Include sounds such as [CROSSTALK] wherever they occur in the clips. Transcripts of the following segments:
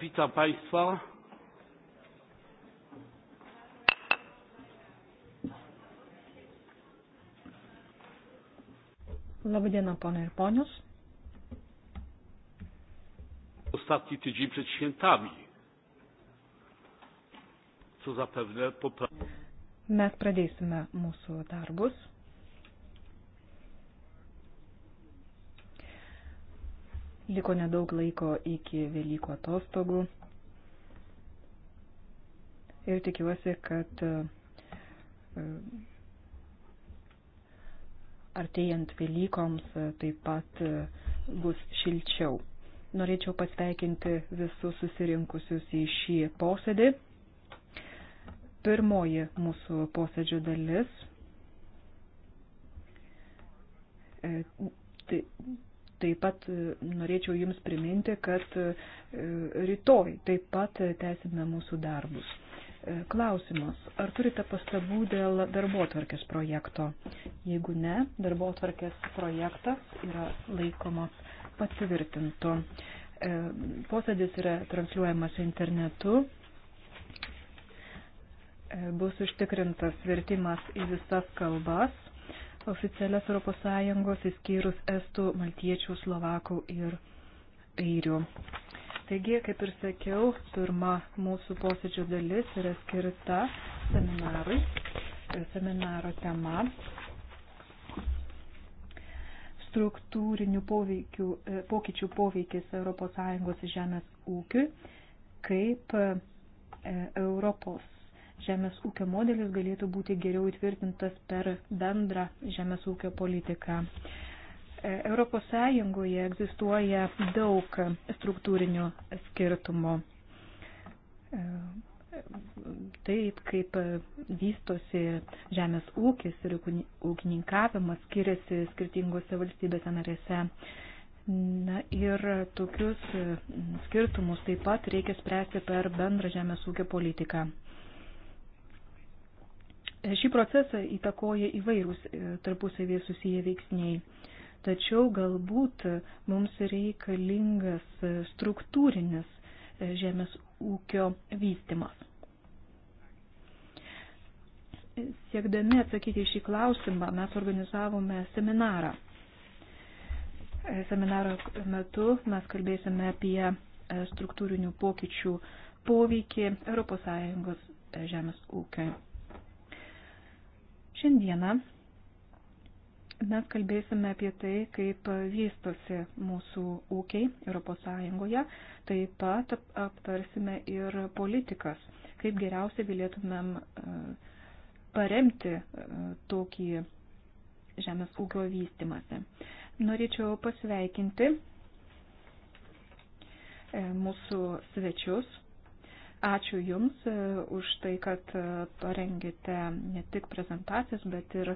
Witam Państwa. Labadiena, ponai ir ponios. Ostatni tydzień przed świętami, co zapewne poprawi. Mes pradėsime mūsų darbus Liko nedaug laiko iki Velykų atostogų. Ir tikiuosi, kad e, artėjant Velykoms e, taip pat e, bus šilčiau. Norėčiau pasveikinti visus susirinkusius į šį posėdį. Pirmoji mūsų posėdžio dalis tai Taip pat e, norėčiau Jums priminti, kad e, rytoj taip pat tęsime mūsų darbus. E, klausimas, ar turite pastabų dėl darbo atvarkės projekto? Jeigu ne, darbo atvarkės projektas yra laikomas patvirtintu. Posėdis yra transliuojamas internetu. Bus užtikrintas vertimas į visas kalbas oficialias ES įskyrus estų, maltiečių, slovakų ir airių. Taigi, kaip ir sakiau, pirma mūsų posėdžio dalis yra skirta seminarui, seminaro tema struktūrinių poveikių, pokyčių poveikis ES žemės ūkiui, kaip e, Europos žemės ūkio modelis galėtų būti geriau įtvirtintas per bendrą žemės ūkio politiką. E, Europos Sąjungoje egzistuoja daug struktūrinių skirtumų. E, taip kaip vystosi žemės ūkis ir ūkininkavimas skiriasi skirtingose valstybėse narėse. Na ir tokius skirtumus taip pat reikia spręsti per bendrą žemės ūkio politiką. Šį procesą įtakoja įvairūs e, tarpusavėje susiję veiksniai. Tačiau galbūt mums reikalingas e, struktūrinis e, žemės ūkio vystimas. Siekdami atsakyti šį klausimą, mes organizavome seminarą. Seminaro metu mes kalbėsime apie struktūrinių pokyčių poveikį ES žemės ūkio Šiandieną mes kalbėsime apie tai, kaip vystosi mūsų ūkiai ES, taip pat aptarsime ir politikas, kaip geriausiai galėtumėm e, paremti e, tokį žemės ūkio vystimąsi. Norėčiau pasveikinti e, mūsų svečius Ačiū Jums e, už tai, kad e, parengėte ne tik prezentacijas, bet ir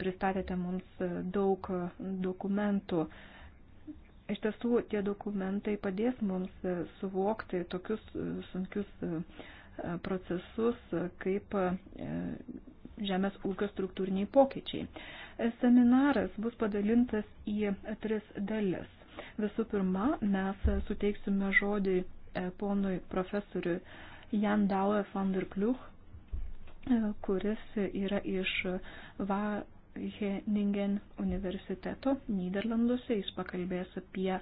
pristatėte mums e, daug dokumentų. Iš tiesų, tie dokumentai padės mums suvokti tokius sunkius procesus, kaip žemės ūkio struktūriniai pokyčiai. Seminaras bus padalintas į tris dalis. Visų pirma, mes suteiksime žodį E, ponui profesoriui Jan Daue van der Kliuch, e, kuris yra iš Wageningen universiteto Niderlanduose. Jis pakalbės apie e,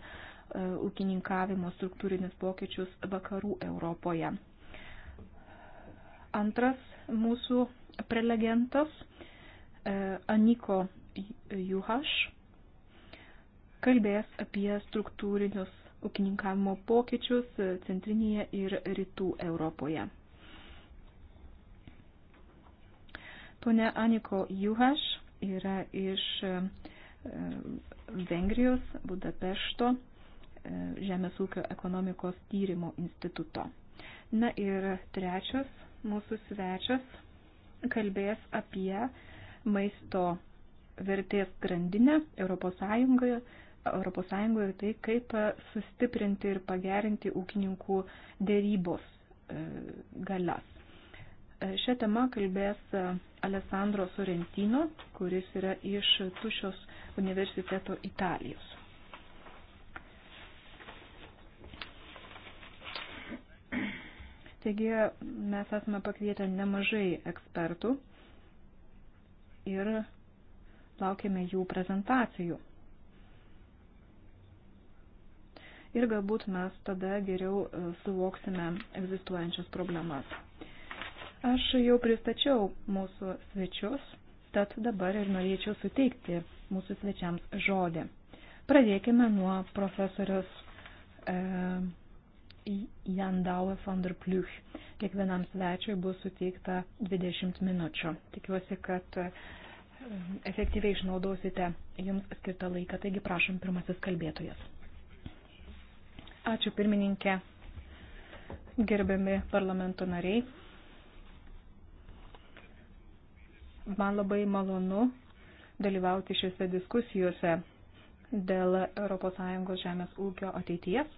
ūkininkavimo struktūrinius pokyčius vakarų Europoje. Antras mūsų prelegentas Aniko Juhaš kalbės apie struktūrinius ūkininkavimo pokyčius centrinėje ir rytų Europoje. Pone Aniko Juhaš yra iš e, Vengrijos Budapešto e, Žemės ūkio ekonomikos tyrimo instituto. Na ir trečias mūsų svečias kalbės apie maisto vertės grandinę Europos Sąjungoje ES ir tai, kaip sustiprinti ir pagerinti ūkininkų dėrybos e, galias. E, šią temą kalbės Alessandro Sorrentino, kuris yra iš Tušios universiteto Italijos. Taigi mes esame pakvietę nemažai ekspertų ir laukiame jų prezentacijų. ir galbūt mes tada geriau e, suvoksime egzistuojančias problemas. Aš jau pristačiau mūsų svečius, tad dabar ir norėčiau suteikti mūsų svečiams žodį. Pradėkime nuo profesorius e, Jandaue van der Pliuch. Kiekvienam svečiui bus suteikta 20 minučių. Tikiuosi, kad e, efektyviai išnaudosite jums skirtą laiką. Taigi prašom pirmasis kalbėtojas. Ačiū pirmininkė, gerbiami parlamento nariai. Man labai malonu dalyvauti šiuose diskusijose dėl ES žemės ūkio ateities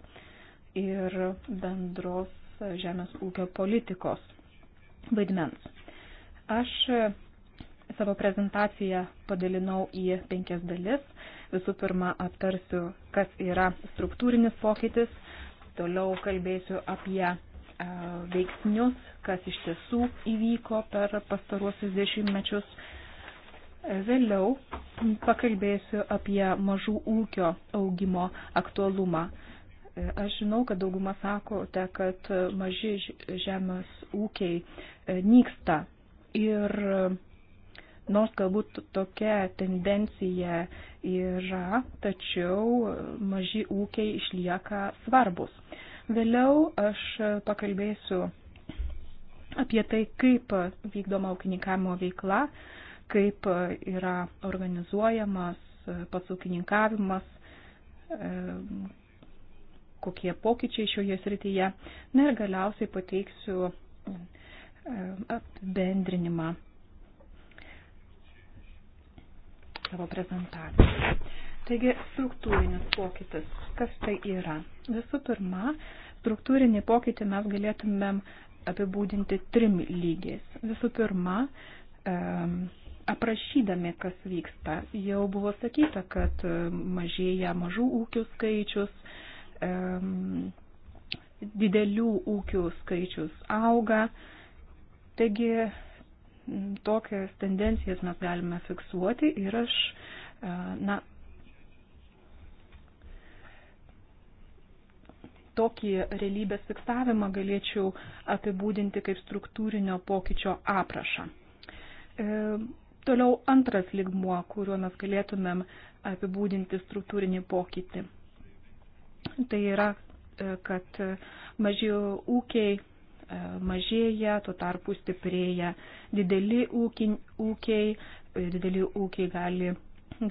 ir bendros žemės ūkio politikos vaidmens. Aš Savo prezentaciją padalinau į penkias dalis. Visų pirma, aptarsiu, kas yra struktūrinis pokytis, toliau kalbėsiu apie e, veiksnius, kas iš tiesų įvyko per pastaruosius dešimtmečius. E, vėliau pakalbėsiu apie mažų ūkio augimo aktualumą. E, aš žinau, kad dauguma sakote, kad maži žemės ūkiai nyksta ir Nors galbūt tokia tendencija yra, tačiau maži ūkiai išlieka svarbus. Vėliau aš pakalbėsiu apie tai, kaip vykdoma ūkininkavimo veikla, kaip yra organizuojamas pats ūkininkavimas, kokie pokyčiai šioje srityje. Na ir galiausiai pateiksiu apibendrinimą savo prezentaciją. Taigi, struktūrinis pokytis. Kas tai yra? Visų pirma, struktūrinį pokytį mes galėtumėm apibūdinti trim lygiais. Visų pirma, aprašydami, kas vyksta, jau buvo sakyta, kad mažėja mažų ūkių skaičius, didelių ūkių skaičius auga. Taigi Tokias tendencijas mes galime fiksuoti ir aš, e, na, tokį realybės fiksavimą galėčiau apibūdinti kaip struktūrinio pokyčio aprašą. E, toliau antras ligmuo, kuriuo mes galėtumėm apibūdinti struktūrinį pokytį. Tai yra, e, kad maži ūkiai E, mažėja, tuo tarpu stiprėja dideli ūkiai, e, dideli ūkiai gali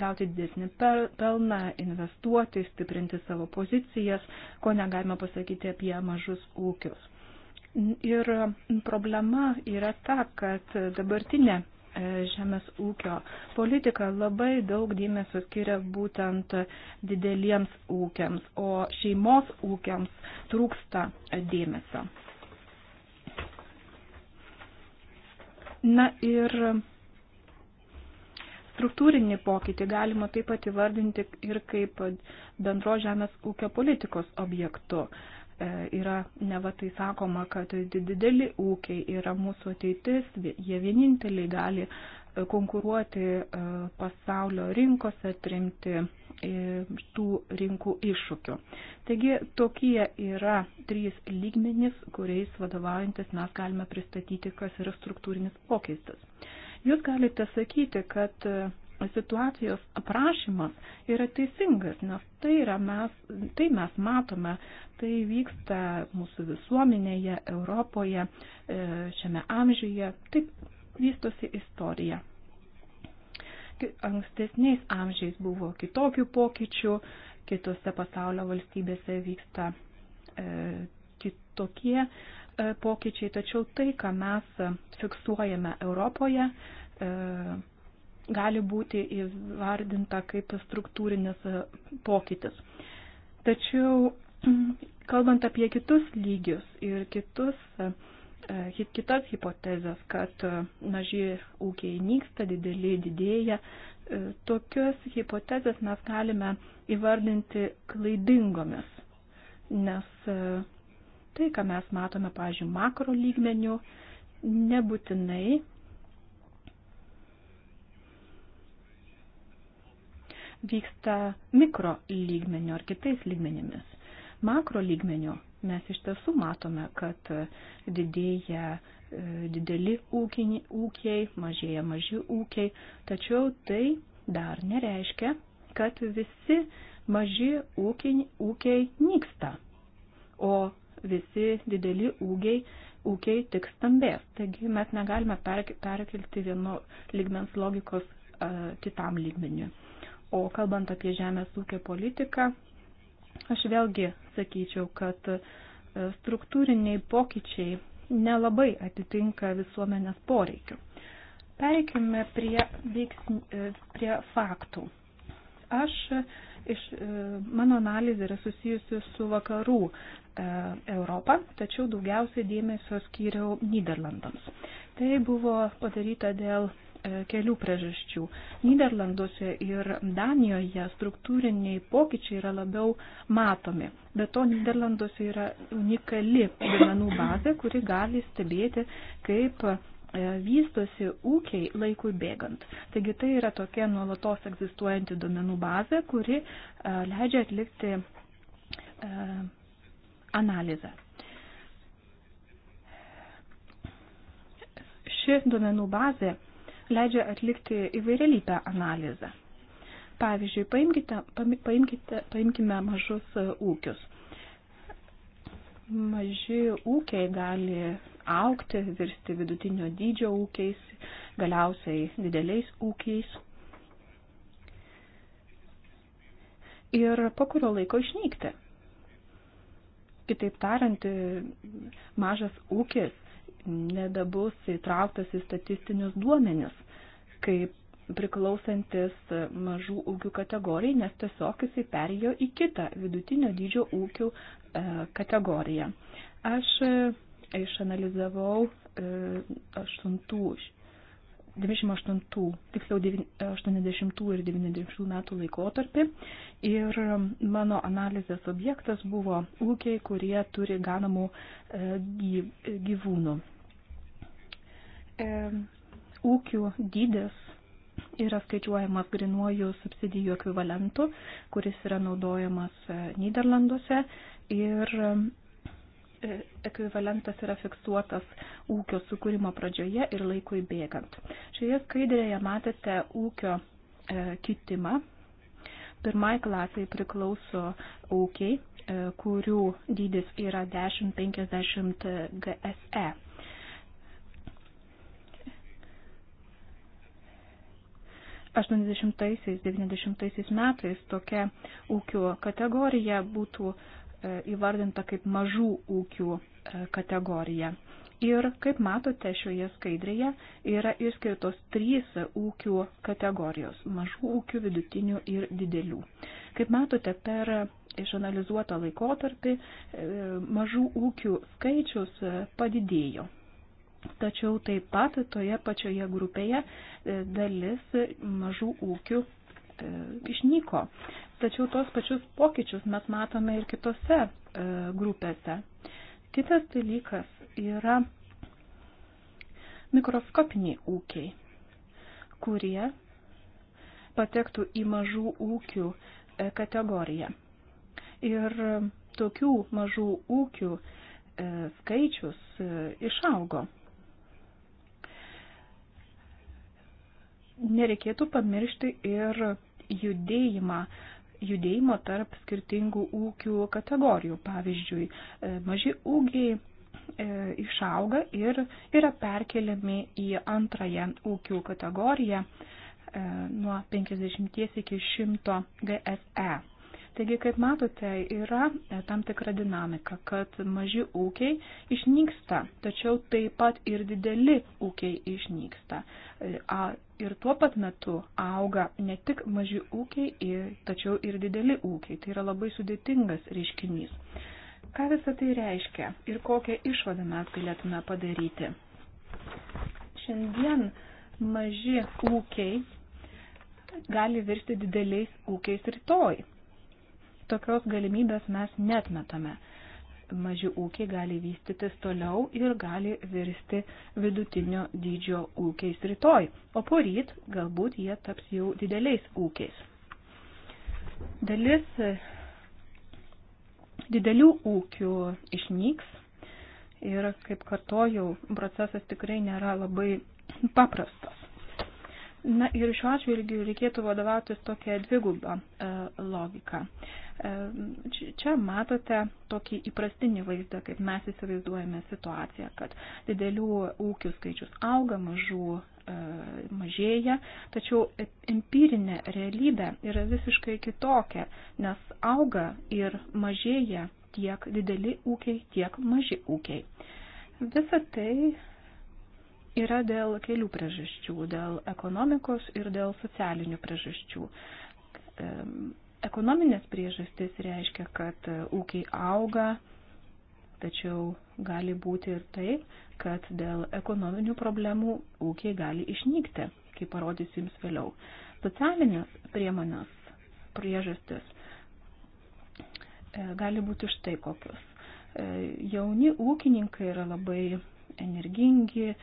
gauti didesnį pelną, investuoti, stiprinti savo pozicijas, ko negalima pasakyti apie mažus ūkius. Ir problema yra ta, kad dabartinė e, žemės ūkio politika labai daug dėmesio skiria būtent dideliems ūkiams, o šeimos ūkiams trūksta dėmesio. Na ir struktūrinį pokytį galima taip pat įvardinti ir kaip bendro žemės ūkio politikos objektu. E, yra neva tai sakoma, kad dideli ūkiai yra mūsų ateitis, jie vieninteliai gali konkuruoti e, pasaulio rinkose, trimti E, tų rinkų iššūkių. Taigi tokie yra trys lygmenys, kuriais vadovaujantis mes galime pristatyti, kas yra struktūrinis pokytis. Jūs galite sakyti, kad e, situacijos aprašymas yra teisingas, nes tai, yra mes, tai mes matome, tai vyksta mūsų visuomenėje, Europoje, e, šiame amžiuje, taip vystosi istorija ankstesniais amžiais buvo kitokių pokyčių, kitose pasaulio valstybėse vyksta e, kitokie e, pokyčiai, tačiau tai, ką mes fiksuojame Europoje, e, gali būti įvardinta kaip struktūrinis e, pokytis. Tačiau, kalbant apie kitus lygius ir kitus e, E, kitas hipotezės, kad e, maži ūkiai nyksta, dideli didėja. E, Tokius hipotezės mes galime įvardinti klaidingomis, nes tai, ką mes matome, pažiūrėjau, makro lygmenių, nebūtinai vyksta mikro lygmenių ar kitais lygmenimis. Makro lygmenių mes iš tiesų matome, kad e, didėja e, dideli ūkini, ūkiai, mažėja maži ūkiai, tačiau tai dar nereiškia, kad visi maži ūkiai, ūkiai nyksta, o visi dideli ūkiai, ūkiai tik stambės. Taigi mes negalime perkelti vieno ligmens logikos a, e, kitam lygmeniu. O kalbant apie žemės ūkio politiką, Aš vėlgi sakyčiau, kad e, struktūriniai pokyčiai nelabai atitinka visuomenės poreikių. Pereikime prie, veiksni, e, prie faktų. Aš e, iš mano analizė yra susijusi su vakarų e, Europą, tačiau daugiausiai dėmesio skyriau Niderlandams. Tai buvo padaryta dėl E, kelių priežasčių. Niderlanduose ir Danijoje struktūriniai pokyčiai yra labiau matomi. Be to, Niderlanduose yra unikali duomenų bazė, kuri gali stebėti, kaip e, vystosi ūkiai laikui bėgant. Taigi tai yra tokia nuolatos egzistuojanti duomenų bazė, kuri e, leidžia atlikti analizę. ši duomenų bazė leidžia atlikti įvairialypę analizę. Pavyzdžiui, paimkite, paimkite, paimkime mažus e, ūkius. Maži ūkiai gali aukti, virsti vidutinio dydžio ūkiais, galiausiai dideliais ūkiais. Ir po kurio laiko išnykti. Kitaip tariant, e, mažas ūkis nebebus įtrauktas į statistinius duomenis, kaip priklausantis mažų ūkių kategorijai, nes tiesiog jisai perėjo į kitą vidutinio dydžio ūkių e, kategoriją. Aš e, išanalizavau 8 e, 98, tiksliau 80 ir 90 metų laikotarpį. Ir mano analizės objektas buvo ūkiai, kurie turi ganamų e, gyvūnų. E, ūkių dydis yra skaičiuojamas grinuoju subsidijų ekvivalentu, kuris yra naudojamas e, Niderlanduose ir ekvivalentas yra fiksuotas ūkio sukūrimo pradžioje ir laikui bėgant. Šioje skaidrėje matėte ūkio e, kitimą. Pirmai klasiai priklauso ūkiai, e, kurių dydis yra 10-50 GSE. aštuoniasdešimtaisiais devyniasdešimtaisiais metais tokia ūkio kategorija būtų E, įvardinta kaip mažų ūkių e, kategorija. Ir kaip matote šioje skaidrėje yra išskirtos trys ūkių kategorijos - mažų ūkių, vidutinių ir didelių. Kaip matote, per išanalizuotą laikotarpį e, mažų ūkių skaičius padidėjo. Tačiau taip pat toje pačioje grupėje dalis mažų ūkių E, išnyko. Tačiau tos pačius pokyčius mes matome ir kitose e, grupėse. Kitas dalykas yra mikroskopiniai ūkiai, kurie patektų į mažų ūkių e, kategoriją. Ir tokių mažų ūkių skaičius išaugo. nereikėtų pamiršti ir judėjimą judėjimo tarp skirtingų ūkių kategorijų. Pavyzdžiui, e, maži ūkiai e, išauga ir yra perkeliami į antrąją ūkių kategoriją e, nuo 50 iki 100 GSE. Taigi, kaip matote, yra tam tikra dinamika, kad maži ūkiai išnyksta, tačiau taip pat ir dideli ūkiai išnyksta ir tuo pat metu auga ne tik maži ūkiai, tačiau ir dideli ūkiai. Tai yra labai sudėtingas reiškinys. Ką visą tai reiškia ir kokią išvadą mes galėtume padaryti? Šiandien maži ūkiai gali virsti dideliais ūkiais rytoj. Tokios galimybės mes netmetame maži ūkiai gali vystytis toliau ir gali virsti vidutinio dydžio ūkiais rytoj, o poryt galbūt jie taps jau dideliais ūkiais. Dalis e, didelių ūkių išnyks ir, kaip kartojau, procesas tikrai nėra labai paprastas. Na ir šiuo atžvilgiu reikėtų vadovautis tokia dvigubą e, logiką. E, čia matote tokį įprastinį vaizdą, kaip mes įsivaizduojame situaciją, kad didelių ūkių skaičius auga, mažų e, mažėja, tačiau empirinė realybė yra visiškai kitokia, nes auga ir mažėja tiek dideli ūkiai, tiek maži ūkiai. Visa tai yra dėl kelių priežasčių - dėl ekonomikos ir dėl socialinių priežasčių. Ekonominės priežastys reiškia, kad e, ūkiai auga, tačiau gali būti ir tai, kad dėl ekonominių problemų ūkiai gali išnykti, kaip parodysiu jums vėliau. Socialinės priemonės priežastis e, gali būti štai kokios. E, jauni ūkininkai yra labai energingi,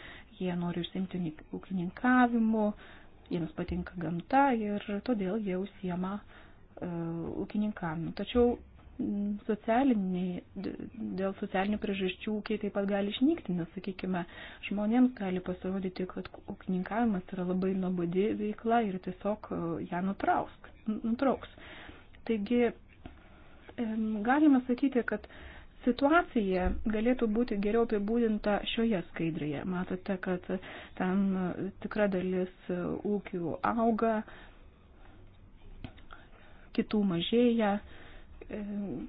jie nori užsimti ūkininkavimu, jiems patinka gamta ir todėl jie užsiema e, ūkininkavimu. Tačiau socialiniai, dėl socialinių priežasčių ūkiai taip pat gali išnykti, nes, sakykime, žmonėms gali pasirodyti, kad ūkininkavimas yra labai nuobodi veikla ir tiesiog e, ją nutrauks. nutrauks. Taigi, galima sakyti, kad Situacija galėtų būti geriau apibūdinta šioje skaidrėje. Matote, kad ten e, tikra dalis e, ūkių auga, kitų mažėja. E,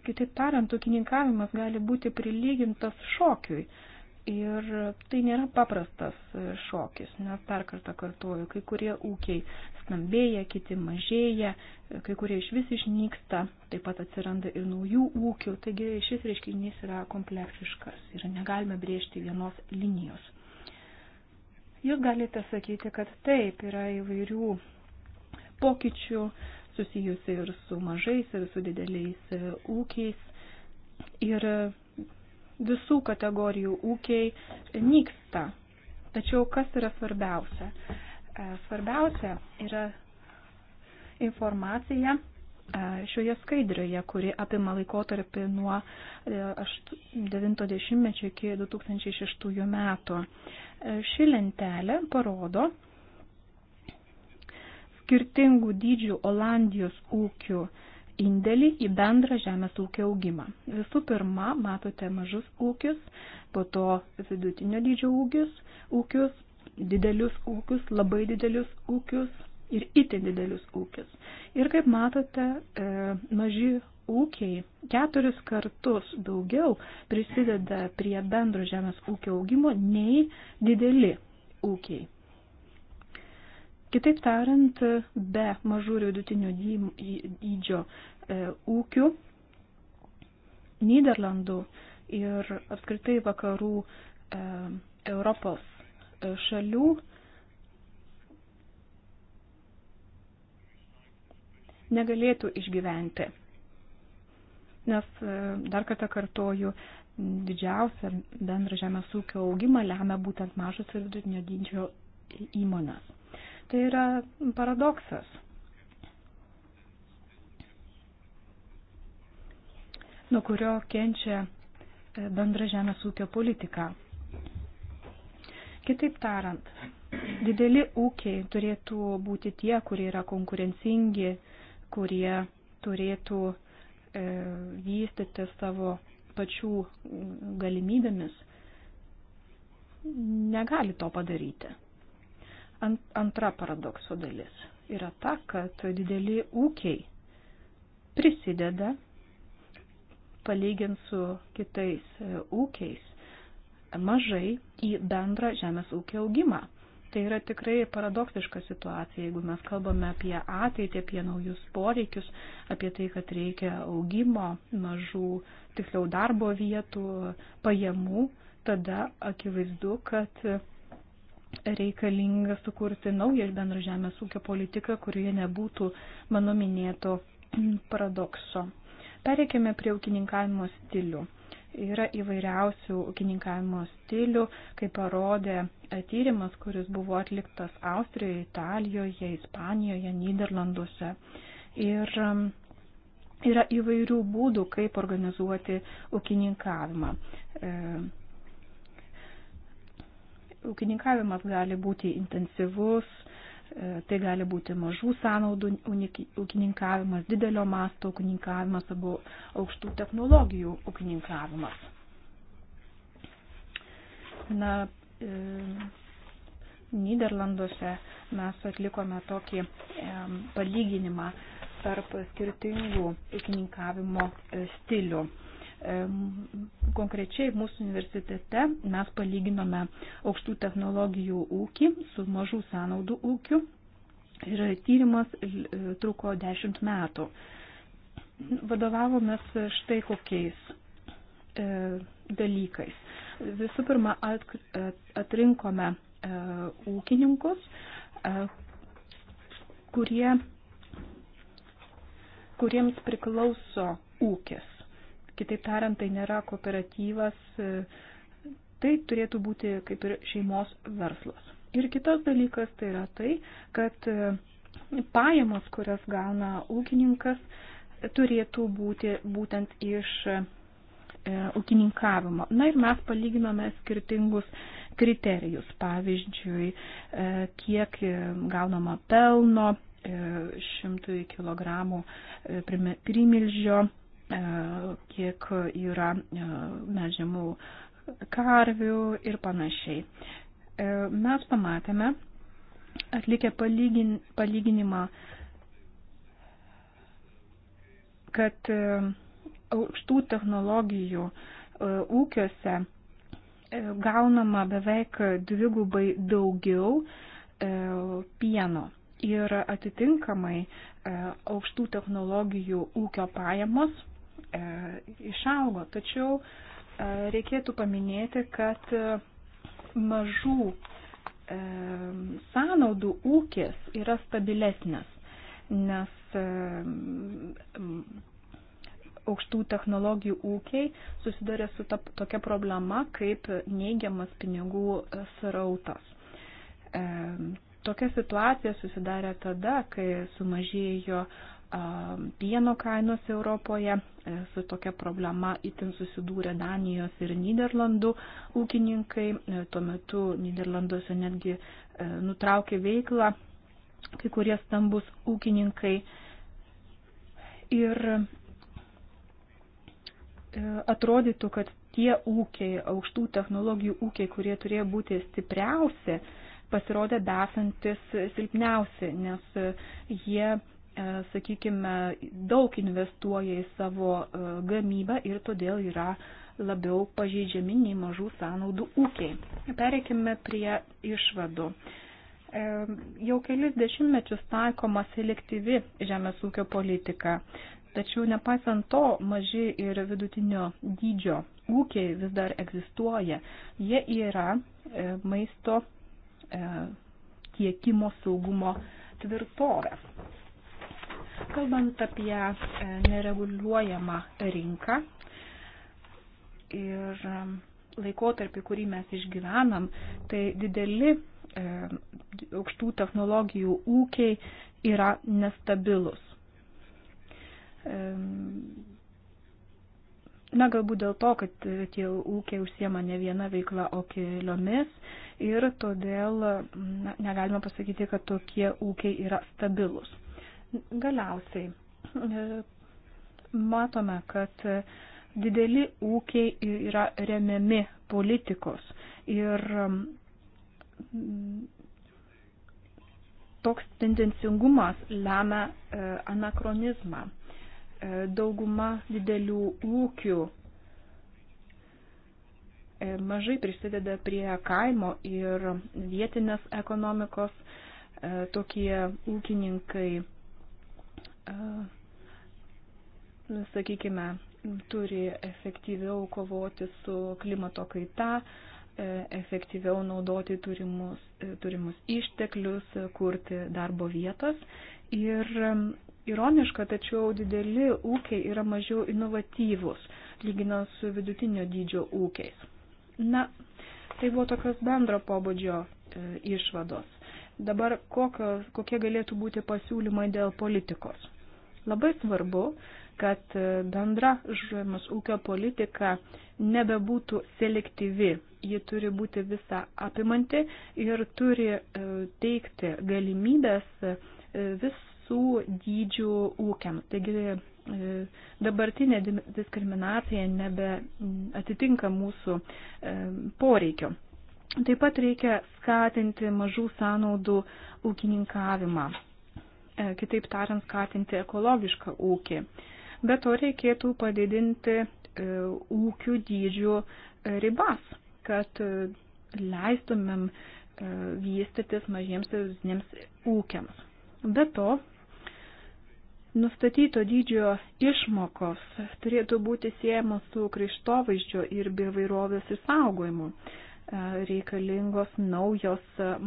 kitaip tariant, ūkininkavimas gali būti prilygintas šokiui. Ir tai nėra paprastas šokis, nes dar kartą kartuoju, kai kurie ūkiai stambėja, kiti mažėja, kai kurie iš vis išnyksta, taip pat atsiranda ir naujų ūkių, taigi šis reiškinys yra kompleksiškas ir negalime brėžti vienos linijos. Jūs galite sakyti, kad taip, yra įvairių pokyčių susijusi ir su mažais, ir su dideliais e, ūkiais. Ir visų kategorijų ūkiai nyksta. Tačiau kas yra svarbiausia? E, svarbiausia yra informacija e, šioje skaidrėje, kuri apima laikotarpį nuo 90-mečio e, iki 2006 metų. Ši lentelė parodo skirtingų dydžių Olandijos ūkių indėlį į bendrą žemės ūkio augimą. Visų pirma, matote mažus ūkius, po to vidutinio dydžio ūkius, ūkius didelius ūkius, labai didelius ūkius ir itin didelius ūkius. Ir kaip matote, e, maži ūkiai keturis kartus daugiau prisideda prie bendro žemės ūkio augimo nei dideli ūkiai. Kitaip tariant, be mažų ir vidutinio dydžio e, ūkių Niderlandų ir apskritai vakarų e, Europos šalių. negalėtų išgyventi. Nes e, dar kartą kartoju, didžiausia bendra žemės ūkio augimą lemia būtent mažos ir vidutinio dydžio įmonės. Tai yra paradoksas. nuo kurio kenčia e, bendra žemės ūkio politika. Kitaip tariant, dideli ūkiai turėtų būti tie, kurie yra konkurencingi, kurie turėtų e, vystyti savo pačių galimybėmis, negali to padaryti. Ant, antra paradokso dalis yra ta, kad dideli ūkiai prisideda, palygint su kitais e, ūkiais, mažai į bendrą žemės ūkio augimą. Tai yra tikrai paradoksiška situacija, jeigu mes kalbame apie ateitį, apie naujus poreikius, apie tai, kad reikia augimo, mažų, tiksliau darbo vietų, pajamų, tada akivaizdu, kad reikalinga sukurti naują bendrą žemės ūkio politiką, kurioje nebūtų mano minėto paradokso. Pereikime prie ūkininkavimo stilių. Yra įvairiausių ūkininkavimo stilių, kaip parodė e, tyrimas, kuris buvo atliktas Austrijoje, Italijoje, Ispanijoje, Niderlanduose. Ir yra įvairių būdų, kaip organizuoti ūkininkavimą. E, ūkininkavimas gali būti intensyvus, E, tai gali būti mažų sąnaudų ūkininkavimas, didelio masto ūkininkavimas, abu aukštų technologijų ūkininkavimas. Na, e, Niderlanduose mes atlikome tokį e, palyginimą tarp skirtingų ūkininkavimo e, stilių. Konkrečiai mūsų universitete mes palyginome aukštų technologijų ūkį su mažų sąnaudų ūkiu ir tyrimas e, truko 10 metų. Vadovavomės štai kokiais e, dalykais. Visų pirma, atrinkome e, ūkininkus, kurie, kuriems priklauso ūkis. Kitaip tariant, tai nėra kooperatyvas, e, tai turėtų būti kaip ir šeimos verslas. Ir kitas dalykas tai yra tai, kad e, pajamos, kurias gauna ūkininkas, turėtų būti būtent iš e, ūkininkavimo. Na ir mes palyginome skirtingus kriterijus, pavyzdžiui, kiek gaunama pelno, 100 kg primilžio E, kiek yra e, melžiamų karvių ir panašiai. E, mes pamatėme, atlikę palygin, palyginimą, kad aukštų technologijų ūkiuose gaunama beveik dvigubai daugiau pieno. Ir atitinkamai aukštų technologijų ūkio pajamos e, išaugo. Tačiau e, reikėtų paminėti, kad e, mažų e, sąnaudų ūkis yra stabilesnis, nes e, aukštų technologijų ūkiai susiduria su ta, tokia problema kaip neigiamas pinigų srautas. E, tokia situacija susidarė tada, kai sumažėjo e, Um, pieno kainos Europoje. E, su tokia problema itin susidūrė Danijos ir Niderlandų ūkininkai. E, tuo metu Niderlanduose netgi e, nutraukė veiklą kai kurie stambus ūkininkai. Ir atrodytų, kad tie ūkiai, aukštų technologijų ūkiai, kurie turėjo būti stipriausi, pasirodė besantis silpniausi, nes jie E, sakykime, daug investuoja į savo e, gamybą ir todėl yra labiau pažeidžiami nei mažų sąnaudų ūkiai. Pereikime prie išvadų. E, jau kelis dešimtmečius taikoma selektyvi žemės ūkio politika, tačiau nepaisant to maži ir vidutinio dydžio ūkiai vis dar egzistuoja. Jie yra maisto tiekimo saugumo tvirtovė. Kalbant apie e, nereguliuojamą rinką ir e, laikotarpį, kurį mes išgyvenam, tai dideli e, aukštų technologijų ūkiai yra nestabilus. Na, galbūt dėl to, kad tie ūkiai užsiema ne viena veikla, o keliomis ir todėl na, negalima pasakyti, kad tokie ūkiai yra stabilus. Galiausiai matome, kad dideli ūkiai yra remiami politikos ir mm, toks tendencingumas lemia e, anakronizmą. E, dauguma didelių ūkių e, mažai prisideda prie kaimo ir vietinės ekonomikos. Tokie ūkininkai sakykime, turi efektyviau kovoti su klimato kaita, e, efektyviau naudoti turimus, e, turimus išteklius, kurti darbo vietas. Ir e, ironiška, tačiau dideli ūkiai yra mažiau inovatyvus, lyginant su vidutinio dydžio ūkiais. Na, tai buvo tokios bendro pobūdžio išvados. Dabar kokios, kokie galėtų būti pasiūlymai dėl politikos. Labai svarbu, kad bendra žemės ūkio politika nebebūtų selektyvi, ji turi būti visa apimanti ir turi e, teikti galimybės e, visų dydžių ūkiams. Taigi e, dabartinė diskriminacija nebe atitinka mūsų poreikio. Taip pat reikia skatinti mažų sąnaudų ūkininkavimą, e, kitaip tariant, skatinti ekologišką ūkį. Be to reikėtų padidinti e, ūkių dydžių e, ribas, kad leistumėm vystytis mažiems ir vidinėms ūkiams. Be to, nustatyto dydžio išmokos turėtų būti siejamos su kraštovaizdžio ir bioįvairovės išsaugojimu reikalingos naujos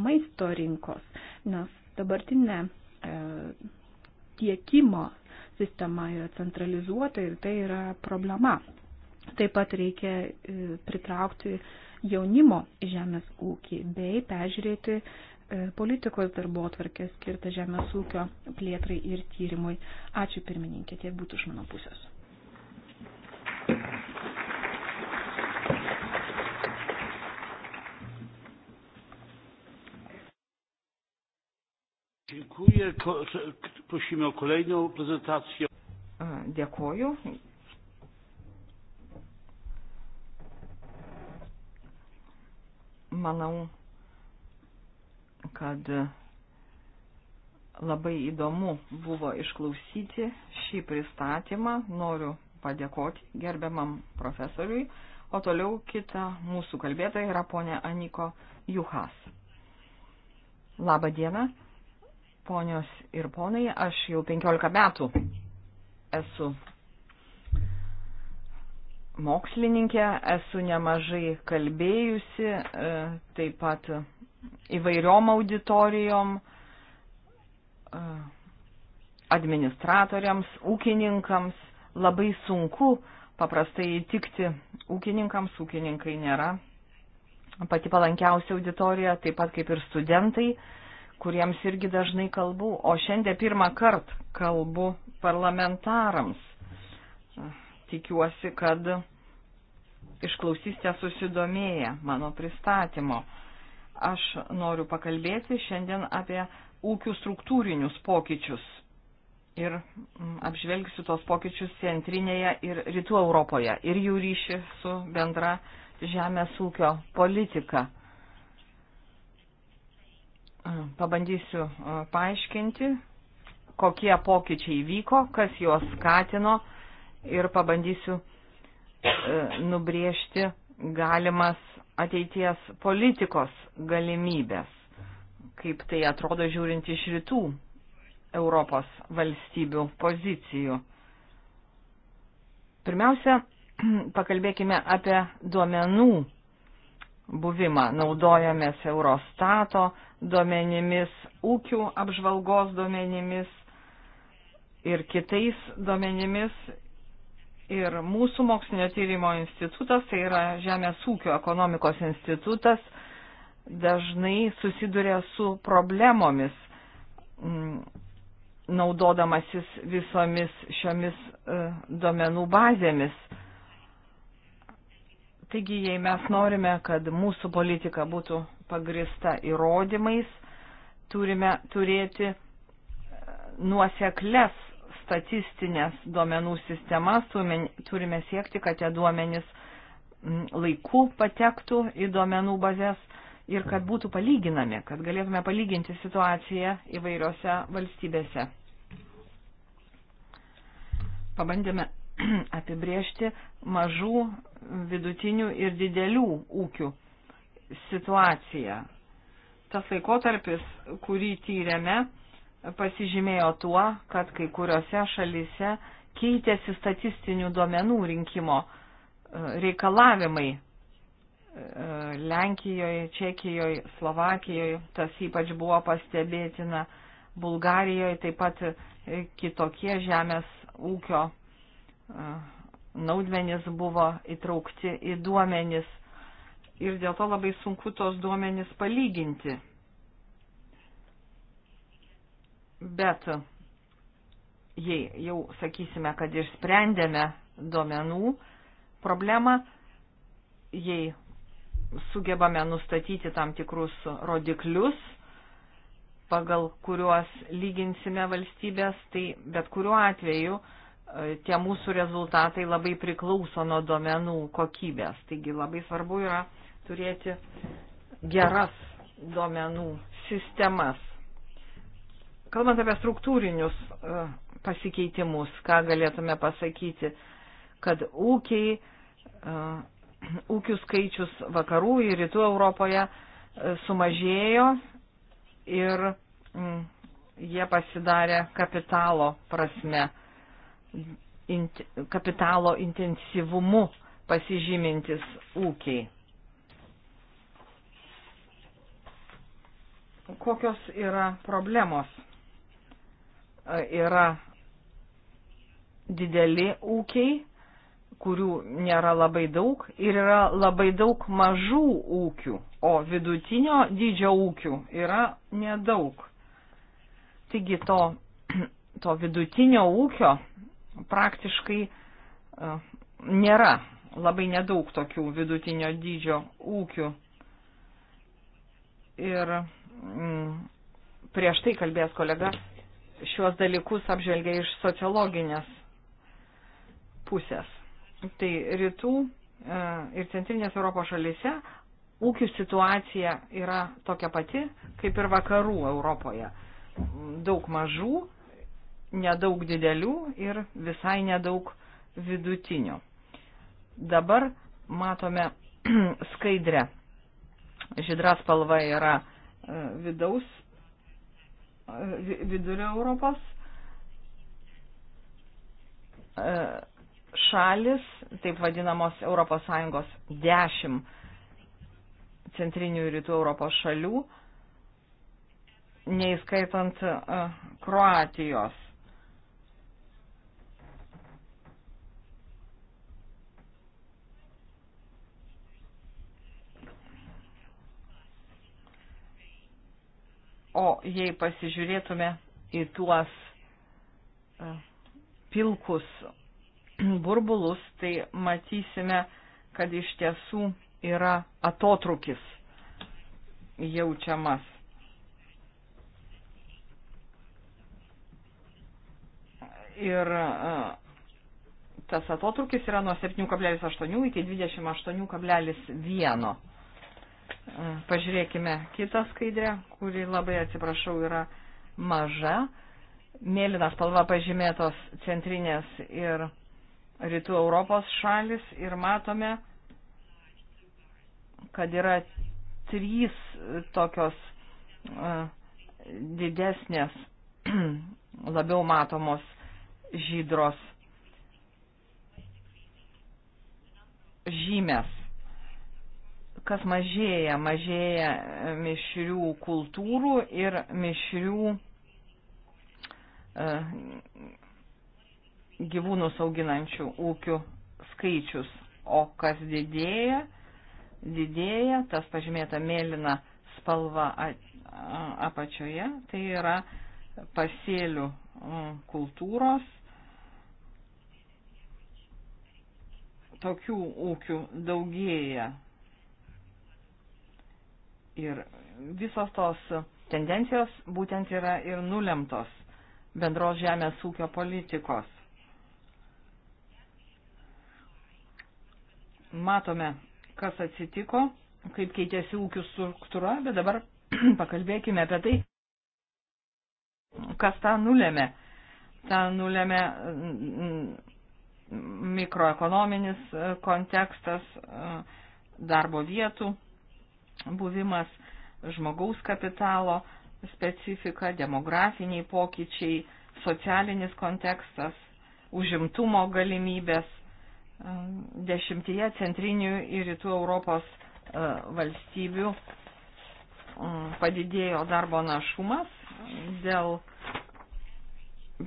maisto rinkos, nes dabartinė tiekimo sistema yra centralizuota ir tai yra problema. Taip pat reikia e, pritraukti jaunimo žemės ūkį bei peržiūrėti e, politikos darbo atvarkę skirtą žemės ūkio plėtrai ir tyrimui. Ačiū pirmininkė, tiek būtų iš mano pusės. Dziękuję. Prosimy o kolejną prezentację. Dėkoju. Manau, kad labai įdomu buvo išklausyti šį pristatymą. Noriu padėkoti gerbiamam profesoriui. O toliau kita mūsų kalbėtoja yra ponė Aniko Juhas. Labą dieną. Ponios ir ponai, aš jau 15 metų esu mokslininkė, esu nemažai kalbėjusi, e, taip pat įvairiom auditorijom, e, administratoriams, ūkininkams. Labai sunku paprastai įtikti ūkininkams, ūkininkai nėra pati palankiausia auditorija, taip pat kaip ir studentai kuriems irgi dažnai kalbu, o šiandien pirmą kartą kalbu parlamentarams. Tikiuosi, kad išklausysite susidomėję mano pristatymo. Aš noriu pakalbėti šiandien apie ūkių struktūrinius pokyčius ir mm, apžvelgsiu tos pokyčius centrinėje ir rytų Europoje ir jų ryšį su bendra žemės ūkio politika. Pabandysiu paaiškinti, kokie pokyčiai vyko, kas juos skatino ir pabandysiu e, nubriežti galimas ateities politikos galimybės, kaip tai atrodo žiūrint iš rytų Europos valstybių pozicijų. Pirmiausia, [CLEARS THROAT] pakalbėkime apie duomenų buvimą. Naudojamės Eurostato duomenimis, ūkių apžvalgos duomenimis ir kitais duomenimis. Ir mūsų mokslinio tyrimo institutas, tai yra Žemės ūkio ekonomikos institutas, dažnai susiduria su problemomis, mm, naudodamasis visomis šiomis e, duomenų bazėmis Taigi, jei mes norime, kad mūsų politika būtų pagrista įrodymais, turime turėti e, nuoseklės statistinės duomenų sistemas, turime siekti, kad tie duomenys laiku patektų į duomenų bazės ir kad būtų palyginami, kad galėtume palyginti situaciją įvairiose valstybėse. Pabandėme [CLEARS THROAT] apibriežti mažų, vidutinių ir didelių ūkių situaciją. Tas laikotarpis, kurį tyrėme, pasižymėjo tuo, kad kai kuriuose šalise keitėsi statistinių duomenų rinkimo e, reikalavimai. E, Lenkijoje, Čekijoje, Slovakijoje tas ypač buvo pastebėtina, Bulgarijoje taip pat e, kitokie žemės ūkio naudmenis buvo įtraukti į duomenis ir dėl to labai sunku tos duomenis palyginti. Bet jei jau sakysime, kad išsprendėme duomenų problemą, jei sugebame nustatyti tam tikrus rodiklius, pagal kuriuos lyginsime valstybės, tai bet kuriuo atveju uh, tie mūsų rezultatai labai priklauso nuo duomenų kokybės. Taigi labai svarbu yra turėti geras duomenų sistemas. Kalbant apie struktūrinius e, pasikeitimus, ką galėtume pasakyti, kad ūkiai, e, ūkių skaičius vakarų ir rytų Europoje e, sumažėjo ir mm, jie pasidarė kapitalo prasme kapitalo intensyvumu pasižymintis ūkiai. Kokios yra problemos? E, yra dideli ūkiai, kurių nėra labai daug, ir yra labai daug mažų ūkių, o vidutinio dydžio ūkių yra nedaug. Taigi to, [CLEARS THROAT] to vidutinio ūkio praktiškai e, nėra labai nedaug tokių vidutinio dydžio ūkių. Ir mm, prieš tai kalbės kolega šiuos dalykus apžvelgia iš sociologinės pusės. Tai rytų e, ir centrinės Europos šalise ūkių situacija yra tokia pati kaip ir vakarų Europoje. Daug mažų nedaug didelių ir visai nedaug vidutinių. Dabar matome [CLEARS THROAT] skaidrę. Žydra spalva yra e, vidaus, e, vidurio Europos e, šalis, taip vadinamos ES 10 centrinių ir rytų Europos šalių, neįskaitant Kroatijos O jei pasižiūrėtume į tuos e, pilkus burbulus, tai matysime, kad iš tiesų yra atotrukis jaučiamas. Ir e, tas atotrukis yra nuo 7,8 iki 28,1. Pažiūrėkime kitą skaidrę, kuri labai atsiprašau yra maža. Mėlyna spalva pažymėtos centrinės ir rytų Europos šalis ir matome, kad yra trys tokios e, didesnės, [CLEARS THROAT] labiau matomos žydros žymės kas mažėja. Mažėja mišrių kultūrų ir mišrių e, gyvūnus auginančių ūkių skaičius. O kas didėja, didėja, tas pažymėta mėlyna spalva apačioje, tai yra pasėlių kultūros. Tokių ūkių daugėja Ir visos tos tendencijos būtent yra ir nulemtos bendros žemės ūkio politikos. Matome, kas atsitiko, kaip keitėsi ūkių struktūra, bet dabar [CLEARS THROAT] pakalbėkime apie tai, kas tą nulėmė. Ta nulėmė mikroekonominis e, kontekstas e, darbo vietų buvimas, žmogaus kapitalo specifika, demografiniai pokyčiai, socialinis kontekstas, užimtumo galimybės. Dešimtyje centrinių ir rytų Europos valstybių padidėjo darbo našumas dėl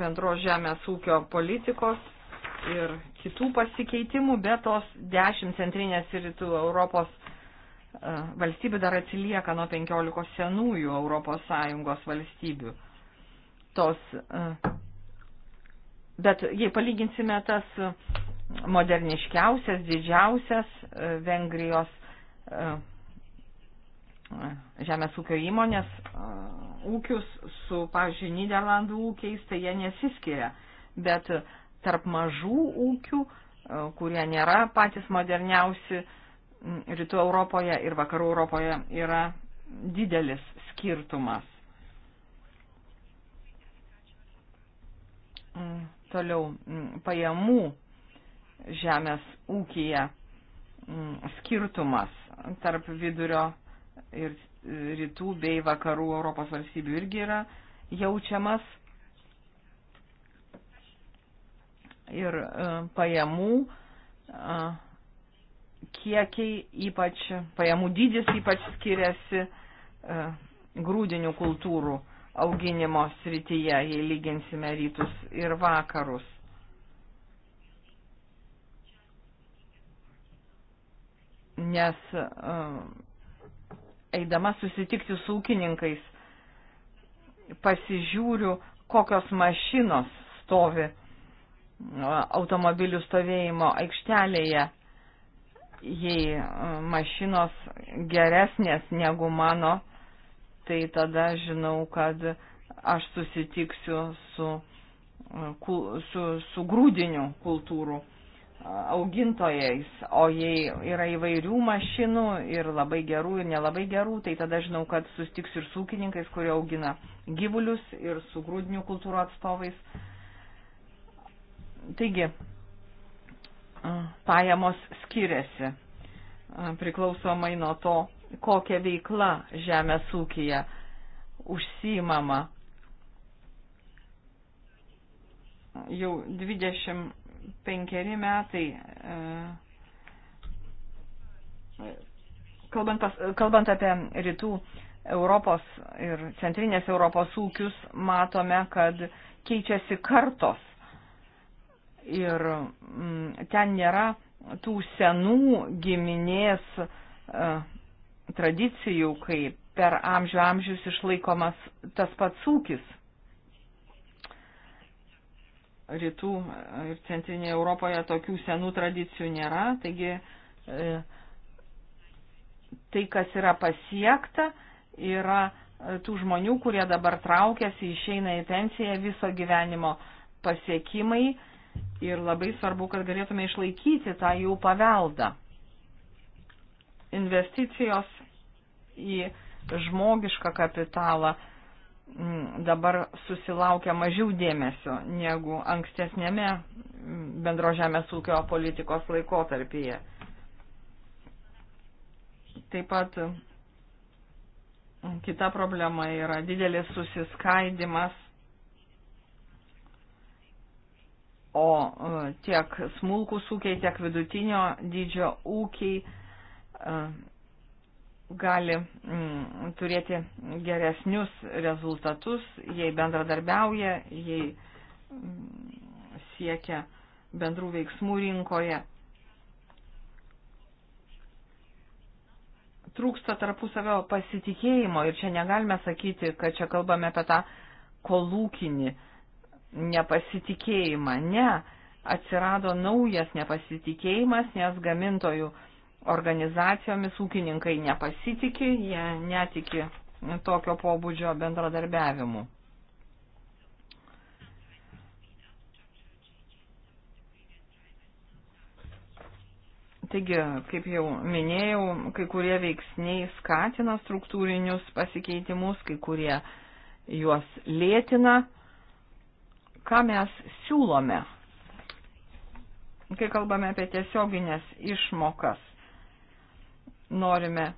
bendro žemės ūkio politikos ir kitų pasikeitimų, bet tos dešimt centrinės ir rytų Europos valstybių E, valstybių dar atsilieka nuo 15 senųjų ES valstybių. Tos, e, bet jei palyginsime tas moderniškiausias, didžiausias e, Vengrijos žemės ūkio įmonės ūkius su, pavyzdžiui, Niderlandų ūkiais, tai jie nesiskiria. Bet tarp mažų ūkių, kurie nėra patys moderniausi, rytų Europoje ir vakarų Europoje yra didelis skirtumas. Mm, toliau mm, pajamų žemės ūkija mm, skirtumas tarp vidurio ir rytų bei vakarų Europos valstybių irgi yra jaučiamas. Ir e, pajamų e, kiekiai, ypač pajamų dydis ypač skiriasi e, grūdinių kultūrų auginimo srityje, jei lyginsime rytus ir vakarus. Nes e, eidama susitikti su ūkininkais, pasižiūriu, kokios mašinos stovi e, automobilių stovėjimo aikštelėje jei e, mašinos geresnės negu mano, tai tada žinau, kad aš susitiksiu su, e, su, su grūdiniu kultūrų e, augintojais, o jei yra įvairių mašinų ir labai gerų ir nelabai gerų, tai tada žinau, kad sustiksiu ir su ūkininkais, kurie augina gyvulius ir su grūdinių kultūrų atstovais. Taigi, pajamos skiriasi priklausomai nuo to, kokia veikla žemės ūkija užsiimama. Jau 25 metai, e, kalbant, pas, kalbant apie rytų Europos ir centrinės Europos ūkius, matome, kad keičiasi kartos ir mm, ten nėra tų senų giminės e, tradicijų, kai per amžių amžius išlaikomas tas pats ūkis. Rytų ir centrinėje Europoje tokių senų tradicijų nėra, taigi e, tai, kas yra pasiekta, yra e, tų žmonių, kurie dabar traukiasi, išeina į pensiją viso gyvenimo pasiekimai ir labai svarbu, kad galėtume išlaikyti tą jų paveldą. Investicijos į žmogišką kapitalą mm, dabar susilaukia mažiau dėmesio negu ankstesnėme mm, bendro žemės ūkio politikos laikotarpyje. Taip pat mm, kita problema yra didelis susiskaidimas o e, tiek smulkus ūkiai, tiek vidutinio dydžio ūkiai e, gali mm, turėti geresnius rezultatus, jei bendradarbiauja, jei mm, siekia bendrų veiksmų rinkoje. Trūksta tarpusavio pasitikėjimo ir čia negalime sakyti, kad čia kalbame apie tą kolūkinį uh, nepasitikėjimą. Ne, atsirado naujas nepasitikėjimas, nes gamintojų organizacijomis ūkininkai nepasitikė, jie netiki tokio pobūdžio bendradarbiavimu. Taigi, kaip jau minėjau, kai kurie veiksniai skatina struktūrinius pasikeitimus, kai kurie juos lėtina ką mes siūlome, kai kalbame apie tiesioginės išmokas. Norime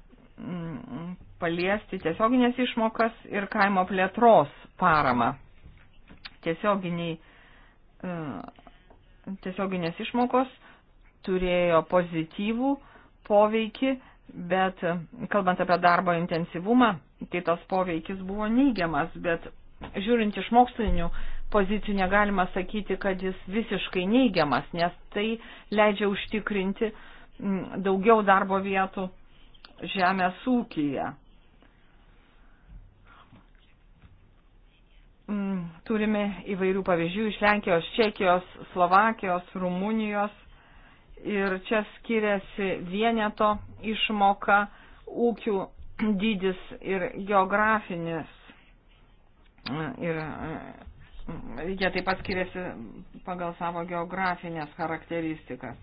mm, paliesti tiesioginės išmokas ir kaimo plėtros paramą. Tiesioginiai, e, tiesioginės išmokos turėjo pozityvų poveikį, bet kalbant apie darbo intensyvumą, tai tas poveikis buvo neigiamas, bet žiūrint iš mokslinių pozicijų negalima sakyti, kad jis visiškai neigiamas, nes tai leidžia užtikrinti mm, daugiau darbo vietų žemės ūkyje. Mm, turime įvairių pavyzdžių iš Lenkijos, Čekijos, Slovakijos, Rumunijos ir čia skiriasi vieneto išmoka, ūkių dydis ir geografinis mm, ir jie taip pat skiriasi pagal savo geografinės charakteristikas.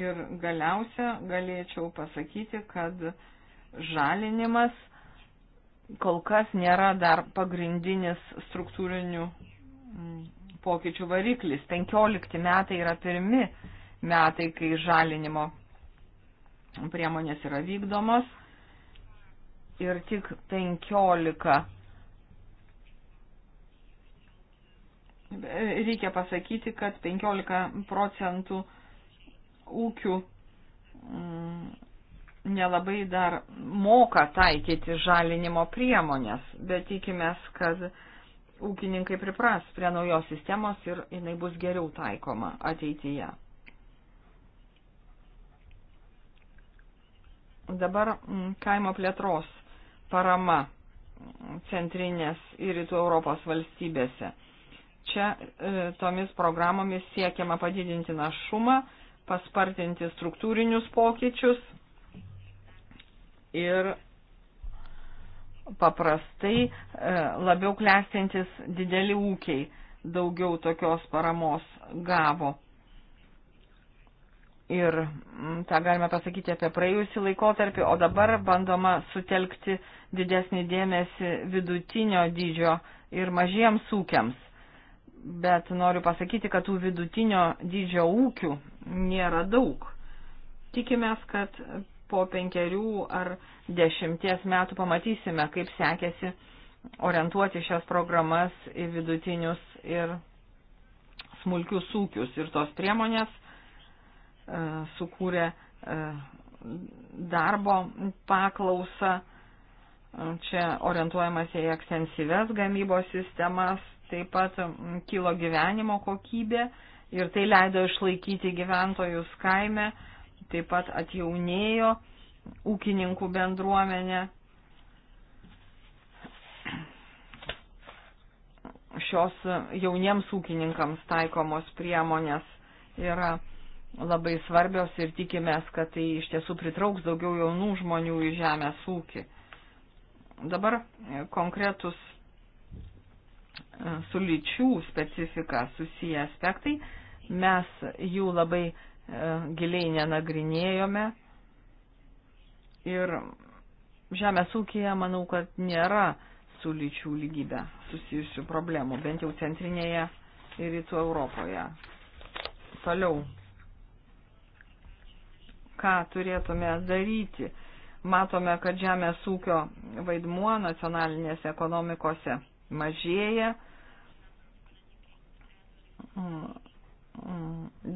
Ir galiausia galėčiau pasakyti, kad žalinimas kol kas nėra dar pagrindinis struktūrinių mm, pokyčių variklis. 15 metai yra pirmi metai, kai žalinimo priemonės yra vykdomos ir tik 15. Reikia pasakyti, kad 15 procentų ūkių mm, nelabai dar moka taikyti žalinimo priemonės, bet tikimės, kad ūkininkai pripras prie naujos sistemos ir jinai bus geriau taikoma ateityje. Dabar mm, kaimo plėtros parama centrinės ir rytų Europos valstybėse. Čia e, tomis programomis siekiama padidinti našumą, paspartinti struktūrinius pokyčius ir paprastai e, labiau klestintis dideli ūkiai daugiau tokios paramos gavo. Ir mm, tą galime pasakyti apie praėjusį laikotarpį, o dabar bandoma sutelkti didesnį dėmesį vidutinio dydžio ir mažiems ūkiams. Bet noriu pasakyti, kad tų vidutinio dydžio ūkių nėra daug. Tikimės, kad po penkerių ar dešimties metų pamatysime, kaip sekėsi orientuoti šias programas į vidutinius ir smulkius ūkius. Ir tos priemonės sukūrė e, darbo paklausą. Čia orientuojamasi į ekstensyves gamybos sistemas, taip pat kilo gyvenimo kokybė ir tai leido išlaikyti gyventojus kaime, taip pat atjaunėjo ūkininkų bendruomenė. Šios jauniems ūkininkams taikomos priemonės yra labai svarbios ir tikimės, kad tai iš tiesų pritrauks daugiau jaunų žmonių į žemės ūkį. Dabar e, konkretus e, su lyčių specifika susiję aspektai. Mes jų labai e, giliai nenagrinėjome ir žemės ūkija, manau, kad nėra su lyčių lygybė susijusių problemų, bent jau centrinėje ir rytų Europoje. Toliau ką turėtume daryti. Matome, kad žemės ūkio vaidmuo nacionalinėse ekonomikose mažėja.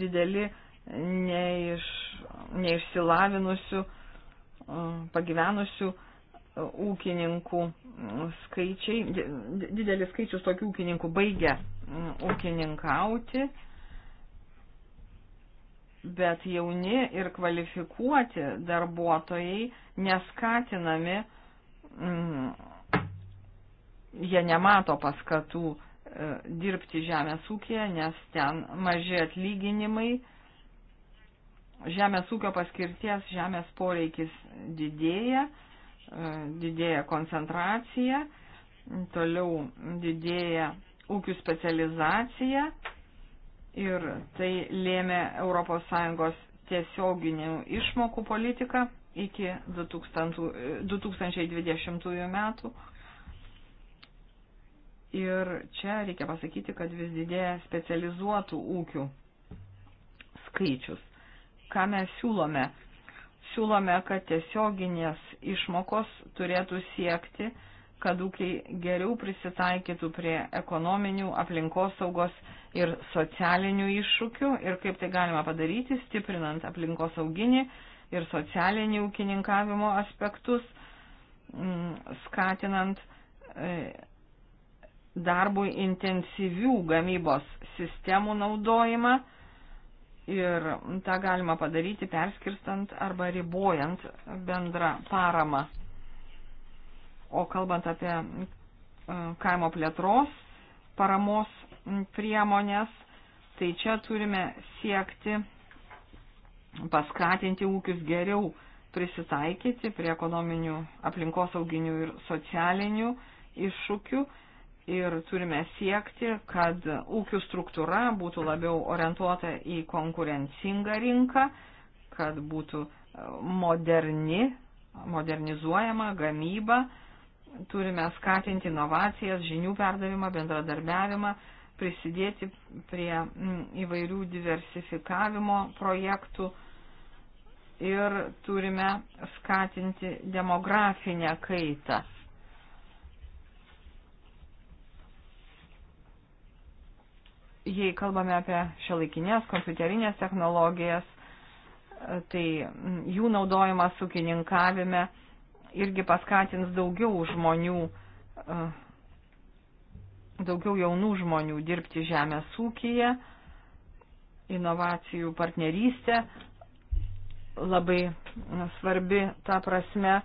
Dideli neiš, neišsilavinusių, pagyvenusių ūkininkų skaičiai, didelis skaičius tokių ūkininkų baigia ūkininkauti bet jauni ir kvalifikuoti darbuotojai neskatinami, mm, jie nemato paskatų e, dirbti žemės ūkėje, nes ten maži atlyginimai, žemės ūkio paskirties, žemės poreikis didėja, e, didėja koncentracija, toliau didėja ūkių specializacija ir tai lėmė ES tiesioginių išmokų politiką iki 2000, 2020 metų. Ir čia reikia pasakyti, kad vis didėja specializuotų ūkių skaičius. Ką mes siūlome? Siūlome, kad tiesioginės išmokos turėtų siekti kad ūkiai geriau prisitaikytų prie ekonominių, aplinkosaugos ir socialinių iššūkių ir kaip tai galima padaryti, stiprinant aplinkosauginį ir socialinį ūkininkavimo aspektus, mm, skatinant e, darbui intensyvių gamybos sistemų naudojimą ir tą galima padaryti perskirstant arba ribojant bendrą paramą O kalbant apie e, kaimo plėtros paramos priemonės, tai čia turime siekti paskatinti ūkius geriau prisitaikyti prie ekonominių, aplinkosauginių ir socialinių iššūkių ir turime siekti, kad ūkių struktūra būtų labiau orientuota į konkurencingą rinką, kad būtų e, moderni, modernizuojama gamyba, Turime skatinti inovacijas, žinių perdavimą, bendradarbiavimą, prisidėti prie mm, įvairių diversifikavimo projektų ir turime skatinti demografinę kaitą. jei kalbame apie šiolaikinės kompiuterinės technologijas, tai mm, jų naudojimas ūkininkavime irgi paskatins daugiau žmonių, e, daugiau jaunų žmonių dirbti žemės ūkyje, inovacijų partnerystė labai svarbi ta prasme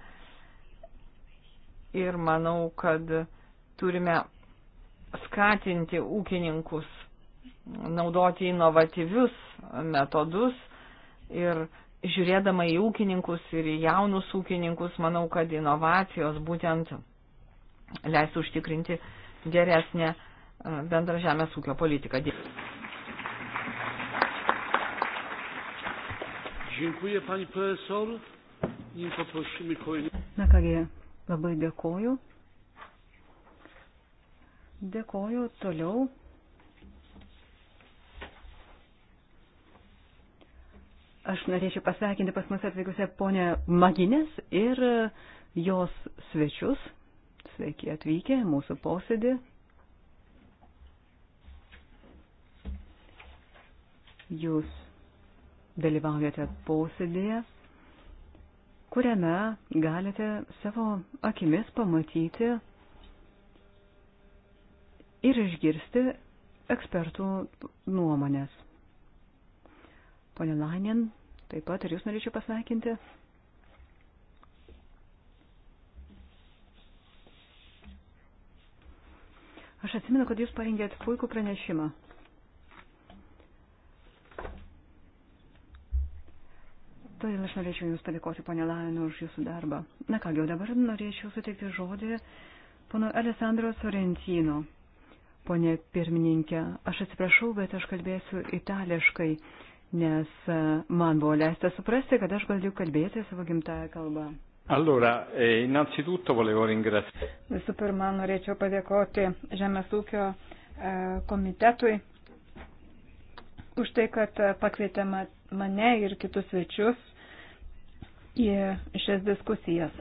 ir manau, kad turime skatinti ūkininkus naudoti inovatyvius metodus ir žiūrėdama į ūkininkus ir į jaunus ūkininkus, manau, kad inovacijos būtent leis užtikrinti geresnę e, bendrą žemės ūkio politiką. Dziękuję pani profesor. Nim poprosimy kolejny. Na kągi, labai dėkoju. Dėkoju toliau. Aš norėčiau pasveikinti pas mus atvykusią ponę Maginės ir jos svečius. Sveiki atvykę į mūsų posėdį. Jūs dalyvaujate posėdėje, kuriame galite savo akimis pamatyti ir išgirsti ekspertų nuomonės. Pone Lainin Taip pat ir jūs norėčiau pasveikinti. Aš atsimenu, kad jūs parengėt puikų pranešimą. Todėl aš norėčiau Jums padėkoti, ponė Lainu, už Jūsų darbą. Na kągi, o dabar norėčiau suteikti žodį pono Alessandro Sorrentino. Pone pirmininkė, aš atsiprašau, bet aš kalbėsiu itališkai, nes e, man buvo leista suprasti, kad aš galiu kalbėti savo gimtają kalbą. Allora, eh, innanzitutto volevo ringraziare. Visų pirma, norėčiau padėkoti Žemės ūkio e, komitetui už tai, kad e, pakvietė mane ir kitus svečius į šias diskusijas.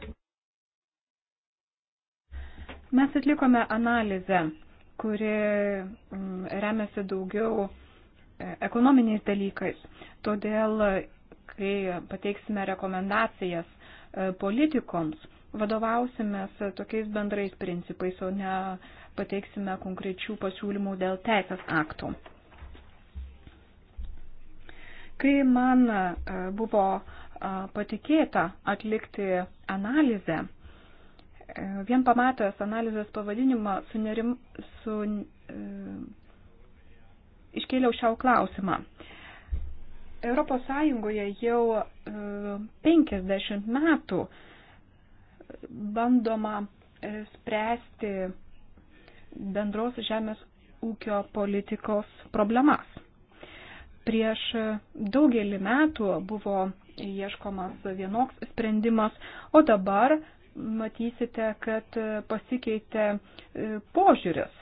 Mes atlikome analizę, kuri mm, remiasi daugiau ekonominiais dalykais. Todėl, kai pateiksime rekomendacijas e, politikoms, vadovausimės tokiais bendrais principais, o ne pateiksime konkrečių pasiūlymų dėl teisės aktų. Kai man e, buvo e, patikėta atlikti analizę, vien pamatęs analizės pavadinimą sunerim, su, iškėliau šią klausimą. Europos Sąjungoje jau 50 e, metų bandoma e, spręsti bendros žemės ūkio politikos problemas. Prieš daugelį metų buvo ieškomas vienoks sprendimas, o dabar matysite, kad pasikeitė e, požiūris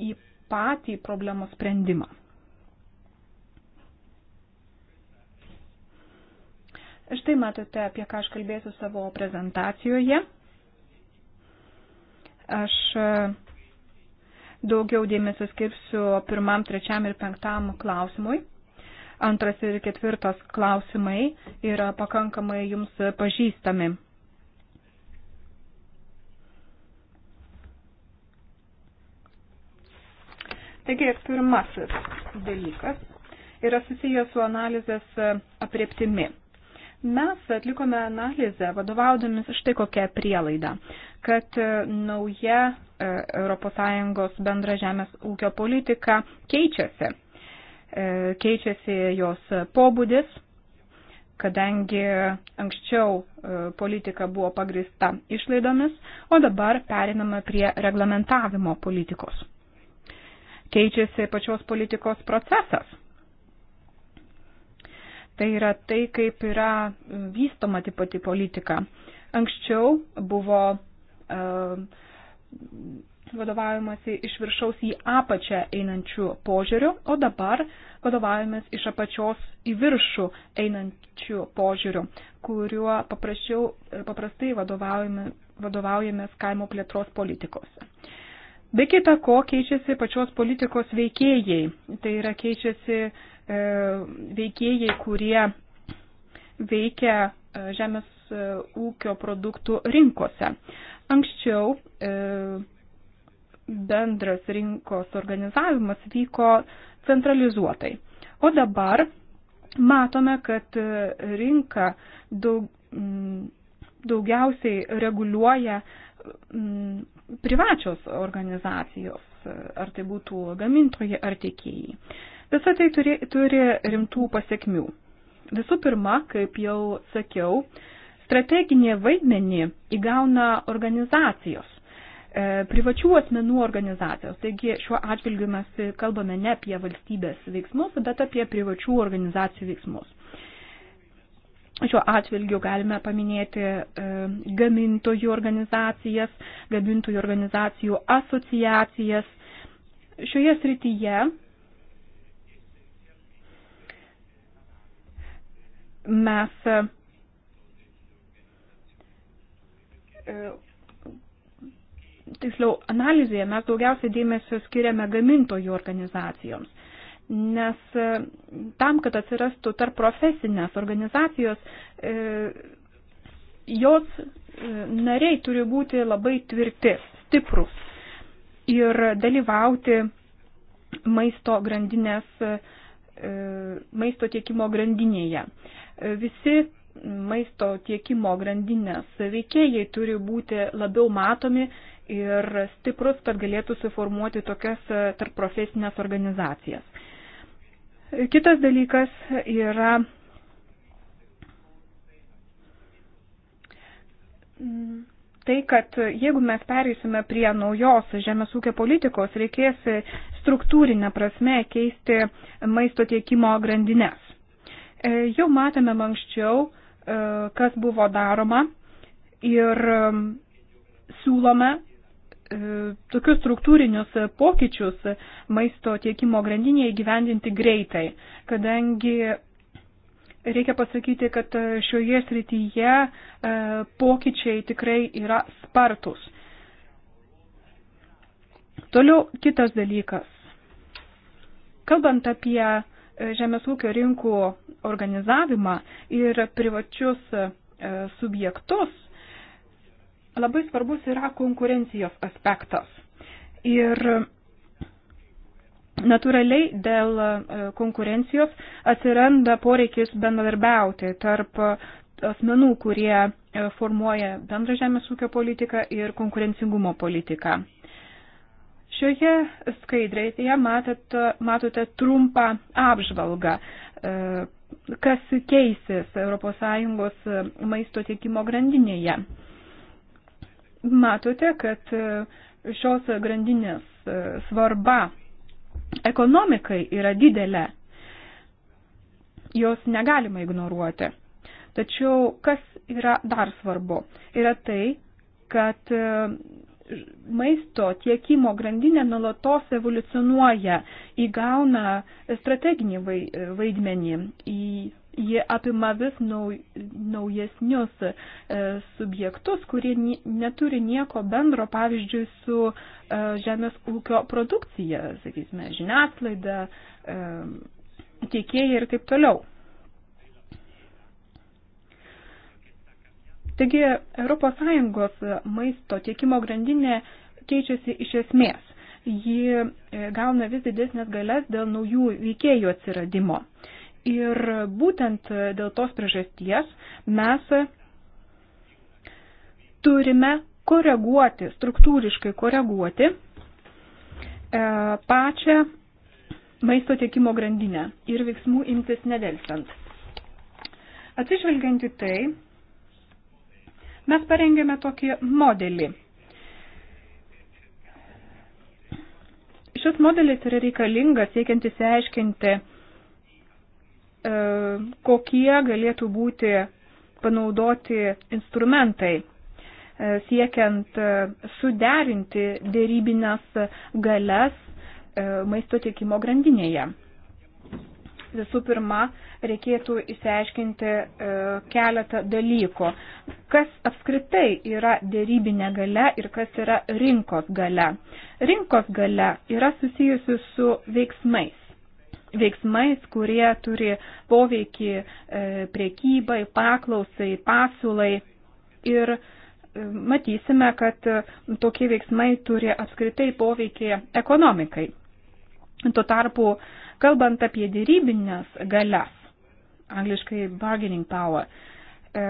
į patį problemos sprendimą. Štai matote, apie ką aš kalbėsiu savo prezentacijoje. Aš e, daugiau dėmesio skirsiu pirmam, trečiam ir penktam klausimui. Antras ir ketvirtas klausimai yra pakankamai jums pažįstami. Taigi pirmasis dalykas yra susijęs su analizės apreptimi. Mes atlikome analizę vadovaudomis štai kokią prielaidą, kad nauja ES bendra žemės ūkio politika keičiasi. E, keičiasi jos pobūdis, kadangi anksčiau e, politika buvo pagrista išlaidomis, o dabar perinama prie reglamentavimo politikos keičiasi pačios politikos procesas. Tai yra tai, kaip yra vystoma taip pati politika. Anksčiau buvo uh, vadovaujamasi iš viršaus į apačią einančių požiūrių, o dabar vadovaujamės iš apačios į viršų einančių požiūrių, kuriuo paprasčiau, paprastai vadovaujamės kaimo plėtros politikose. Be kita ko keičiasi pačios politikos veikėjai. Tai yra keičiasi e, veikėjai, kurie veikia e, žemės e, ūkio produktų rinkose. Anksčiau e, bendras rinkos organizavimas vyko centralizuotai. O dabar matome, kad e, rinka daug, daugiausiai reguliuoja privačios organizacijos, ar tai būtų gamintojai ar tiekėjai. Visą tai turi, turi rimtų pasiekmių. Visų pirma, kaip jau sakiau, strateginė vaidmenį įgauna organizacijos, e, privačių asmenų organizacijos. Taigi šiuo atžvilgiu mes kalbame ne apie valstybės veiksmus, bet apie privačių organizacijų veiksmus. Šiuo atvilgiu galime paminėti e, gamintojų organizacijas, gamintojų organizacijų asociacijas. Šioje srityje mes e, tiksliau analizėje mes daugiausiai dėmesio skiriame gamintojų organizacijoms nes e, tam, kad atsirastų tarp profesinės organizacijos, e, jos e, nariai turi būti labai tvirti, stiprus ir dalyvauti maisto grandinės, maisto tiekimo grandinėje. Visi maisto tiekimo grandinės veikėjai turi būti labiau matomi ir stiprus, kad galėtų suformuoti tokias tarp profesinės organizacijas. Kitas dalykas yra tai, kad jeigu mes pereisime prie naujos žemės ūkio politikos, reikės struktūrinę prasme keisti maisto tiekimo grandinės. Jau matėme anksčiau, e, kas buvo daroma ir e, siūlome E, tokius struktūrinius pokyčius maisto tiekimo grandinėje įgyvendinti greitai, kadangi reikia pasakyti, kad šioje srityje e, pokyčiai tikrai yra spartus. Toliau kitas dalykas. Kalbant apie e, žemės ūkio rinkų organizavimą ir privačius subjektus, labai svarbus yra konkurencijos aspektas. Ir natūraliai dėl e, konkurencijos atsiranda poreikis bendradarbiauti tarp e, asmenų, kurie e, formuoja bendrą žemės ūkio politiką ir konkurencingumo politiką. Šioje skaidrėje matote, matote trumpą apžvalgą, kas keisis ES maisto tiekimo grandinėje matote, kad e, šios grandinės e, svarba ekonomikai yra didelė. Jos negalima ignoruoti. Tačiau kas yra dar svarbu? Yra tai, kad e, maisto tiekimo grandinė nuolatos evoliucionuoja, įgauna strateginį vaidmenį, jie apima vis naujesnius e, subjektus, kurie neturi nieko bendro, pavyzdžiui, su e, žemės ūkio produkcija, sakysime, žiniasklaida, e, tiekėjai ir taip toliau. Taigi ES maisto tiekimo grandinė keičiasi iš esmės. Ji e, gauna vis didesnės galės dėl naujų veikėjų atsiradimo. Ir būtent dėl tos priežasties mes turime koreguoti, struktūriškai koreguoti e, pačią maisto tiekimo grandinę ir veiksmų imtis nedelsant. Atsižvelgiant į tai, Mes parengėme tokį modelį. Šis modelis yra reikalingas siekiant įsiaiškinti, e, kokie galėtų būti panaudoti instrumentai, e, siekiant e, suderinti dėrybinės galias maisto tiekimo grandinėje visų pirma reikėtų išsiaiškinti e, keletą dalykų. Kas apskritai yra dėrybinė gale ir kas yra rinkos gale? Rinkos gale yra susijusi su veiksmais. Veiksmais, kurie turi poveikį e, priekybai, paklausai, pasiūlai ir e, matysime, kad e, tokie veiksmai turi apskritai poveikį ekonomikai. Tuo tarpu Kalbant apie dėrybinės galias, angliškai bargaining power, e,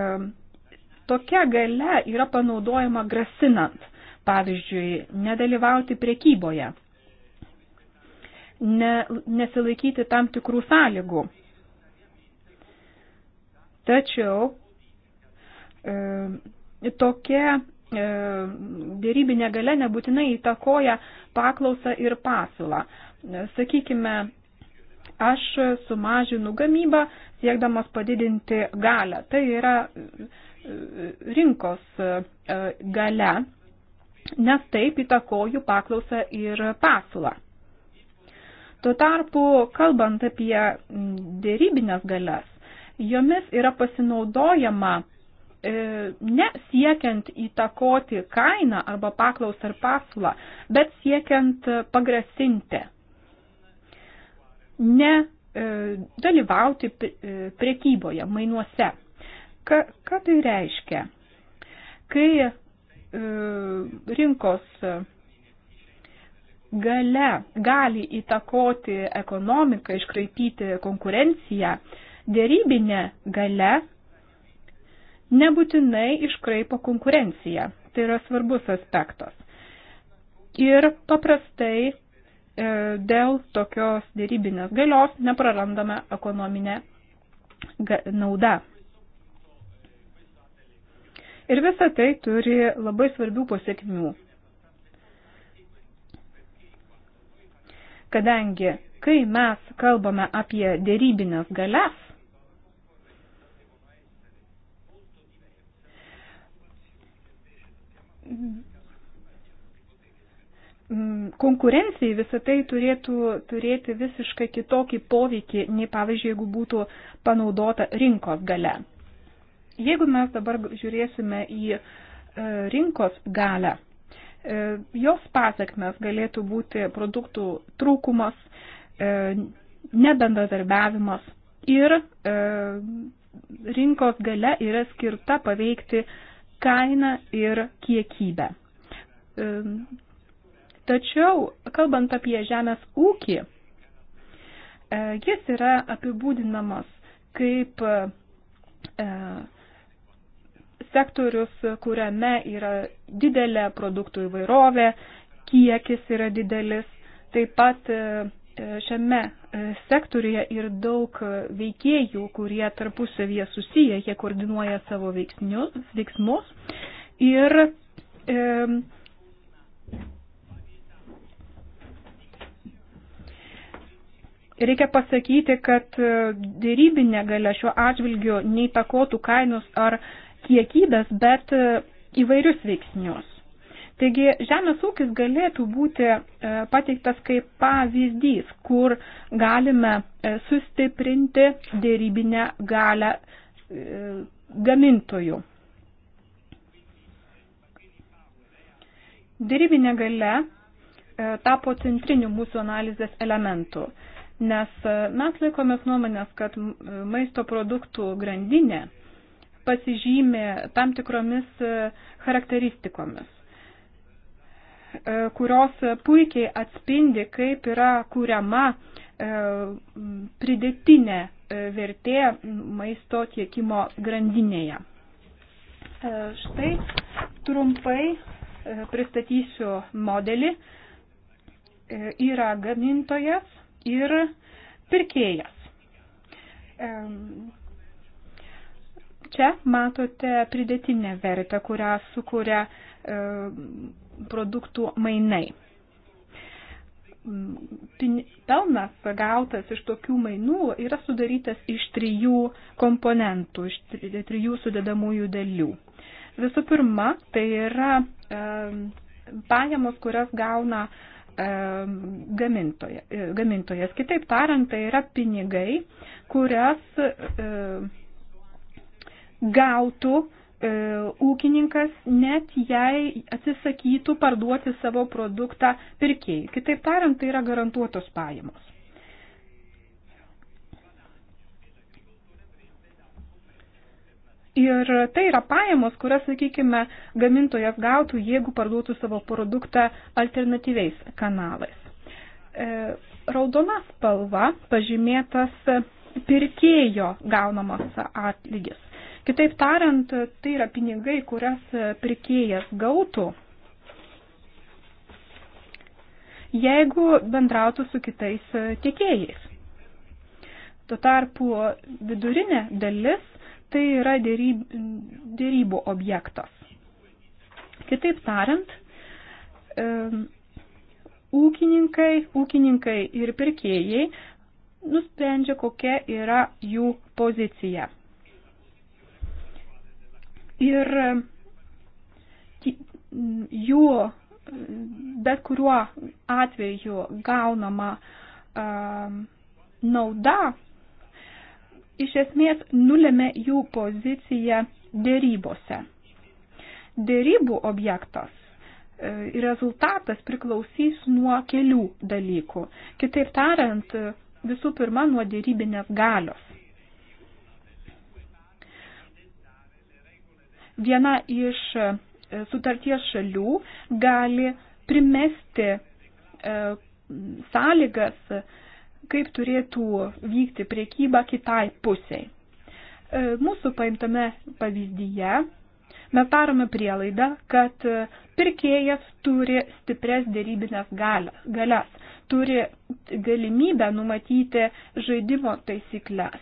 tokia gale yra panaudojama grasinant, pavyzdžiui, nedalyvauti priekyboje, ne, nesilaikyti tam tikrų sąlygų. Tačiau e, tokia e, dėrybinė gale nebūtinai įtakoja paklausą ir pasiūlą. Sakykime, aš sumažinu gamybą, siekdamas padidinti galę. Tai yra e, rinkos e, gale, nes taip įtakoju paklausą ir pasiūlą. Tuo tarpu, kalbant apie dėrybinės galės, jomis yra pasinaudojama e, ne siekiant įtakoti kainą arba paklausą ir pasiūlą, bet siekiant pagrasinti ne e, dalyvauti e, prekyboje, mainuose. Ka, ką tai reiškia? Kai e, rinkos gale gali įtakoti ekonomiką, iškraipyti konkurenciją, dėrybinė gale nebūtinai iškraipo konkurenciją. Tai yra svarbus aspektas. Ir paprastai E, dėl tokios dėrybinės galios neprarandame ekonominę naudą. Ir visa tai turi labai svarbių pasiekmių. Kadangi, kai mes kalbame apie dėrybinės galias, Mm, konkurencijai visą tai turėtų turėti visiškai kitokį poveikį, nei pavyzdžiui, jeigu būtų panaudota rinkos gale. Jeigu mes dabar žiūrėsime į e, rinkos galę, e, jos pasiekmes galėtų būti produktų trūkumas, e, nebendradarbiavimas ir rinkos gale yra skirta paveikti kainą ir kiekybę Tačiau, kalbant apie žemės ūkį, e, jis yra apibūdinamas kaip e, sektorius, kuriame yra didelė produktų įvairovė, kiekis yra didelis, taip pat e, šiame sektoriuje ir daug veikėjų, kurie tarpusavyje susiję, jie koordinuoja savo veiksnius, veiksmus ir e, Reikia pasakyti, kad e, dėrybinė galia šiuo atžvilgiu neįtakotų kainos ar kiekybės, bet e, įvairius veiksnius. Taigi žemės ūkis galėtų būti e, pateiktas kaip pavyzdys, kur galime sustiprinti dėrybinę galę gamintojų. Dėrybinė gale tapo centriniu mūsų analizės elementu nes e, mes laikomės nuomonės, kad e, maisto produktų grandinė pasižymė tam tikromis e, charakteristikomis, kurios puikiai atspindi, kaip yra kuriama pridėtinė vertė maisto tiekimo grandinėje. Štai trumpai pristatysiu modelį. Yra gamintojas, ir pirkėjas. Čia matote pridėtinę vertę, kurią sukuria produktų mainai. Pelnas gautas iš tokių mainų yra sudarytas iš trijų komponentų, iš trijų sudedamųjų dalių. Visų pirma, tai yra pajamos, kurias gauna e, E, gamintojas. Kitaip tariant, tai yra pinigai, kurias gautų e, ūkininkas net jei atsisakytų parduoti savo produktą pirkėjai. Kitaip tariant, tai yra garantuotos pajamos. Ir tai yra pajamos, kurias, sakykime, gamintojas gautų, jeigu parduotų savo produktą alternatyviais kanalais. E, raudona spalva pažymėtas pirkėjo gaunamas atlygis. Kitaip tariant, tai yra pinigai, kurias pirkėjas gautų, jeigu bendrautų su kitais tiekėjais. Tuo tarpu vidurinė dalis tai yra dėryb, dėrybų objektas. Kitaip tariant, ūkininkai, ūkininkai ir pirkėjai nusprendžia, kokia yra jų pozicija. Ir jų bet kuriuo atveju gaunama nauda iš esmės nulėmė jų poziciją dėrybose. Dėrybų objektas e, rezultatas priklausys nuo kelių dalykų. Kitaip tariant, visų pirma, nuo dėrybinės galios. Viena iš e, sutarties šalių gali primesti e, sąlygas kaip turėtų vykti priekyba kitai pusiai. E, mūsų paimtame pavyzdyje mes darome prielaidą, kad e, pirkėjas turi stipres dėrybinės galias, turi galimybę numatyti žaidimo taisyklės.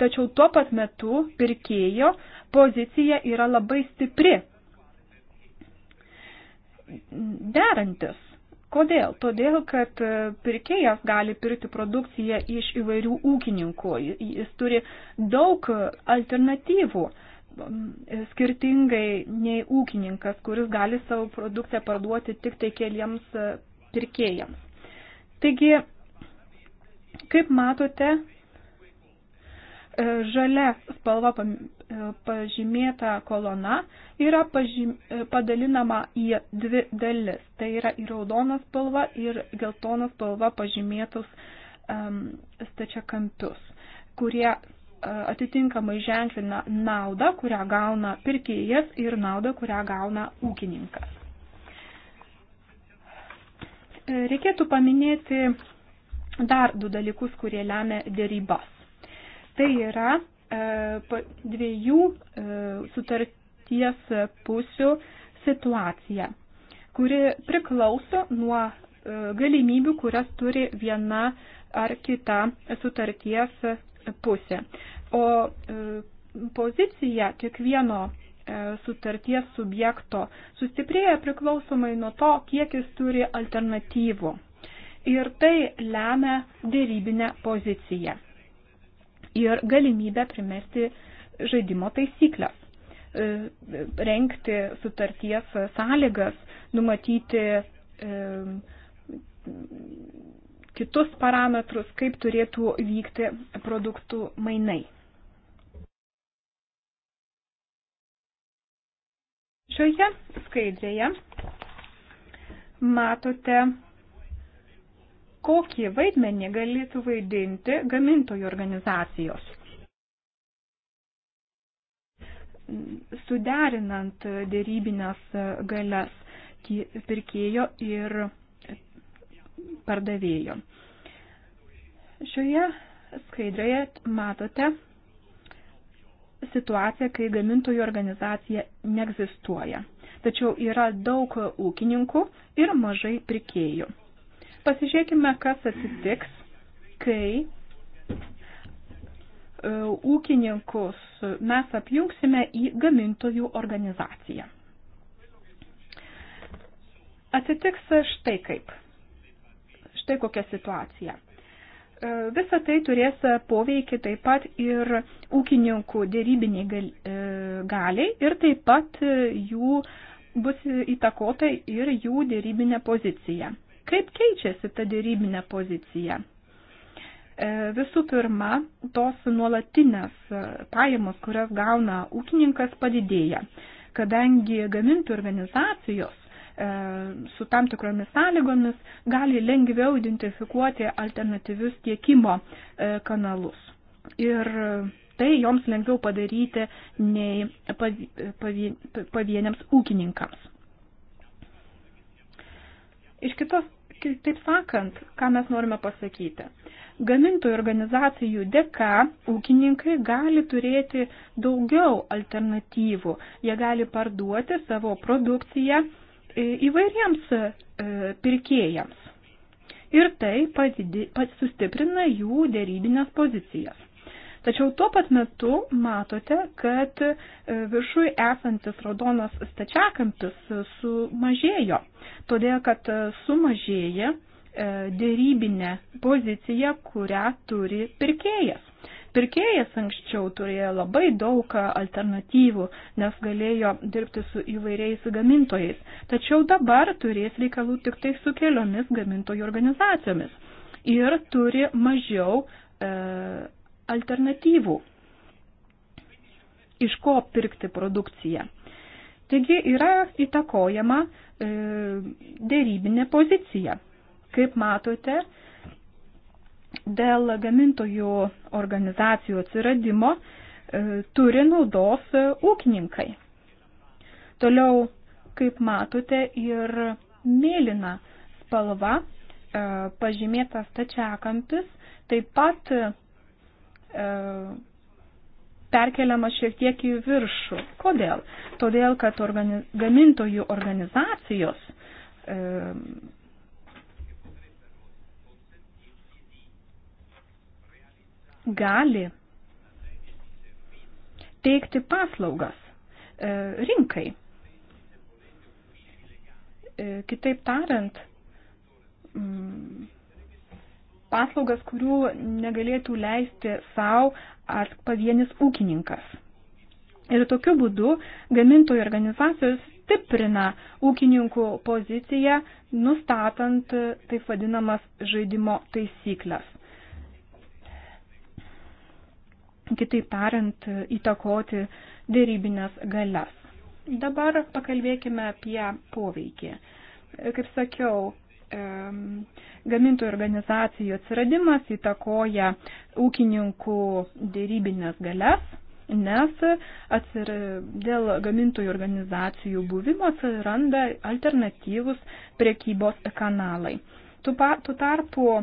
Tačiau tuo pat metu pirkėjo pozicija yra labai stipri. Derantis Kodėl? Todėl, kad e, pirkėjas gali pirkti produkciją iš įvairių ūkininkų. Jis turi daug alternatyvų, mm, e, skirtingai nei ūkininkas, kuris gali savo produkciją parduoti tik tai keliems e, pirkėjams. Taigi, kaip matote, žalia spalva pažymėta kolona yra pažym, padalinama į dvi dalis. Tai yra į raudoną spalvą ir geltoną spalvą pažymėtus um, stačiakampius, kurie uh, atitinkamai ženklina naudą, kurią gauna pirkėjas ir naudą, kurią gauna ūkininkas. E, reikėtų paminėti dar du dalykus, kurie lemia dėrybas. Tai yra E, dviejų e, sutarties pusių situacija, kuri priklauso nuo e, galimybių, kurias turi viena ar kita sutarties pusė. O pozicija kiekvieno sutarties subjekto sustiprėja priklausomai nuo to, kiek jis turi alternatyvų. Ir tai lemia dėrybinę poziciją ir galimybę primesti žaidimo taisyklės e, rengti sutarties sąlygas, numatyti e, kitus parametrus, kaip turėtų vykti produktų mainai. Šioje skaidrėje matote kokį vaidmenį galėtų vaidinti gamintojų organizacijos. Suderinant dėrybinės galias pirkėjo ir pardavėjo. Šioje skaidrėje matote situaciją, kai gamintojų organizacija neegzistuoja. Tačiau yra daug ūkininkų ir mažai pirkėjų. Pasižiūrėkime, kas atsitiks, kai e, ūkininkus mes apjungsime į gamintojų organizaciją. Atsitiks štai kaip. Štai kokia situacija. E, visa tai turės poveikį taip pat ir ūkininkų dėrybiniai e, galiai ir taip pat jų bus įtakota ir jų dėrybinė pozicija. Kaip keičiasi ta dėrybinė pozicija? E, visų pirma, tos nuolatinės e, pajamos, kurias gauna ūkininkas, padidėja, kadangi gamintų organizacijos e, su tam tikromis sąlygomis gali lengviau identifikuoti alternatyvius tiekimo kanalus. Ir tai joms lengviau padaryti nei pavieniams ūkininkams. Iš kitos, taip sakant, ką mes norime pasakyti. Gamintojų organizacijų dėka ūkininkai gali turėti daugiau alternatyvų. Jie gali parduoti savo produkciją e, įvairiems e, pirkėjams. Ir tai padidi, sustiprina jų dėrybinės pozicijas. Tačiau tuo pat metu matote, kad e, viršui esantis raudonas stačiakampis e, sumažėjo, todėl kad e, sumažėja dėrybinė pozicija, kurią turi pirkėjas. Pirkėjas anksčiau turėjo labai daug alternatyvų, nes galėjo dirbti su įvairiais gamintojais, tačiau dabar turės reikalų tik tai su keliomis gamintojų organizacijomis ir turi mažiau e, alternatyvų, iš ko pirkti produkciją. Taigi yra įtakojama e, dėrybinė pozicija. Kaip matote, dėl gamintojų organizacijų atsiradimo e, turi naudos e, ūkininkai. Toliau, kaip matote, ir mėlyna spalva e, pažymėtas tačiakampis taip pat E, perkeliamas šiek tiek į viršų. Kodėl? Todėl, kad organi gamintojų organizacijos e, gali teikti paslaugas e, rinkai. E, kitaip tariant, mm, paslaugas, kurių negalėtų leisti savo ar pavienis ūkininkas. Ir tokiu būdu gamintojų organizacijos stiprina ūkininkų poziciją, nustatant taip vadinamas žaidimo taisyklės. Kitaip tariant, įtakoti dėrybinės galias. Dabar pakalbėkime apie poveikį. Kaip sakiau, gamintojų organizacijų atsiradimas įtakoja ūkininkų dėrybinės galias, nes atsir... dėl gamintojų organizacijų buvimo atsiranda alternatyvus prekybos kanalai. Tuo tarpu e,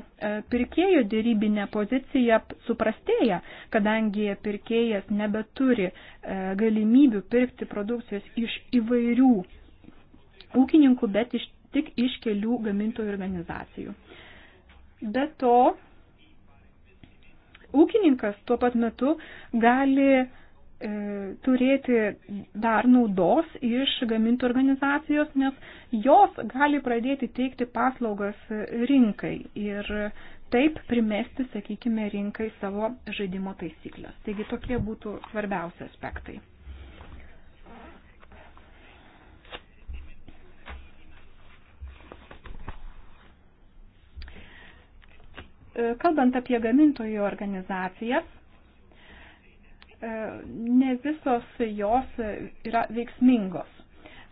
pirkėjo dėrybinė pozicija suprastėja, kadangi pirkėjas nebeturi e, galimybių pirkti produkcijos iš įvairių ūkininkų, bet iš tik iš kelių gamintojų organizacijų. Be to, ūkininkas tuo pat metu gali e, turėti dar naudos iš gamintų organizacijos, nes jos gali pradėti teikti paslaugas rinkai ir taip primesti, sakykime, rinkai savo žaidimo taisyklės. Taigi tokie būtų svarbiausi aspektai. E, kalbant apie gamintojų organizacijas, e, ne visos jos yra veiksmingos,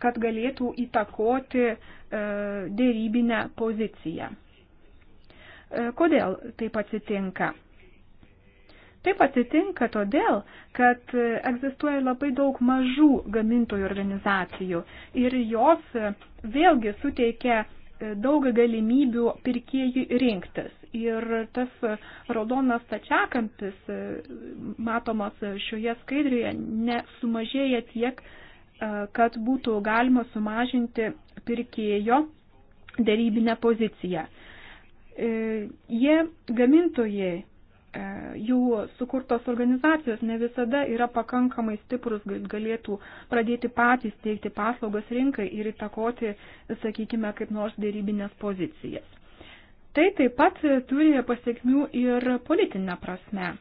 kad galėtų įtakoti e, dėrybinę poziciją. Kodėl taip atsitinka? Taip atsitinka todėl, kad egzistuoja labai daug mažų gamintojų organizacijų ir jos vėlgi suteikia daug galimybių pirkėjui rinktis. Ir tas raudonas tačiakampis, e, matomas šioje skaidrėje, nesumažėja tiek, e, kad būtų galima sumažinti pirkėjo dėrybinę poziciją. E, jie gamintojai E, jų sukurtos organizacijos ne visada yra pakankamai stiprus, galėtų pradėti patys teikti paslaugas rinkai ir įtakoti, sakykime, kaip nors dėrybinės pozicijas. Tai taip pat turi pasiekmių ir politinę prasme.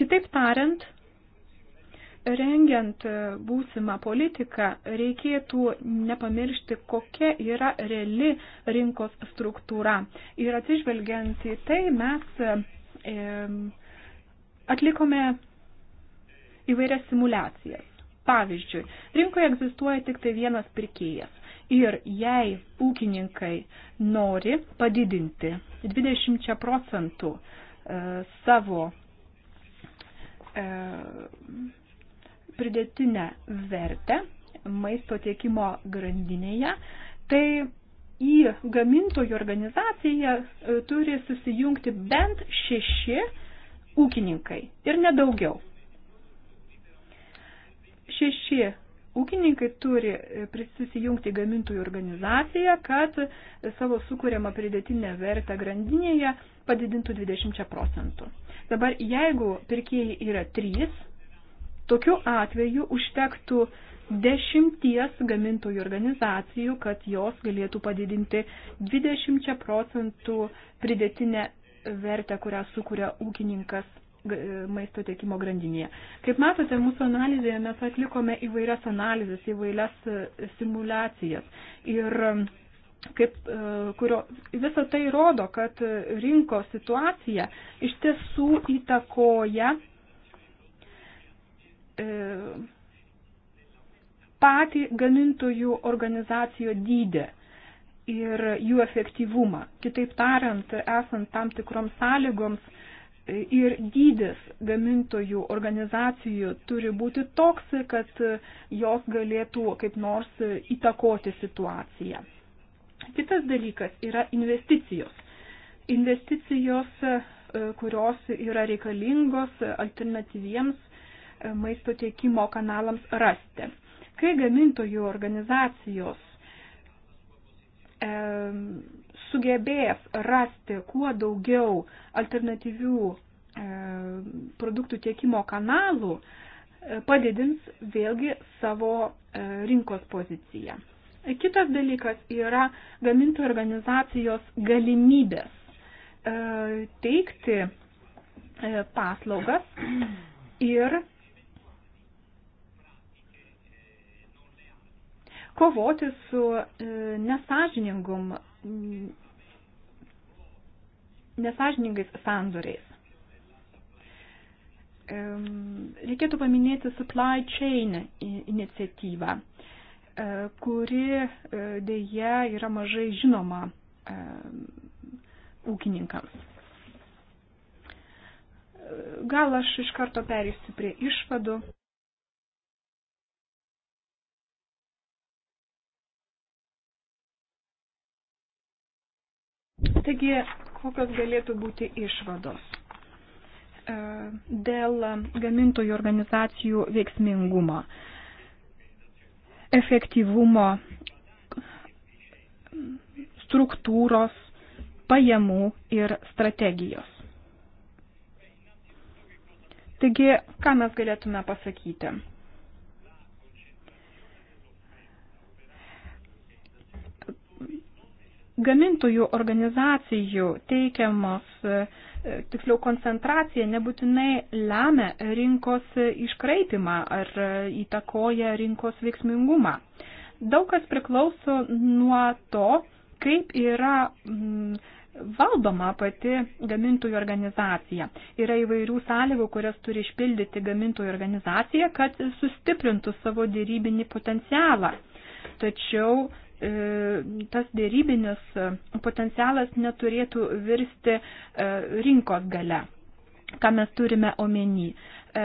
Kitaip tariant, rengiant būsimą politiką reikėtų nepamiršti, kokia yra reali rinkos struktūra. Ir atsižvelgiant į tai mes e, atlikome įvairias simulacijas. Pavyzdžiui, rinkoje egzistuoja tik tai vienas pirkėjas. Ir jei ūkininkai nori padidinti 20 procentų e, savo e, pridėtinę vertę maisto tiekimo grandinėje, tai į gamintojų organizaciją e, turi susijungti bent šeši ūkininkai ir nedaugiau. Šeši ūkininkai turi e, susijungti gamintojų organizaciją, kad savo sukūriamą pridėtinę vertę grandinėje padidintų 20 procentų. Dabar jeigu pirkėjai yra trys Tokiu atveju užtektų dešimties gamintojų organizacijų, kad jos galėtų padidinti 20 procentų pridėtinę vertę, kurią sukuria ūkininkas e, maisto tiekimo grandinėje. Kaip matote, mūsų analizėje mes atlikome įvairias analizės, įvairias e, simulacijas. Ir e, kaip, kurio, visa tai rodo, kad rinkos situacija iš tiesų įtakoja E, patį gamintojų organizacijų dydį ir jų efektyvumą. Kitaip tariant, esant tam tikroms sąlygoms e, ir dydis gamintojų organizacijų turi būti toks, kad jos galėtų kaip nors įtakoti situaciją. Kitas dalykas yra investicijos. Investicijos, e, kurios yra reikalingos alternatyviems maisto tiekimo kanalams rasti. Kai gamintojų organizacijos e, sugebės rasti kuo daugiau alternatyvių e, produktų tiekimo kanalų, e, padidins vėlgi savo e, rinkos poziciją. Kitas dalykas yra gamintojų organizacijos galimybės e, teikti e, paslaugas ir kovoti su e, nesažiningum, nesažiningais sandoriais. Reikėtų paminėti supply chain iniciatyvą, e, kuri e, dėje yra mažai žinoma ūkininkams. Gal aš iš karto perėsiu prie išvadų. Taigi, kokios galėtų būti išvados? E, dėl gamintojų organizacijų veiksmingumo, efektyvumo, struktūros, pajamų ir strategijos. Taigi, ką mes galėtume pasakyti? gamintojų organizacijų teikiamos, e, e, tiksliau koncentracija nebūtinai lemia rinkos iškraipimą ar e, įtakoja rinkos veiksmingumą. Daug kas priklauso nuo to, kaip yra m, mm, valdoma pati gamintojų organizacija. Yra įvairių sąlygų, kurias turi išpildyti gamintojų organizacija, kad sustiprintų savo dėrybinį potencialą. Tačiau E, tas dėrybinis potencialas neturėtų virsti e, rinkos gale, ką mes turime omeny. E,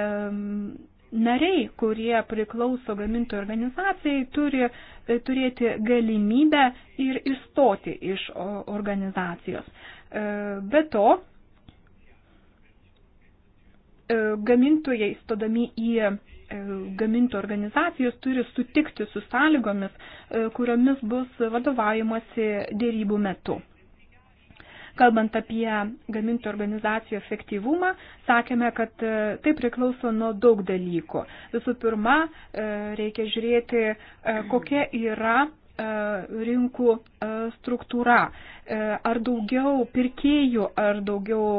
nariai, kurie priklauso gamintojų organizacijai, turi turėti galimybę ir išstoti iš organizacijos. Be to, gamintojai stodami į E, gamintų organizacijos turi sutikti su sąlygomis, e, kuriomis bus vadovaujamasi dėrybų metu. Kalbant apie gamintų organizacijų efektyvumą, sakėme, kad e, tai priklauso nuo daug dalykų. Visų pirma, reikia žiūrėti, kokia yra rinkų struktūra. Ar daugiau pirkėjų, ar daugiau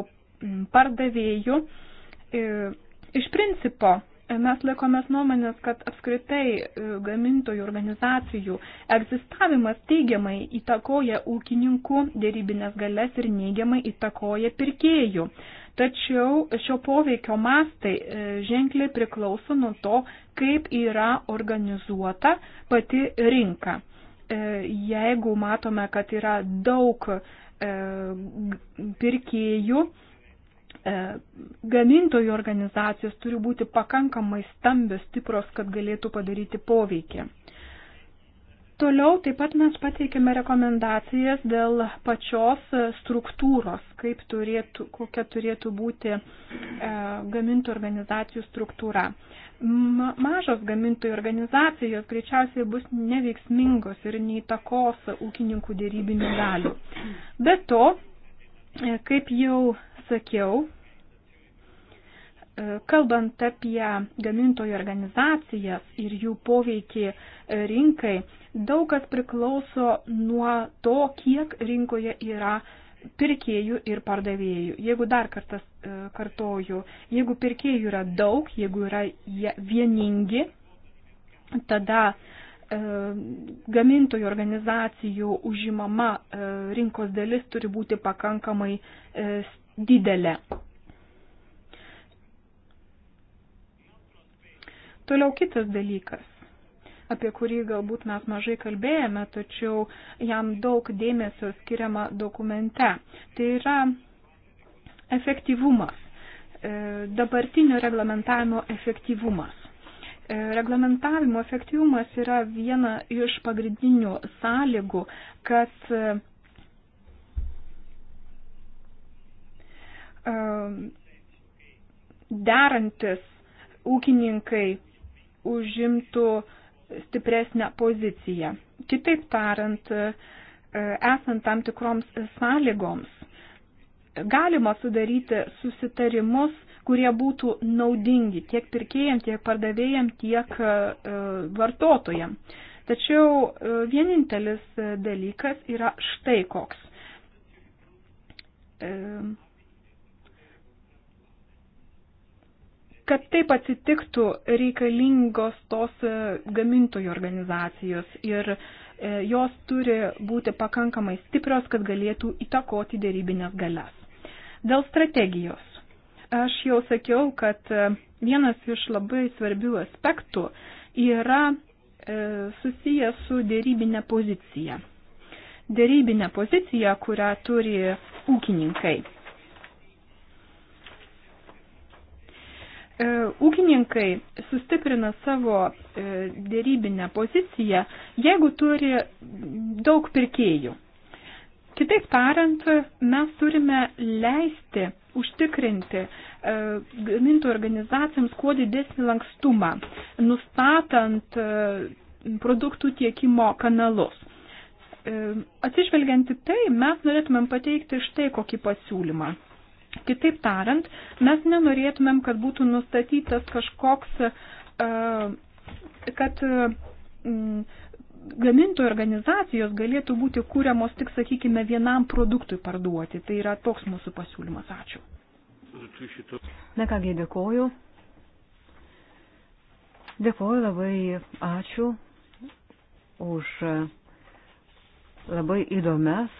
pardavėjų. Iš principo, Mes laikomės nuomonės, kad apskritai e, gamintojų organizacijų egzistavimas teigiamai įtakoja ūkininkų dėrybinės galės ir neigiamai įtakoja pirkėjų. Tačiau šio poveikio mastai e, ženkliai priklauso nuo to, kaip yra organizuota pati rinka. E, jeigu matome, kad yra daug pirkėjų, E, gamintojų organizacijos turi būti pakankamai stambios, stipros, kad galėtų padaryti poveikį. Toliau taip pat mes pateikėme rekomendacijas dėl pačios struktūros, kaip turėtų, kokia turėtų būti e, gamintų organizacijų struktūra. Ma, mažos gamintojų organizacijos greičiausiai bus neveiksmingos ir neįtakos ūkininkų dėrybinių galių. Be to, e, kaip jau sakiau, Kalbant apie gamintojų organizacijas ir jų poveikį e, rinkai, daug kas priklauso nuo to, kiek rinkoje yra pirkėjų ir pardavėjų. Jeigu dar kartas e, kartoju, jeigu pirkėjų yra daug, jeigu yra jie vieningi, tada e, gamintojų organizacijų užimama rinkos dalis turi būti pakankamai didelė. Toliau kitas dalykas, apie kurį galbūt mes mažai kalbėjome, tačiau jam daug dėmesio skiriama dokumente. Tai yra efektyvumas, e, dabartinio reglamentavimo efektyvumas. E, reglamentavimo efektyvumas yra viena iš pagrindinių sąlygų, kad e, derantis ūkininkai užimtų stipresnę poziciją. Kitaip tariant, e, esant tam tikroms sąlygoms, galima sudaryti susitarimus, kurie būtų naudingi tiek pirkėjams, tiek pardavėjams, tiek e, vartotojams. Tačiau e, vienintelis dalykas yra štai koks. Kad taip atsitiktų, reikalingos tos e, gamintojų organizacijos ir e, jos turi būti pakankamai stiprios, kad galėtų įtakoti dėrybinės galias. Dėl strategijos. Aš jau sakiau, kad e, vienas iš labai svarbių aspektų yra susijęs su dėrybinė pozicija. Dėrybinė pozicija, kurią turi ūkininkai E, ūkininkai sustiprina savo e, dėrybinę poziciją, jeigu turi daug pirkėjų. Kitaip tariant, mes turime leisti užtikrinti e, gamintojų organizacijoms kuo didesnį lankstumą, nustatant produktų tiekimo kanalus. Atsižvelgianti tai, mes norėtumėm pateikti štai kokį pasiūlymą. Kitaip tariant, mes nenorėtumėm, kad būtų nustatytas kažkoks, e, kad mm, gamintojų organizacijos galėtų būti kūriamos tik, sakykime, vienam produktui parduoti. Tai yra toks mūsų pasiūlymas. Ačiū. Na kągi, dėkoju. Dėkoju labai, ačiū už labai įdomias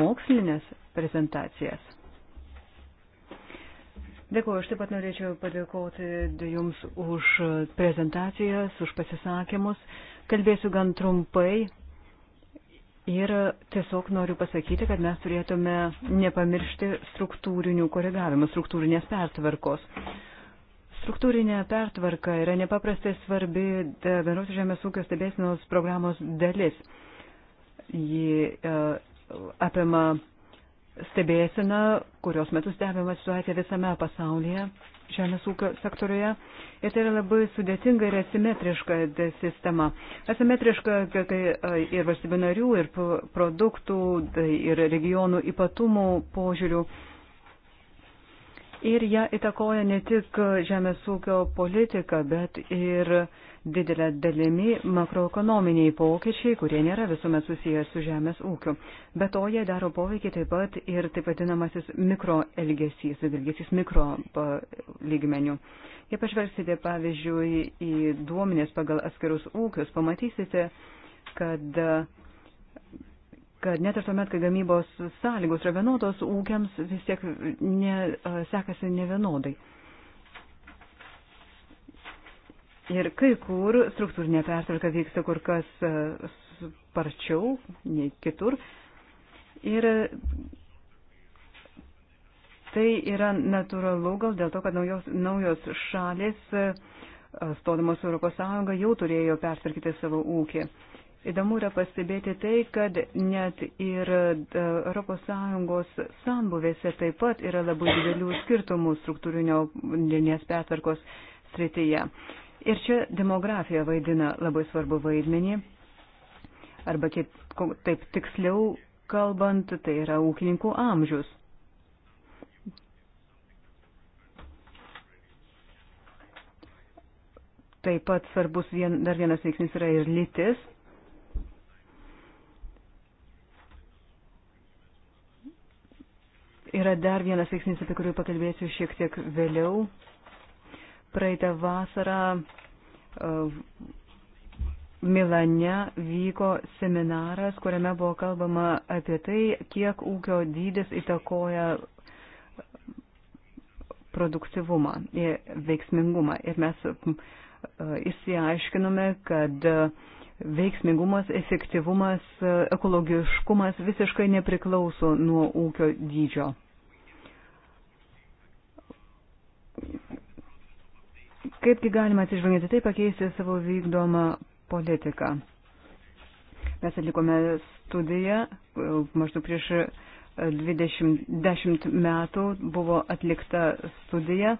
mokslinės prezentacijas. Dėkuoju, aš taip pat norėčiau padėkoti Jums už prezentacijas, už pasisakymus. Kalbėsiu gan trumpai ir tiesiog noriu pasakyti, kad mes turėtume nepamiršti struktūrinių koregavimų, struktūrinės pertvarkos. Struktūrinė pertvarka yra nepaprastai svarbi bendros žemės ūkio stebėsinos programos dalis. Ji e, apima stebėsena, kurios metu stebima situacija visame pasaulyje žemės ūkio sektoriuje. Ir tai yra labai sudėtinga ir asimetriška sistema. Asimetriška kai, ir valstybių narių, ir produktų, tai ir regionų ypatumų požiūrių ir ją įtakoja ne tik žemės ūkio politika, bet ir didelė dalimi makroekonominiai pokyčiai, kurie nėra visuomet susiję su žemės ūkiu. Be to, jie daro poveikį taip pat ir taip vadinamasis mikroelgesys, elgesys mikro lygmenių. Jei pažvelgsite, pavyzdžiui, į duomenės pagal atskirus ūkius, pamatysite, kad kad net ir tuomet, kai gamybos sąlygos yra vienodos, ūkiams vis tiek ne, sekasi nevienodai. Ir kai kur struktūrinė pertvarka vyksta kur kas sparčiau nei kitur. Ir tai yra natūralu gal dėl to, kad naujos, naujos šalis, stodamos Europos Sąjungą, jau turėjo pertvarkyti savo ūkį. Įdomu yra pastebėti tai, kad net ir ES sambuvėse taip pat yra labai didelių skirtumų struktūrinio linijos pertvarkos srityje. Ir čia demografija vaidina labai svarbu vaidmenį, arba kit, taip tiksliau kalbant, tai yra ūkininkų amžius. Taip pat svarbus vien, dar vienas veiksnys yra ir lytis. yra dar vienas veiksnys, apie kurį pakalbėsiu šiek tiek vėliau. Praeitą vasarą e, Milane vyko seminaras, kuriame buvo kalbama apie tai, kiek ūkio dydis įtakoja produktivumą, veiksmingumą. Ir mes įsiaiškinome, e, kad e, veiksmingumas, efektyvumas, ekologiškumas visiškai nepriklauso nuo ūkio dydžio. Kaipgi galima atsižvelgiant į tai pakeisti savo vykdomą politiką? Mes atlikome studiją maždaug prieš 20 e, 10 metų buvo atlikta studija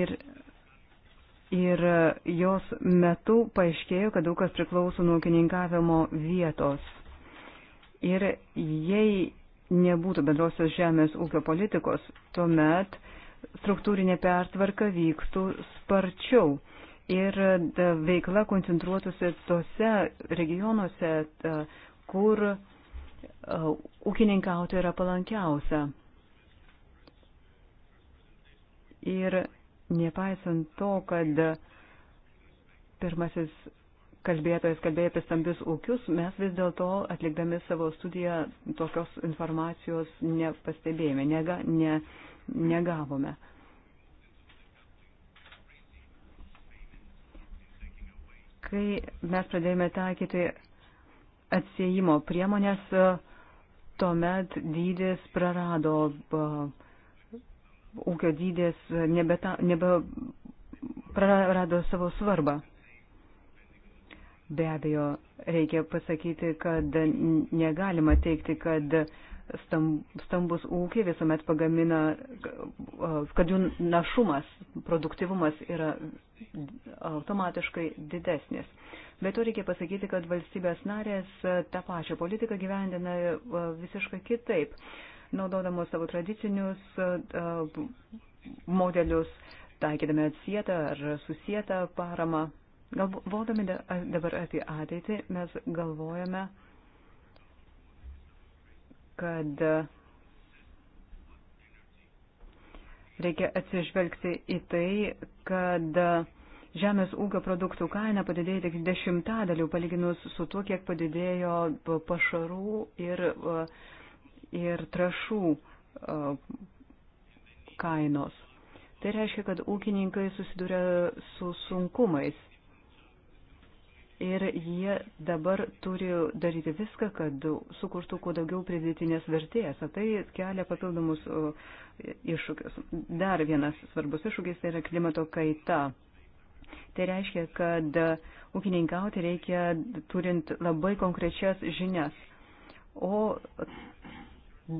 ir, ir jos metu paaiškėjo, kad daug kas priklauso nuo ūkininkavimo vietos. Ir jei nebūtų bendrosios žemės ūkio politikos, tuomet uh, struktūrinė pertvarka vyktų sparčiau ir e, veikla koncentruotųsi tose regionuose, e, kur e, ūkininkauti yra palankiausia. Ir nepaisant to, kad pirmasis kalbėtojas kalbėjo apie stambius ūkius, mes vis dėlto atlikdami savo studiją tokios informacijos nepastebėjome, ne, ne, negavome. Kai mes pradėjome taikyti atsiejimo priemonės, tuomet dydis prarado, ūkio dydis nebe, ta, nebe prarado savo svarbą. Be abejo, reikia pasakyti, kad negalima teikti, kad uh, stambus ūkiai visuomet pagamina, kad jų našumas, produktivumas yra automatiškai didesnis. Bet to reikia pasakyti, kad valstybės narės tą pačią politiką gyvendina visiškai kitaip, naudodamos savo tradicinius modelius, taikydami atsietą ar susietą paramą. Galvodami dabar apie ateitį, mes galvojame, kad reikia atsižvelgti į tai, kad žemės ūkio produktų kaina padidėjo tik dešimtadalių palyginus su tuo, kiek padidėjo pašarų ir, ir trašų kainos. Tai reiškia, kad ūkininkai susiduria su sunkumais ir jie dabar turi daryti viską, kad sukurtų kuo daugiau pridėtinės vertės, o tai kelia papildomus iššūkius. Dar vienas svarbus iššūkis tai yra klimato kaita. Tai reiškia, kad ūkininkauti reikia turint labai konkrečias žinias. O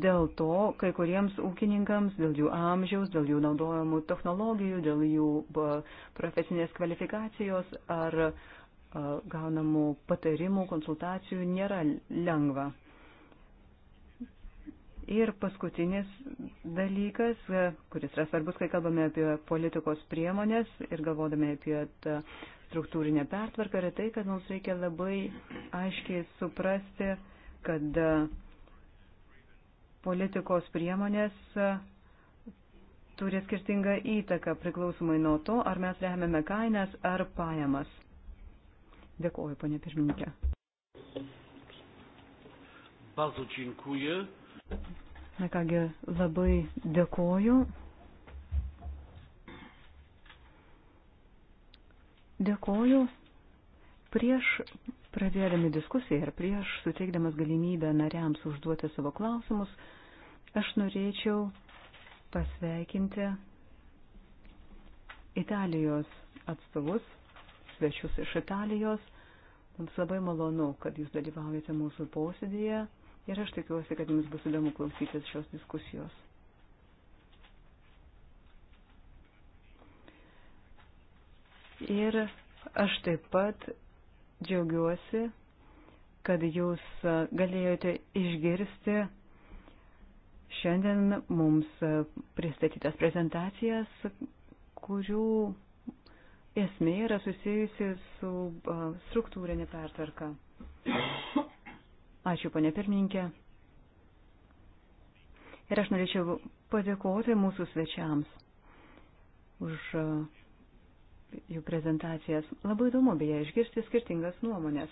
dėl to kai kuriems ūkininkams, dėl jų amžiaus, dėl jų naudojamų technologijų, dėl jų profesinės kvalifikacijos ar uh, gaunamų patarimų, konsultacijų nėra lengva. Ir paskutinis dalykas, kuris yra svarbus, kai kalbame apie politikos priemonės ir galvodami apie struktūrinę pertvarką, yra tai, kad mums reikia labai aiškiai suprasti, kad politikos priemonės turi skirtingą įtaką priklausomai nuo to, ar mes remiame kainas ar pajamas. Dėkuoju, ponė pirmininkė. Bardzo dziękuję. Na kągi, labai dėkoju. Dėkoju. Prieš pradėdami diskusiją ir prieš suteikdamas galimybę nariams užduoti savo klausimus, aš norėčiau pasveikinti Italijos atstovus svečius iš Italijos. Mums labai malonu, kad jūs dalyvaujate mūsų posėdėje ir aš tikiuosi, kad jums bus įdomu klausytis šios diskusijos. Ir aš taip pat džiaugiuosi, kad jūs galėjote išgirsti šiandien mums pristatytas prezentacijas, kurių esmė yra susijusi su struktūrinė pertvarka. Ačiū, ponė pirmininkė. Ir aš norėčiau padėkoti mūsų svečiams už jų prezentacijas. Labai įdomu beje išgirsti skirtingas nuomonės.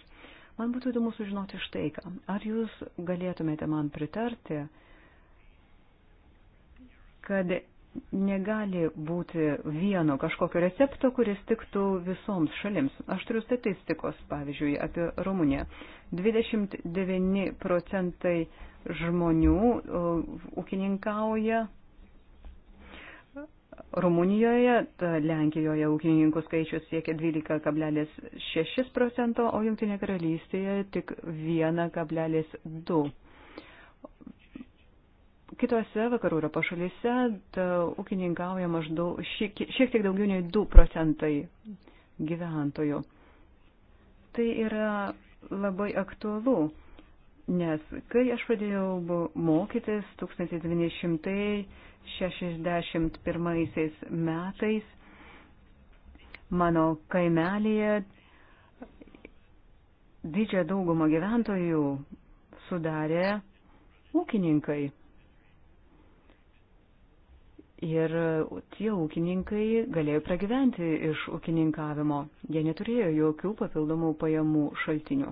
Man būtų įdomu sužinoti štai ką. Ar jūs galėtumėte man pritarti, kad negali būti vieno kažkokio recepto, kuris tiktų visoms šalims. Aš turiu statistikos, pavyzdžiui, apie Rumuniją. 29 procentai žmonių ūkininkauja Rumunijoje, Lenkijoje ūkininkų skaičius siekia 12,6 procento, o Junktinė karalystėje tik 1,2 procento kitose vakarų Europos šalyse ūkininkauja maždaug šiek, šiek tiek daugiau nei 2 procentai gyventojų. Tai yra labai aktualu, nes kai aš pradėjau mokytis 1961 metais, mano kaimelėje didžią daugumą gyventojų sudarė ūkininkai. Ir tie ūkininkai galėjo pragyventi iš ūkininkavimo. Jie neturėjo jokių papildomų pajamų šaltinių.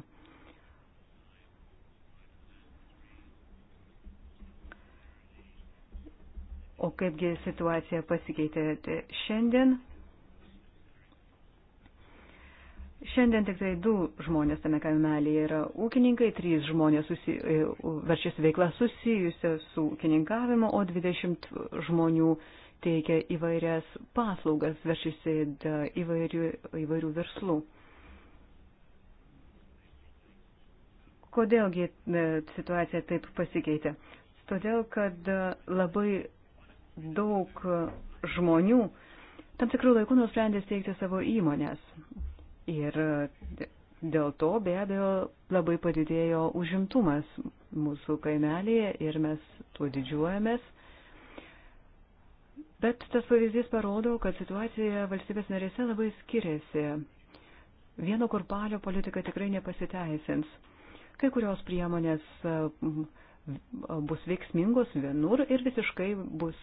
O kaipgi situacija pasikeitė šiandien? Šiandien tik tai du žmonės tame kaimelėje yra ūkininkai, trys žmonės susi, e, verčiasi veikla susijusia su ūkininkavimu, o 20 žmonių teikia įvairias paslaugas, verčiasi įvairių, įvairių verslų. Kodėlgi e, situacija taip pasikeitė? Todėl, kad e, labai daug žmonių tam tikrų laikų nusprendė steigti savo įmonės. Ir dėl to be abejo labai padidėjo užimtumas mūsų kaimelėje ir mes tuo didžiuojamės. Bet tas pavyzdys parodo, kad situacija valstybės narėse labai skiriasi. Vieno kurpalio politika tikrai nepasiteisins. Kai kurios priemonės bus veiksmingos vienur ir visiškai bus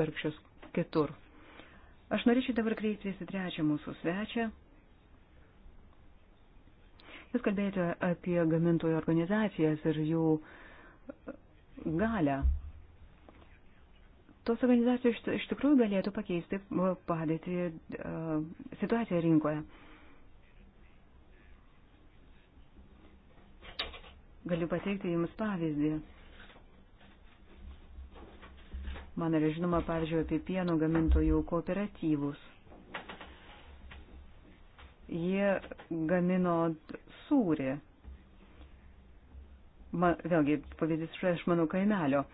bergščios kitur. Aš norėčiau dabar kreiptis į trečią mūsų svečią, Jūs kalbėjote apie gamintojų organizacijas ir jų galę. Tos organizacijos iš tikrųjų galėtų pakeisti uh, padėti uh, situaciją rinkoje. Galiu pateikti Jums pavyzdį. Man yra žinoma, pavyzdžiui, apie pieno gamintojų kooperatyvus jie gamino sūrį. Ma, vėlgi, pavyzdys iš mano kaimelio.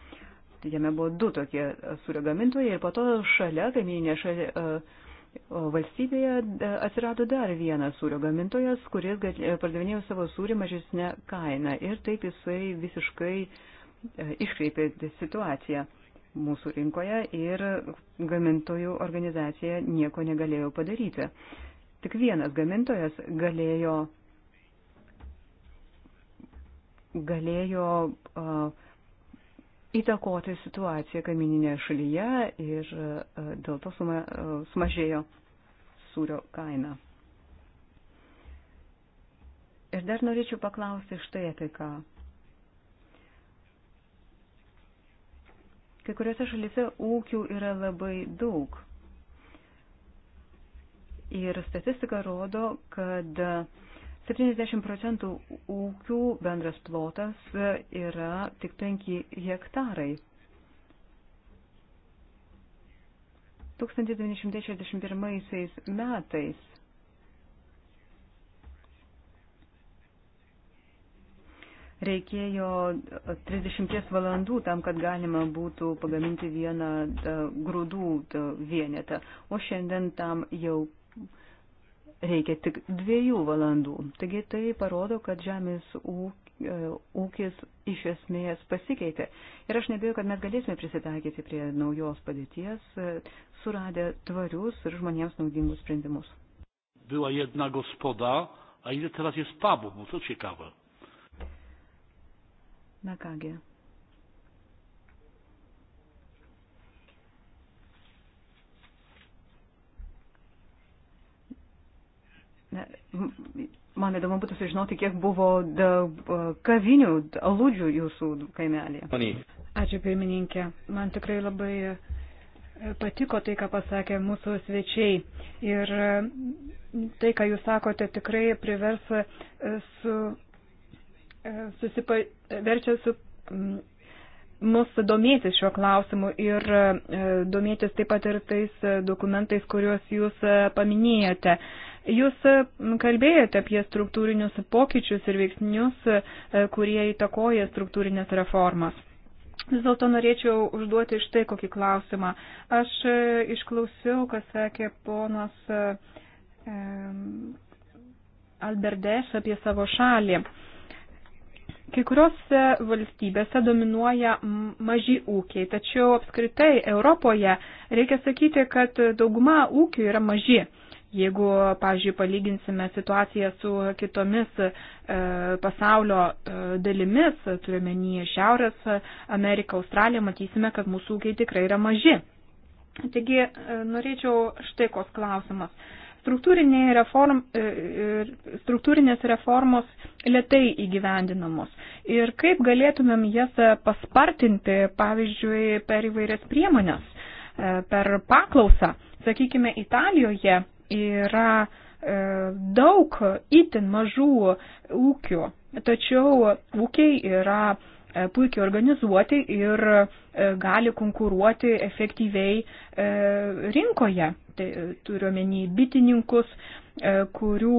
Jame buvo du tokie sūrio gamintojai ir po to šalia, kaimyninė šalia, uh, valstybėje atsirado dar vienas sūrio gamintojas, kuris e, pardavinėjo savo sūrį mažesnę kainą ir taip jisai visiškai e, iškreipė situaciją mūsų rinkoje ir gamintojų organizacija nieko negalėjo padaryti tik vienas gamintojas galėjo, galėjo uh, įtakoti situaciją kamininėje šalyje ir uh, dėl to suma, uh, sumažėjo sūrio kaina. Ir dar norėčiau paklausti štai apie ką. Kai kuriuose šalyse ūkių yra labai daug. Ir statistika rodo, kad 70 procentų ūkių bendras plotas yra tik 5 hektarai. 1961 metais reikėjo 30 valandų tam, kad galima būtų pagaminti vieną grūdų vienetą, o šiandien tam jau reikia tik dviejų valandų. Taigi tai parodo, kad žemės e, ūkis iš esmės pasikeitė. Ir aš nebėjau, kad mes galėsime prisitaikyti prie naujos padėties, e, suradę tvarius ir žmonėms naudingus sprendimus. Była jedna gospoda, a ile teraz jest pubów, no co ciekawe. Na kągi. Man įdomu būtų sužinoti, kiek buvo da, kavinių, aludžių jūsų kaimelėje. Ačiū pirmininkė. Man tikrai labai e, patiko tai, ką pasakė mūsų svečiai. Ir e, tai, ką jūs sakote, tikrai privers e, su, susipa, verčia su, mus domėtis šiuo klausimu ir domėtis taip pat ir tais dokumentais, kuriuos jūs paminėjote. Jūs e, kalbėjote apie struktūrinius pokyčius ir veiksnius, e, kurie įtakoja struktūrinės reformas. Vis dėlto norėčiau užduoti štai kokį klausimą. Aš e, išklausiau, kas sakė ponas Alberdeš apie savo šalį. Kai kuriuose valstybėse dominuoja maži ūkiai, tačiau apskritai Europoje reikia sakyti, kad dauguma ūkių yra maži. Jeigu, pavyzdžiui, palyginsime situaciją su kitomis e, pasaulio e, dalimis, turiuomenį Šiaurės Ameriką, Australiją, matysime, kad mūsų ūkiai tikrai yra maži. Taigi, e, norėčiau štai koks klausimas. Struktūrinė reform, e, e, struktūrinės reformos lietai įgyvendinamos. Ir kaip galėtumėm jas paspartinti, pavyzdžiui, per įvairias priemonės, e, per paklausą. Sakykime, Italijoje yra e, daug itin mažų ūkių, tačiau ūkiai yra e, puikiai organizuoti ir e, gali konkuruoti efektyviai rinkoje. Tai turiuomenį bitininkus, kurių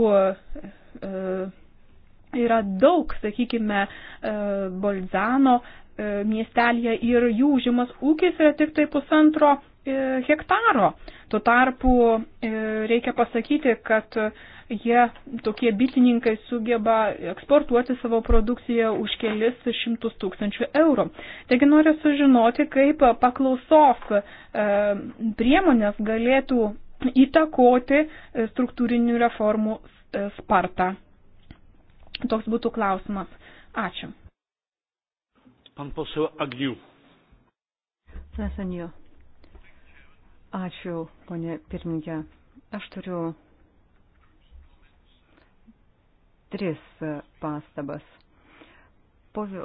yra daug, sakykime, Bolzano miestelėje ir jų užimas ūkis yra tik tai pusantro E, hektaro. Tuo tarpu e, reikia pasakyti, kad jie tokie bitininkai sugeba eksportuoti savo produkciją už kelis šimtus tūkstančių eurų. Taigi noriu sužinoti, kaip paklausos e, priemonės galėtų įtakoti struktūrinių reformų spartą. Toks būtų klausimas. Ačiū. Pan poseł Agniu. Zasadnio. Ačiū, ponė pirmininkė. Aš turiu tris e, pastabas. Po e,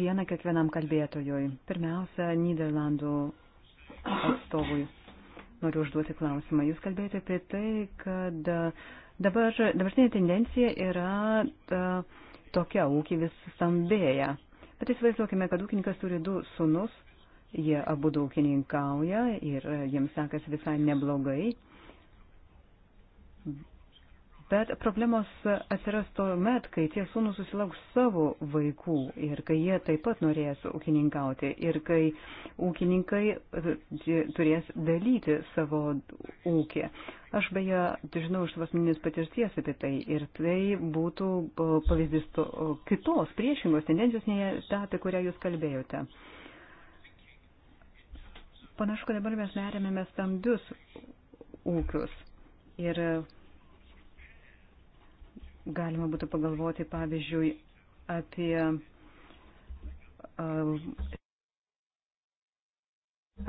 vieną kiekvienam kalbėtojui. Pirmiausia, Niderlandų atstovui noriu užduoti klausimą. Jūs kalbėjote apie tai, kad e, dabar, dabartinė tendencija yra ta, tokia, ūkiai vis stambėja. Bet įsivaizduokime, kad ūkininkas turi du sunus Jie abu daugininkauja ir e, jiems sekas visai neblogai. Bet problemos atsiras to met, kai tie sūnus susilauks savo vaikų ir kai jie taip pat norės ūkininkauti ir kai ūkininkai e, turės dalyti savo ūkį. Aš beje, žinau iš savo asmeninės patirties apie tai ir tai būtų e, pavyzdys to, kitos priešingos tendencijos nei ta, apie kurią jūs kalbėjote. Uh, Panašu, kad dabar mes neremėme stambius ūkius. Ir galima būtų pagalvoti, pavyzdžiui, apie,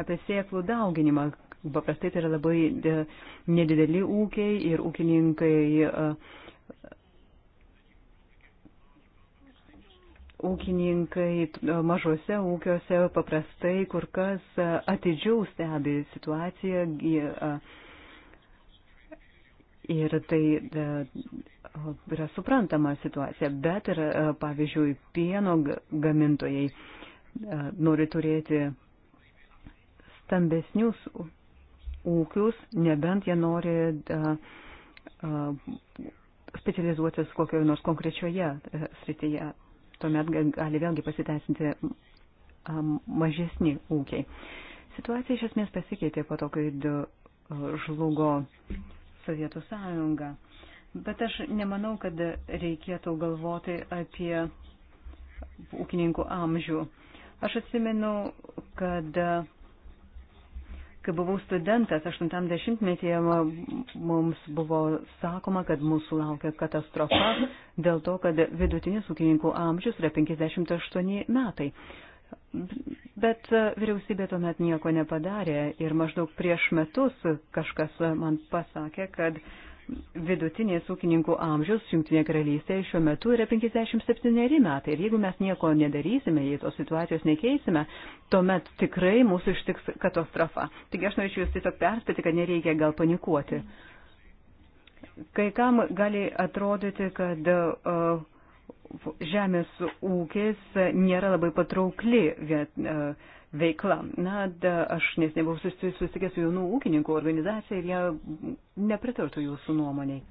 apie sėklų dauginimą. Paprastai tai yra labai nedideli ūkiai ir ūkininkai ūkininkai mažose ūkiuose paprastai kur kas atidžiau stebi situaciją ir tai yra suprantama situacija, bet ir, pavyzdžiui, pieno gamintojai nori turėti stambesnius ūkius, nebent jie nori specializuotis kokioje nors konkrečioje e, srityje tuomet gali vėlgi pasiteisinti mažesni ūkiai. Situacija iš esmės pasikeitė po to, kai žlugo Sovietų sąjunga. Bet aš nemanau, kad reikėtų galvoti apie ūkininkų amžių. Aš atsimenu, kad Kai buvau studentas, 80-metyje mums buvo sakoma, kad mūsų laukia katastrofa dėl to, kad vidutinis ūkininkų amžius yra 58 metai. Bet e, vyriausybė tuomet nieko nepadarė ir maždaug prieš metus kažkas man pasakė, kad uh, vidutinės ūkininkų amžius Junktinėje karalystėje šiuo metu yra 57 metai. Ir jeigu mes nieko nedarysime, jei tos situacijos nekeisime, tuomet tikrai mūsų ištiks katastrofa. Taigi aš norėčiau jūs tiesiog perspėti, kad nereikia gal panikuoti. Kai kam gali atrodyti, kad uh, žemės ūkis nėra labai patraukli viet, e, veikla. Na, da, aš nes nebuvau susitikęs su jaunų ūkininkų organizacija ir jie nepritartų jūsų nuomoniai.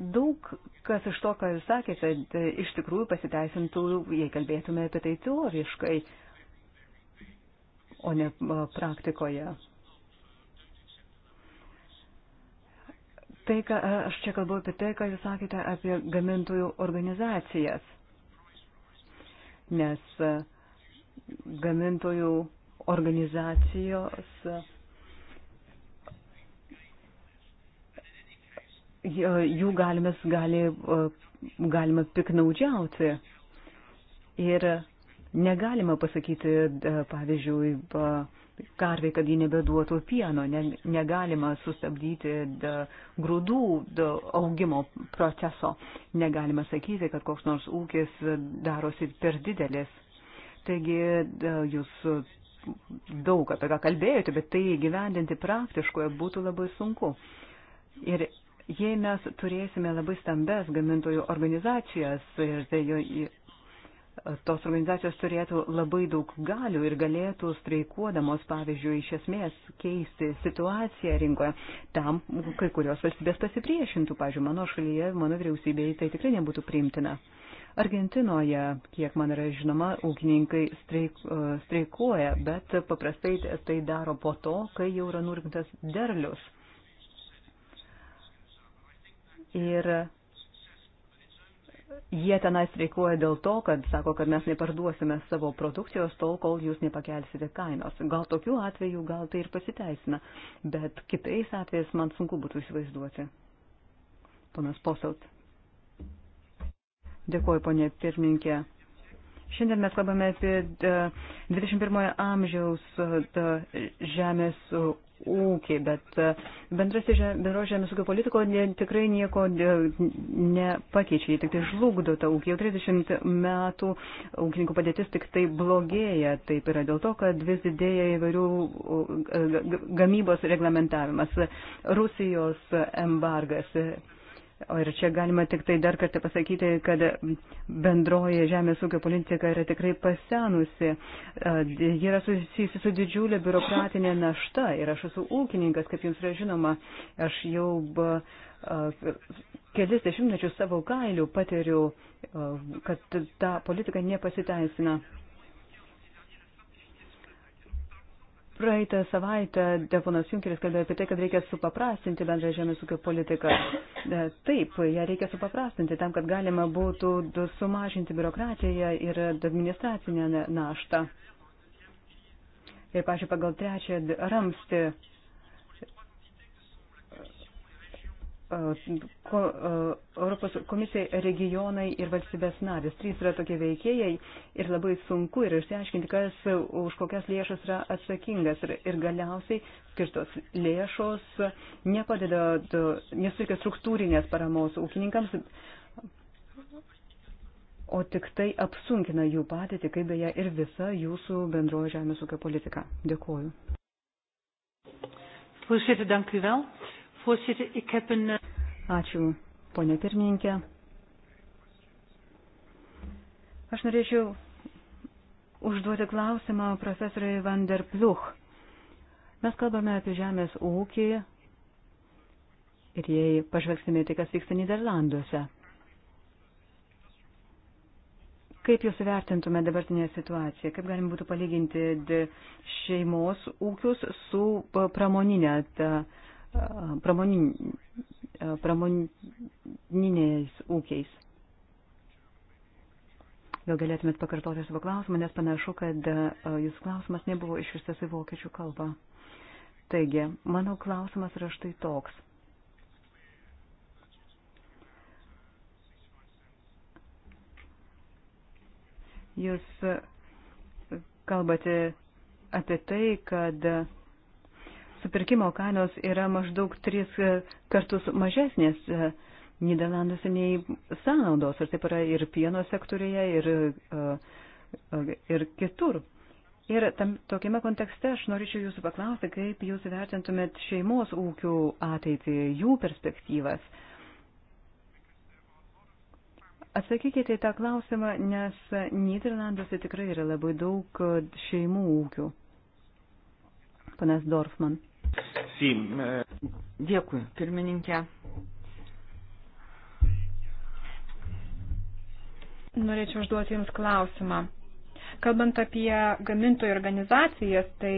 Daug kas iš to, ką jūs sakėte, da, iš tikrųjų pasiteisintų, jei kalbėtume apie tai teoriškai, o ne e, praktikoje. tai, ką aš čia kalbu apie tai, ką jūs sakėte apie gamintojų organizacijas. Nes gamintojų organizacijos jų galimas gali, galima piknaudžiauti. Ir negalima pasakyti, pavyzdžiui, karvė, kad ji nebeduotų pieno, negalima sustabdyti da, grūdų da, augimo proceso, negalima sakyti, kad koks nors ūkis darosi per didelis. Taigi da, jūs daug apie ką kalbėjote, bet tai gyvendinti praktiškoje būtų labai sunku. Ir jei mes turėsime labai stambes gamintojų organizacijas ir tai tos organizacijos turėtų labai daug galių ir galėtų streikuodamos, pavyzdžiui, iš esmės keisti situaciją rinkoje. Tam kai kurios valstybės pasipriešintų, pavyzdžiui, mano šalyje, mano vyriausybėje tai tikrai nebūtų priimtina. Argentinoje, kiek man yra žinoma, ūkininkai streik, e, streikuoja, bet paprastai tai daro po to, kai jau yra nurkintas derlius. Ir Jie tenai streikuoja dėl to, kad sako, kad mes neparduosime savo produkcijos tol, kol jūs nepakelsite kainos. Gal tokiu atveju, gal tai ir pasiteisina, bet kitais atvejais man sunku būtų įsivaizduoti. Ponas Posaut. Dėkuoju, ponė pirmininkė. Šiandien mes kalbame apie 21 e, amžiaus e, žemės ūkį, bet e, bendros žemės ūkio politiko ne, tikrai nieko e, nepakeičia, jie tik tai žlugdo tą ūkį. Jau 30 metų ūkininkų padėtis tik tai blogėja, taip yra dėl to, kad vis didėja įvairių gamybos reglamentavimas, Rusijos embargas O ir čia galima tik tai dar kartą pasakyti, kad bendroji žemės ūkio politika yra tikrai pasenusi. Ji yra susijusi su didžiulė biurokratinė našta ir aš esu ūkininkas, kaip jums yra žinoma, aš jau kelis dešimtmečius savo kailių patiriu, kad ta politika nepasiteisina. Praeitą savaitę Deponas Junkeris kalbėjo apie tai, kad reikia supaprastinti bendrą žemės ūkio politiką. E, taip, ją reikia supaprastinti tam, kad galima būtų sumažinti biurokratiją ir administracinę naštą. Ir, pažiūrėjau, pagal trečią ramstį Europos komisija regionai ir valstybės narės. Trys yra tokie veikėjai ir labai sunku yra išsiaiškinti, kas už kokias lėšas yra atsakingas. Ir, ir galiausiai skirtos lėšos nepadeda, nesuteikia struktūrinės paramos ūkininkams, o tik tai apsunkina jų patirtį, kaip beje ir visa jūsų bendroji žemės ūkio politika. Dėkuoju. Voorzitter, dank u wel. Eh, Ačiū, ponė pirmininkė. Aš norėčiau užduoti klausimą profesoriui Van der Pluch. Mes kalbame apie žemės ūkį ir jei pažvelgsime tai, kas vyksta Niderlanduose. Kaip jūs vertintume dabartinę situaciją? Kaip galim būtų palyginti šeimos ūkius su pramoninė ta, uh, pramonin, pramoniniais ūkiais. Gal galėtumėt pakartoti savo klausimą, nes panašu, kad e, jūsų klausimas nebuvo išvistas į vokiečių kalbą. Taigi, mano klausimas yra štai toks. Jūs kalbate apie tai, kad supirkimo kainos yra maždaug tris kartus mažesnės e, Niderlanduose nei sąnaudos, ir taip yra ir pieno sektorėje, ir, e, e, ir kitur. Ir tam, tokiame kontekste aš norėčiau jūsų paklausti, kaip jūs vertintumėt šeimos ūkių ateitį, jų perspektyvas. Atsakykite į tą klausimą, nes Niderlanduose tikrai yra labai daug šeimų ūkių. Panas Dorfman. Dėkui, pirmininkė. Norėčiau užduoti Jums klausimą. Kalbant apie gamintojų organizacijas, tai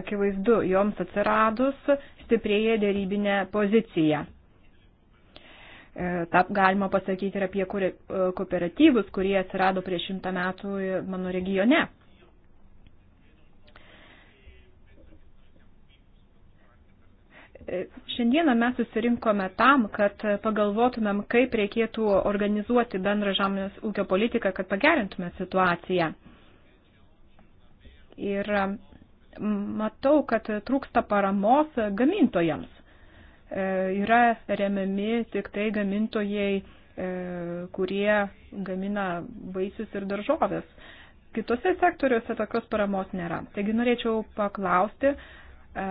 akivaizdu, joms atsiradus stiprėja dėrybinė pozicija. E, Ta galima pasakyti ir apie e, kooperatyvus, kurie atsirado prieš šimtą metų mano regione. E, šiandieną mes susirinkome tam, kad pagalvotumėm, kaip reikėtų organizuoti bendrą žemės ūkio politiką, kad pagerintume situaciją. Ir matau, kad trūksta paramos gamintojams. E, yra remiami tik tai gamintojai, e, kurie gamina vaisius ir daržovės. Kitose sektoriuose tokios paramos nėra. Taigi norėčiau paklausti, E,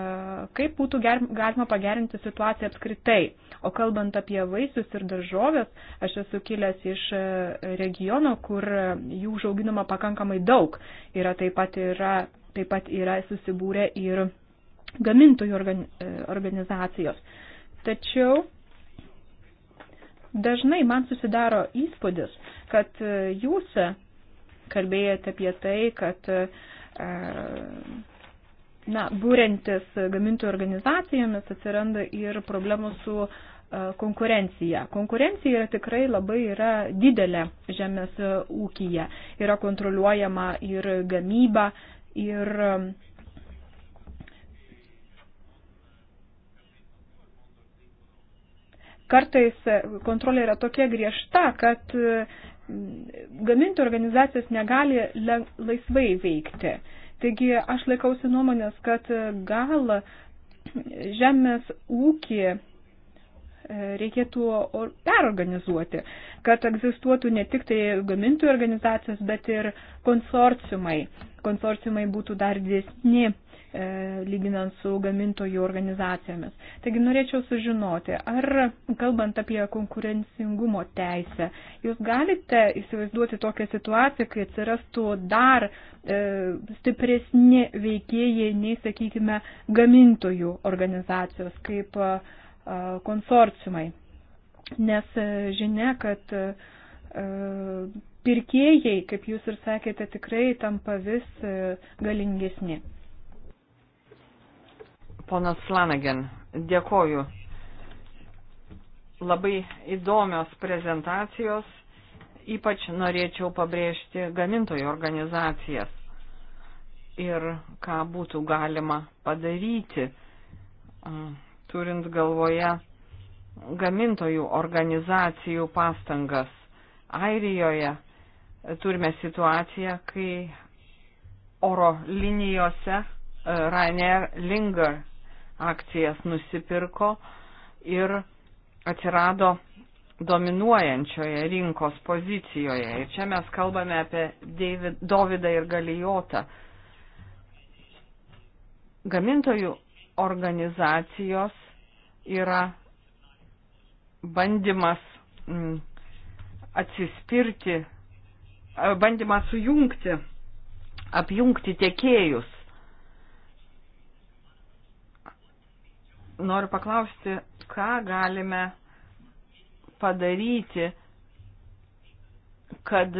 kaip būtų galima pagerinti situaciją apskritai. O kalbant apie vaisius ir daržovės, aš esu kilęs iš e, regiono, kur jų užauginama pakankamai daug. Yra taip pat yra, taip pat yra susibūrę ir gamintojų e, organizacijos. Tačiau dažnai man susidaro įspūdis, kad jūs kalbėjote apie tai, kad na, būrentis gamintojų organizacijomis atsiranda ir problemų su e, konkurencija. Konkurencija tikrai labai yra didelė žemės ūkija. Yra kontroliuojama ir gamyba, ir kartais kontrolė yra tokia griežta, kad gamintojų organizacijos negali laisvai veikti. Taigi aš laikausi nuomonės, kad gal žemės ūkį e, reikėtų perorganizuoti, kad egzistuotų ne tik tai gamintojų organizacijos, bet ir konsorciumai. Konsorciumai būtų dar didesni E, lyginant su gamintojų organizacijomis. Taigi norėčiau sužinoti, ar kalbant apie konkurencingumo teisę, jūs galite įsivaizduoti tokią situaciją, kai atsirastų dar e, stipresni veikėjai nei, sakykime, gamintojų organizacijos kaip e, konsorciumai. Nes e, žinia, kad e, pirkėjai, kaip jūs ir sakėte, tikrai tampa vis e, galingesni. Ponas Flanagan, dėkoju. Labai įdomios prezentacijos, ypač norėčiau pabrėžti gamintojų organizacijas ir ką būtų galima padaryti, turint galvoje gamintojų organizacijų pastangas. Airijoje turime situaciją, kai oro linijose Ryanair Linger akcijas nusipirko ir atsirado dominuojančioje rinkos pozicijoje. Ir čia mes kalbame apie David, Dovydą ir Galijotą. Gamintojų organizacijos yra bandymas m, mm, atsispirti, bandymas sujungti, apjungti tiekėjus noriu paklausti, ką galime padaryti, kad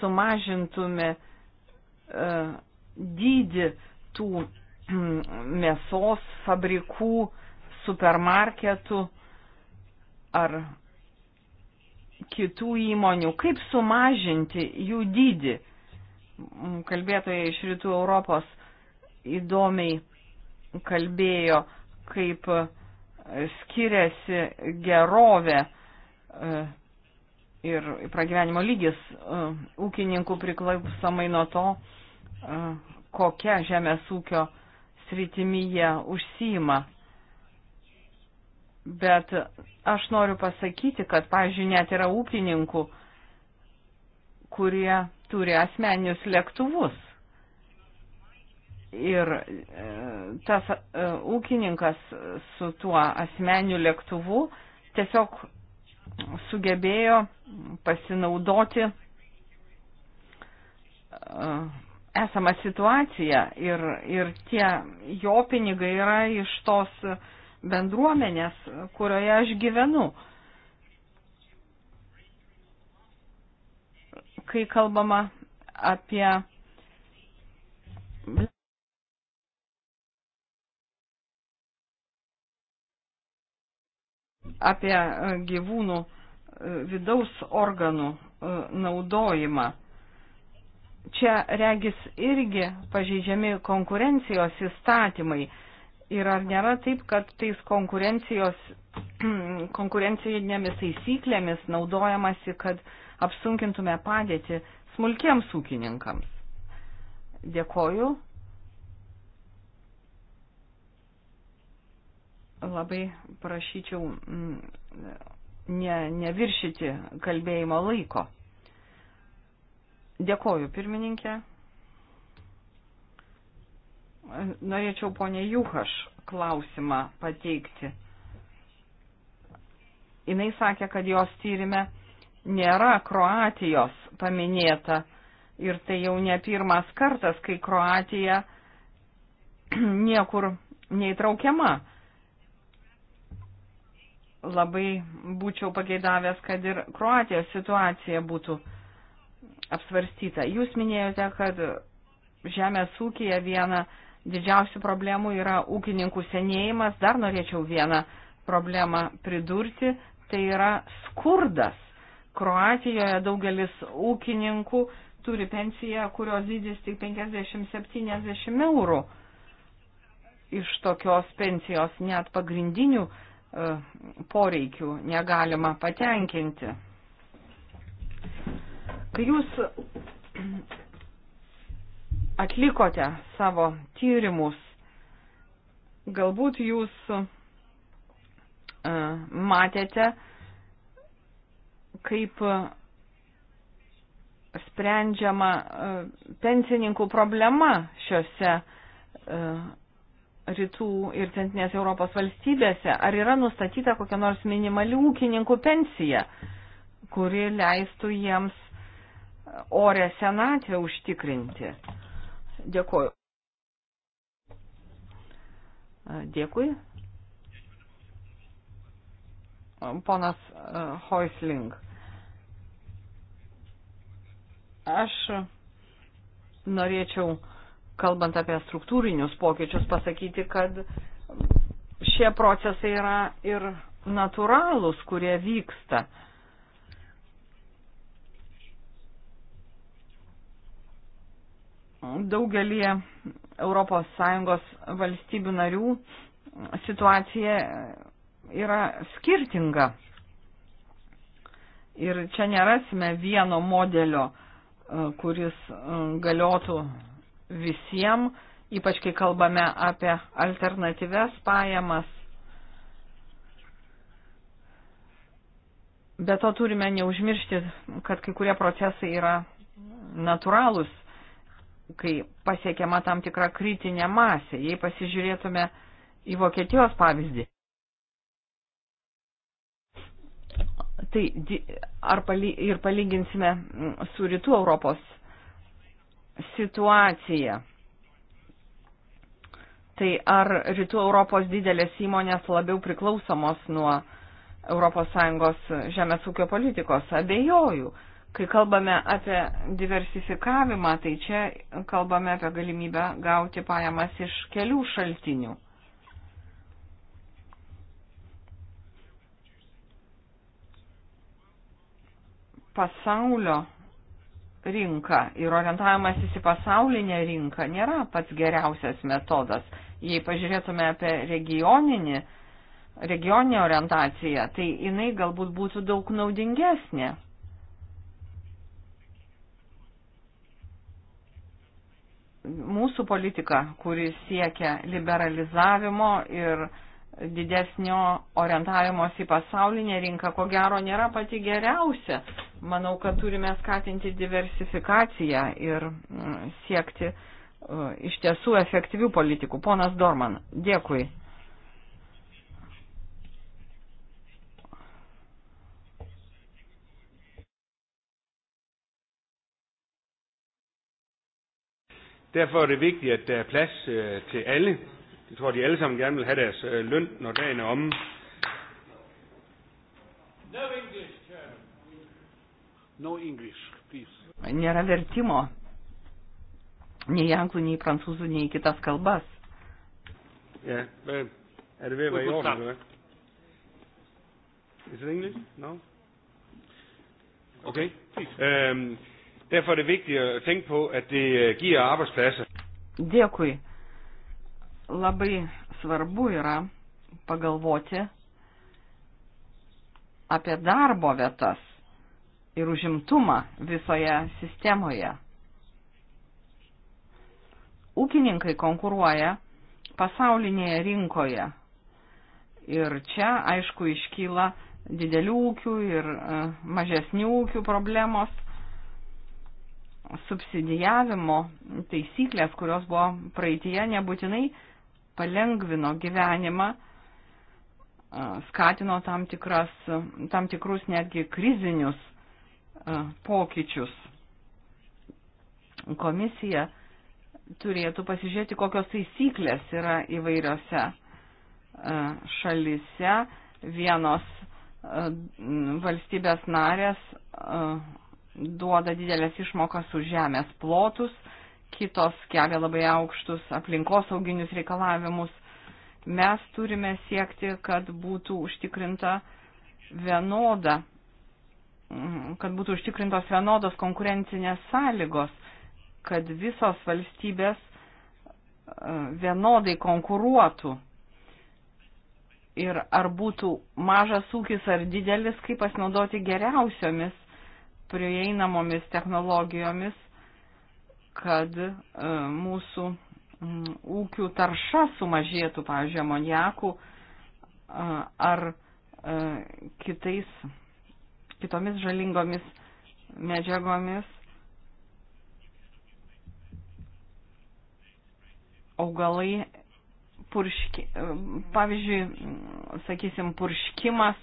sumažintume uh, dydį tų [CLEARS THROAT] mėsos fabrikų, supermarketų ar kitų įmonių. Kaip sumažinti jų dydį? Kalbėtojai iš rytų Europos įdomiai kalbėjo kaip e, skiriasi gerovė e, ir pragyvenimo lygis e, ūkininkų priklausomai nuo to, kokia žemės ūkio sritimi jie užsima. Bet aš noriu pasakyti, kad, pavyzdžiui, net yra ūkininkų, kurie turi asmeninius lėktuvus ir e, tas e, ūkininkas su tuo asmeniu lėktuvu tiesiog sugebėjo pasinaudoti e, esamą situaciją ir, ir tie jo pinigai yra iš tos bendruomenės, kurioje aš gyvenu. Kai kalbama apie apie e, gyvūnų e, vidaus organų e, naudojimą. Čia regis irgi pažeidžiami konkurencijos įstatymai. Ir ar nėra taip, kad tais konkurencijos, [CLEARS THROAT] konkurencijinėmis taisyklėmis naudojamasi, kad apsunkintume padėti smulkiems ūkininkams? Dėkoju. labai prašyčiau mm, ne, neviršyti kalbėjimo laiko. Dėkoju, pirmininkė. Norėčiau ponė Juhaš klausimą pateikti. Jis sakė, kad jos tyrime nėra Kroatijos paminėta ir tai jau ne pirmas kartas, kai Kroatija [CLEARS THROAT] niekur neįtraukiama labai būčiau pageidavęs, kad ir Kroatijos situacija būtų apsvarstyta. Jūs minėjote, kad žemės ūkija viena didžiausių problemų yra ūkininkų senėjimas. Dar norėčiau vieną problemą pridurti, tai yra skurdas. Kroatijoje daugelis ūkininkų turi pensiją, kurios dydis tik 50-70 eurų. Iš tokios pensijos net pagrindinių E, poreikių negalima patenkinti. Kai jūs atlikote savo tyrimus, galbūt jūs e, matėte, kaip sprendžiama e, pensininkų problema šiuose rytų ir centrinės Europos valstybėse, ar yra nustatyta kokia nors minimali ūkininkų pensija, kuri leistų jiems orę senatvę užtikrinti. Dėkuoju. Dėkui. Ponas e, Hoisling. Aš norėčiau kalbant apie struktūrinius pokyčius, pasakyti, kad šie procesai yra ir natūralūs, kurie vyksta. Daugelį ES valstybių narių situacija yra skirtinga. Ir čia nerasime vieno modelio, kuris galiotų visiems, ypač kai kalbame apie alternatyves pajamas. Be to turime neužmiršti, kad kai kurie procesai yra natūralūs, kai pasiekiama tam tikra kritinė masė. Jei pasižiūrėtume į Vokietijos pavyzdį, tai ar paly, ir palyginsime su rytų Europos situacija. Tai ar rytų Europos didelės įmonės labiau priklausomos nuo ES žemės ūkio politikos? Abejoju. Kai kalbame apie diversifikavimą, tai čia kalbame apie galimybę gauti pajamas iš kelių šaltinių. Pasaulio rinką ir orientavimasis į pasaulinę rinką nėra pats geriausias metodas. Jei pažiūrėtume apie regioninį, regioninę orientaciją, tai jinai galbūt būtų daug naudingesnė. Mūsų politika, kuris siekia liberalizavimo ir uh, didesnio orientavimosi į pasaulinę rinką, ko gero, nėra pati geriausia. Manau, kad turime skatinti diversifikaciją ir mm, siekti mm, iš tiesų efektyvių politikų. Ponas Dorman, dėkui. Derfor er det vigtigt, at der er plads øh, til alle Jeg tror, de alle sammen gerne vil have deres øh, løn, når dagen er omme. No English, No English, please. Nėra vertimo. Nei anglų, nei prancūzų, nei kitas kalbas. Ja, yeah, er det ved at være i orden, eller hvad? Is it English? No? Okay. Øhm, derfor er det vigtigt at tænke på, at det øh, giver arbejdspladser. Dėkui labai svarbu yra pagalvoti apie darbo vietas ir užimtumą visoje sistemoje. Ūkininkai konkuruoja pasaulinėje rinkoje. Ir čia, aišku, iškyla didelių ūkių ir e, mažesnių ūkių problemos. Subsidijavimo taisyklės, kurios buvo praeitie, nebūtinai palengvino gyvenimą, skatino tam, tikras, tam tikrus netgi krizinius pokyčius. Komisija turėtų pasižiūrėti, kokios taisyklės yra įvairiose šalise. Vienos valstybės narės duoda didelės išmokas už žemės plotus, kitos kelia labai aukštus aplinkosauginius reikalavimus. Mes turime siekti, kad būtų užtikrinta vienoda, mm, kad būtų užtikrintos vienodos konkurencinės sąlygos, kad visos valstybės e, vienodai konkuruotų. Ir ar būtų mažas ūkis ar didelis, kaip pasinaudoti geriausiomis prieinamomis technologijomis kad e, mūsų ūkių tarša sumažėtų, pavyzdžiui, amoniakų e, ar e, kitais, kitomis žalingomis medžiagomis. Augalai, purški, pavyzdžiui, sakysim, purškimas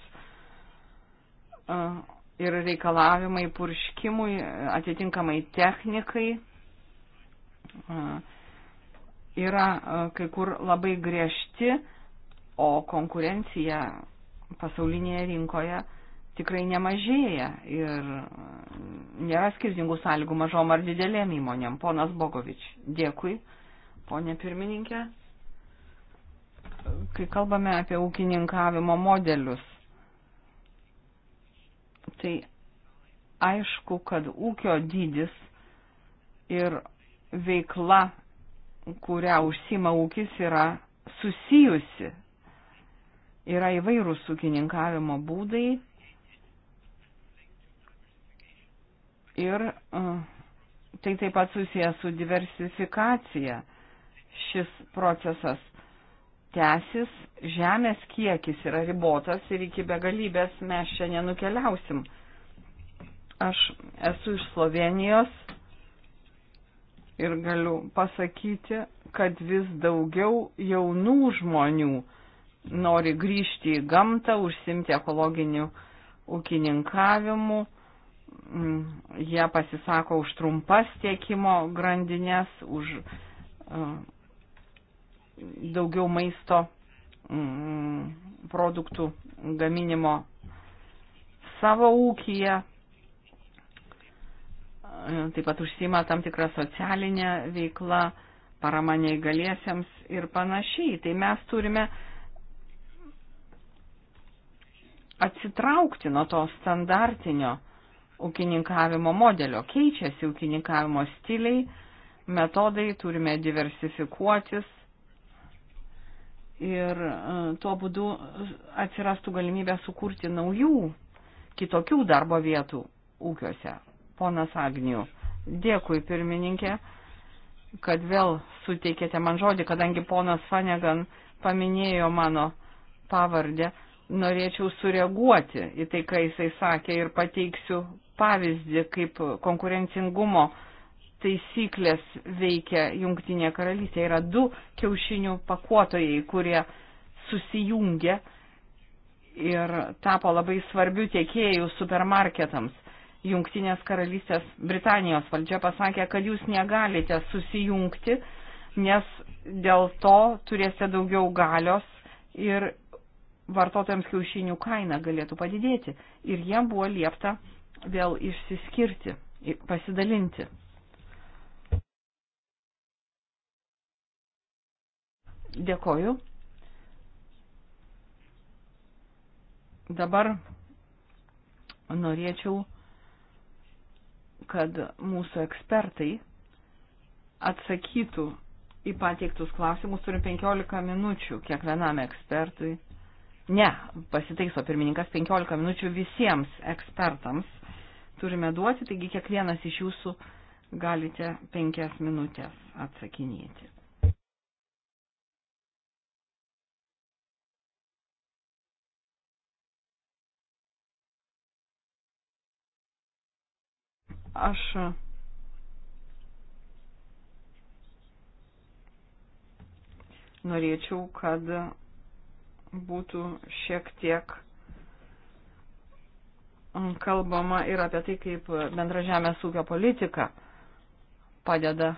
ir reikalavimai purškimui, atitinkamai technikai yra kai kur labai griežti, o konkurencija pasaulinėje rinkoje tikrai nemažėja ir nėra skirtingų sąlygų mažom ar didelėm įmonėm. Ponas Bogovič, dėkui, ponė pirmininkė. Kai kalbame apie ūkininkavimo modelius, tai aišku, kad ūkio dydis ir veikla, kurią užsima ūkis, yra susijusi. Yra įvairūs ūkininkavimo būdai ir uh, tai taip pat susijęs su diversifikacija. Šis procesas tęsis, žemės kiekis yra ribotas ir iki begalybės mes čia nenukeliausim. Aš esu iš Slovenijos ir galiu pasakyti, kad vis daugiau jaunų žmonių nori grįžti į gamtą, užsimti ekologiniu ūkininkavimu, mm, jie pasisako už trumpas tiekimo grandinės, už e, daugiau maisto mm, produktų gaminimo savo ūkiją E, taip pat užsima tam tikrą socialinę veiklą, parama neįgaliesiems ir panašiai. Tai mes turime atsitraukti nuo to standartinio ūkininkavimo modelio. Keičiasi ūkininkavimo stiliai, metodai, turime diversifikuotis ir e, tuo būdu atsirastų galimybė sukurti naujų, kitokių darbo vietų ūkiuose. Ponas Agnių, dėkui pirmininkė, kad vėl suteikėte man žodį, kadangi ponas Fanegan paminėjo mano pavardę, norėčiau sureaguoti į tai, ką jisai sakė ir pateiksiu pavyzdį, kaip konkurencingumo taisyklės veikia Junktinė karalystė. Yra du kiaušinių pakuotojai, kurie susijungia ir tapo labai svarbių tiekėjų supermarketams. Jungtinės karalystės Britanijos valdžia pasakė, kad jūs negalite susijungti, nes dėl to turėsite daugiau galios ir vartotojams kiaušinių kaina galėtų padidėti. Ir jiem buvo liepta vėl išsiskirti, pasidalinti. Dėkoju. Dabar norėčiau kad mūsų ekspertai atsakytų į pateiktus klausimus. Turim 15 minučių kiekvienam ekspertui. Ne, pasitaiso pirmininkas 15 minučių visiems ekspertams turime duoti, taigi kiekvienas iš jūsų galite penkias minutės atsakinėti. Aš uh, norėčiau, kad būtų šiek tiek um, kalbama ir apie tai, kaip bendra žemės ūkio politika padeda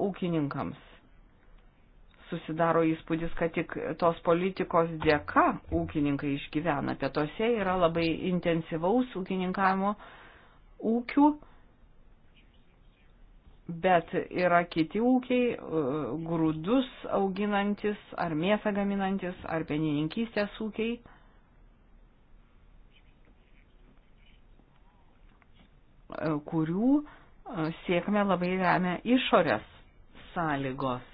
ūkininkams. Susidaro įspūdis, kad tik tos politikos dėka ūkininkai išgyvena. Pietose yra labai intensyvaus ūkininkavimo ūkių bet yra kiti ūkiai, e, grūdus auginantis, ar mėsą gaminantis, ar pienininkystės ūkiai. E, kurių e, sėkmę labai remia išorės sąlygos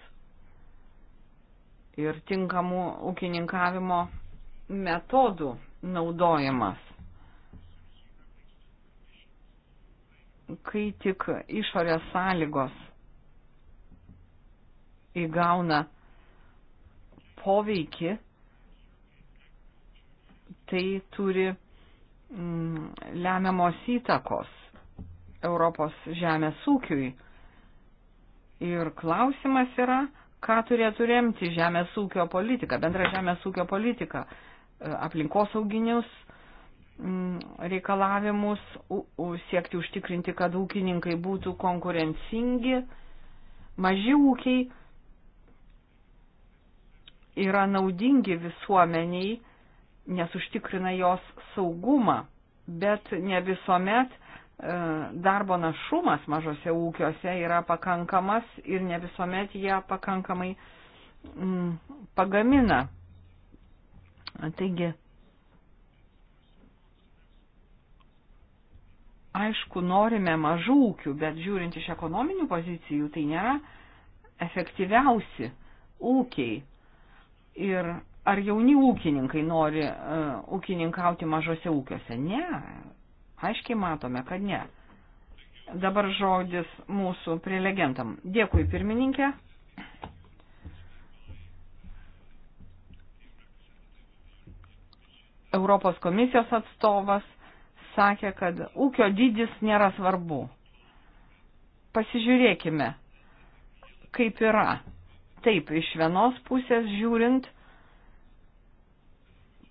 ir tinkamų ūkininkavimo metodų naudojimas. kai tik išorės sąlygos įgauna poveikį, tai turi mm, lemiamos įtakos Europos žemės ūkiui. Ir klausimas yra, ką turėtų remti žemės ūkio politika, bendra žemės ūkio politika, e, aplinkosauginius Mm, reikalavimus, siekti užtikrinti, kad ūkininkai būtų konkurencingi, maži ūkiai yra naudingi visuomeniai, nes užtikrina jos saugumą, bet ne visuomet e, darbo našumas mažose ūkiuose yra pakankamas ir ne visuomet jie pakankamai mm, pagamina. Taigi, aišku, norime mažų ūkių, bet žiūrint iš ekonominių pozicijų, tai nėra efektyviausi ūkiai. Ir ar jauni ūkininkai nori uh, ūkininkauti mažose ūkiuose? Ne. Aiškiai matome, kad ne. Dabar žodis mūsų prelegentam. Dėkui, pirmininkė. Europos komisijos atstovas sakė, kad ūkio dydis nėra svarbu. Pasižiūrėkime, kaip yra. Taip, iš vienos pusės žiūrint,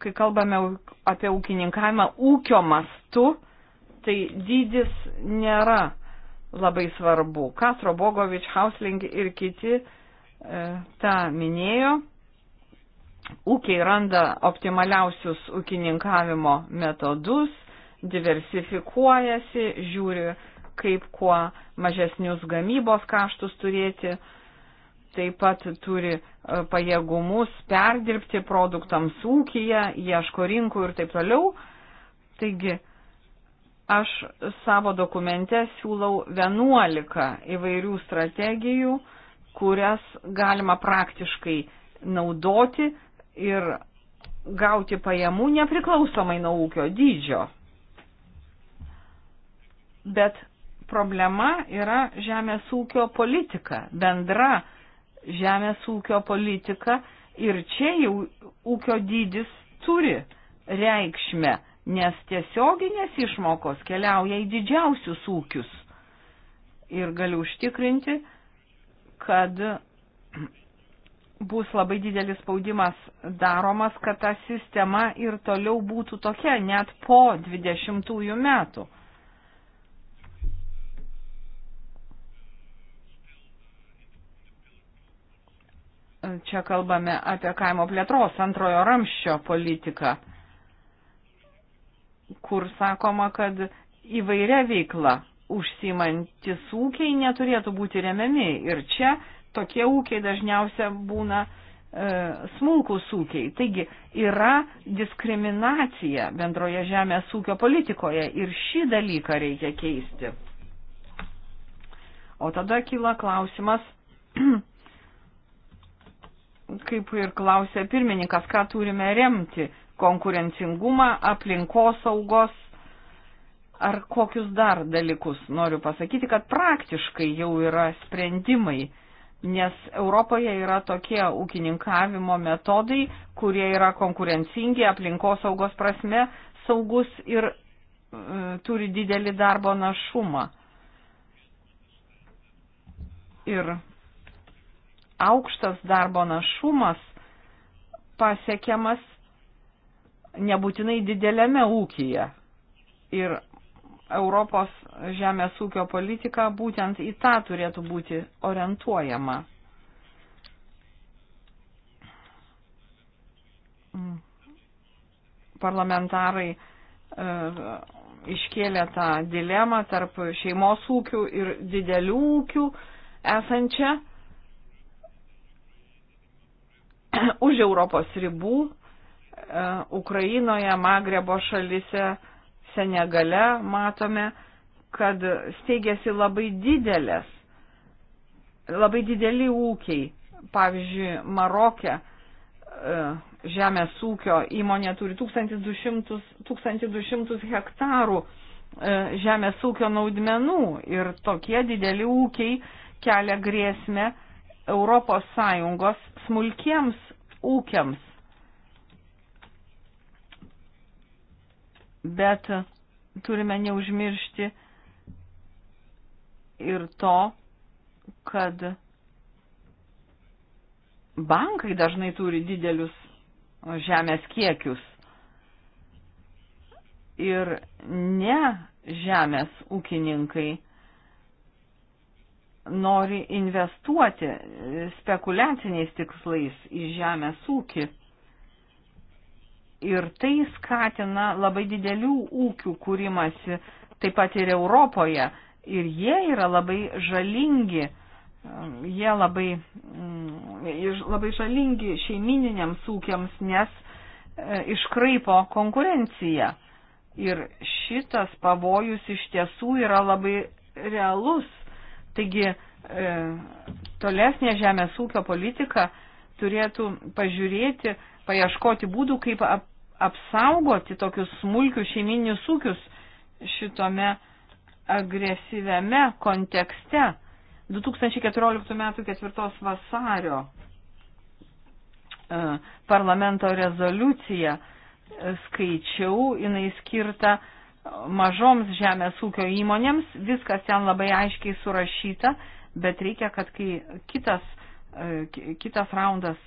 kai kalbame apie ūkininkavimą ūkio mastu, tai dydis nėra labai svarbu. Kastro Bogovič, Hausling ir kiti e, tą minėjo. Ūkiai randa optimaliausius ūkininkavimo metodus, diversifikuojasi, žiūri, kaip kuo mažesnius gamybos kaštus turėti, taip pat turi e, pajėgumus perdirbti produktams ūkiją, ieško rinkų ir taip toliau. Taigi, aš savo dokumente siūlau 11 įvairių strategijų, kurias galima praktiškai naudoti ir gauti pajamų nepriklausomai nuo ūkio dydžio. Bet problema yra žemės ūkio politika, bendra žemės ūkio politika ir čia jau ūkio dydis turi reikšmę, nes tiesioginės išmokos keliauja į didžiausius ūkius. Ir galiu užtikrinti, kad bus labai didelis spaudimas daromas, kad ta sistema ir toliau būtų tokia net po 20 metų. čia kalbame apie kaimo plėtros antrojo ramščio politiką, kur sakoma, kad įvairia veikla užsimantis ūkiai neturėtų būti remiami. Ir čia tokie ūkiai dažniausia būna e, smulkus ūkiai. Taigi yra diskriminacija bendroje žemės ūkio politikoje ir šį dalyką reikia keisti. O tada kyla klausimas, [CLEARS THROAT] kaip ir klausė pirmininkas, ką turime remti - konkurencingumą, aplinkosaugos ar kokius dar dalykus. Noriu pasakyti, kad praktiškai jau yra sprendimai, nes Europoje yra tokie ūkininkavimo metodai, kurie yra konkurencingi aplinkosaugos prasme, saugus ir e, turi didelį darbo našumą. Ir aukštas darbo našumas pasiekiamas nebūtinai didelėme ūkyje. Ir Europos žemės ūkio politika būtent į tą turėtų būti orientuojama. Parlamentarai e, iškėlė tą dilemą tarp šeimos ūkių ir didelių ūkių esančią [CLEARS THROAT] už Europos ribų, e, Ukrainoje, Magrebo šalise, Senegale matome, kad steigėsi labai didelės, labai dideli ūkiai. Pavyzdžiui, Marokė e, žemės ūkio įmonė turi 1200, 1200 hektarų e, žemės ūkio naudmenų ir tokie dideli ūkiai kelia grėsmę ES smulkiems ūkiams. Bet turime neužmiršti ir to, kad bankai dažnai turi didelius žemės kiekius. Ir ne žemės ūkininkai nori investuoti spekuliaciniais tikslais į žemės ūkį. Ir tai skatina labai didelių ūkių kūrimasi taip pat ir Europoje. Ir jie yra labai žalingi, um, jie labai, mm, labai žalingi šeimininiams ūkiams, nes e, iškraipo konkurenciją. Ir šitas pavojus iš tiesų yra labai realus Taigi e, tolesnė žemės ūkio politika turėtų pažiūrėti, paieškoti būdų, kaip ap, apsaugoti tokius smulkius šeiminius ūkius šitome agresyviame kontekste. 2014 m. 4 vasario e, parlamento rezoliucija e, skaičiau, jinai skirta mažoms žemės ūkio įmonėms, viskas ten labai aiškiai surašyta, bet reikia, kad kai kitas, e, kitas raundas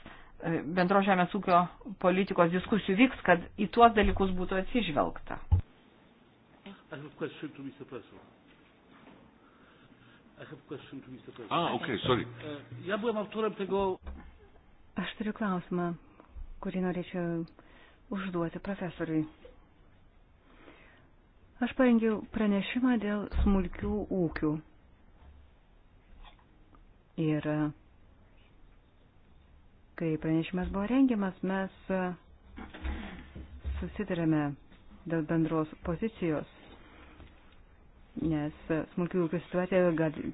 e, bendro žemės ūkio politikos diskusijų vyks, kad į tuos dalykus būtų atsižvelgta. I have a question to Mr. President. I have a question to Mr. President. Ah, okay, sorry. E, ja byłem autorem tego... Aš turiu klausimą, kurį norėčiau užduoti profesoriui. Aš parengiau pranešimą dėl smulkių ūkių. Ir kai pranešimas buvo rengiamas, mes susitarėme dėl bendros pozicijos, nes smulkių ūkių situacija gali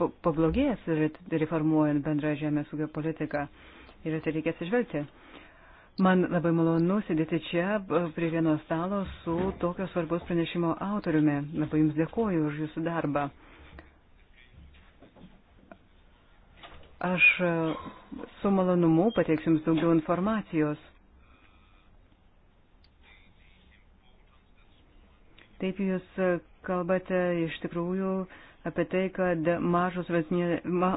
pablogėjęs reformuojant bendrą žemės ūkio politiką ir tai reikės išvelgti. Man labai malonu sėdėti čia prie vieno stalo su tokio svarbos pranešimo autoriumi. Labai Jums dėkoju už Jūsų darbą. Aš e, su malonumu pateiksiu Jums daugiau informacijos. Taip Jūs e, kalbate iš tikrųjų apie tai, kad mažus vidutiniai ma,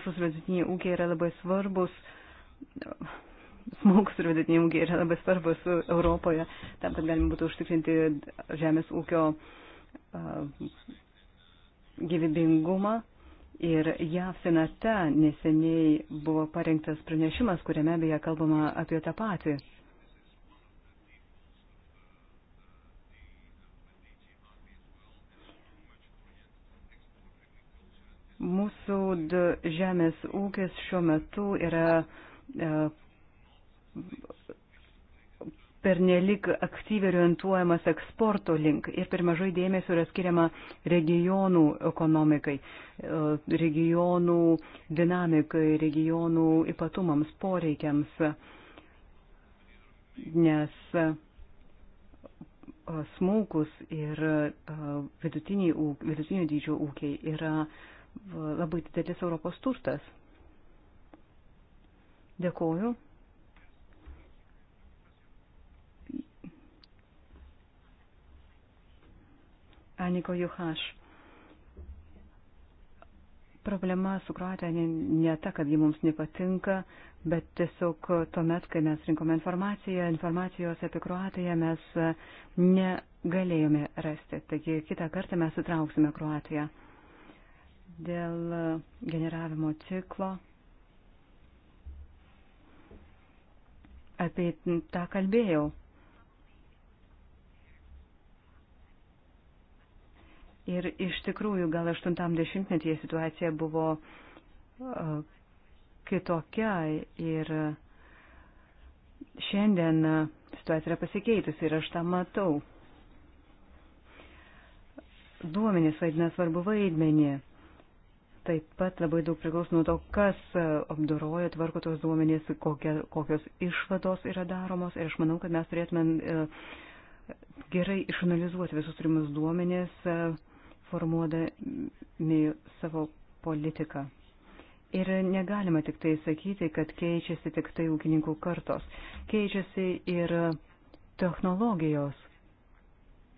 ūkiai yra labai svarbus smulkus ir vidutiniai ūkiai yra labai svarbus Europoje, tam, kad galima būtų užtikrinti žemės ūkio gyvybingumą. Ir JAV senate neseniai buvo parengtas pranešimas, kuriame beje kalbama apie tą patį. Mūsų žemės ūkis šiuo metu yra pernelik aktyviai orientuojamas eksporto link ir per mažai dėmesio yra skiriama regionų ekonomikai, e, regionų dinamikai, regionų ypatumams, poreikiams, nes e, smulkus ir e, vidutinio dydžio ūkiai yra labai didelis Europos turtas. Dėkuoju. Aniko Juhaš. Problema su Kroatija ne, ne ta, kad ji mums nepatinka, bet tiesiog tuomet, kai mes rinkome informaciją, informacijos apie Kroatiją mes negalėjome rasti. Taigi kitą kartą mes sutrauksime Kroatiją dėl generavimo ciklo. Apie tą kalbėjau. Ir iš tikrųjų gal 80-metyje situacija buvo e, kitokia ir šiandien situacija yra pasikeitusi ir aš tą matau. Duomenys vaidina svarbu vaidmenį. Taip pat labai daug priklauso nuo to, kas apdoroja, tvarko tos duomenys, kokia, kokios išvados yra daromos. Ir aš manau, kad mes turėtume gerai išanalizuoti visus turimus duomenys, e, formuodami savo politiką. Ir negalima tik tai sakyti, kad keičiasi tik tai ūkininkų kartos. Keičiasi ir technologijos.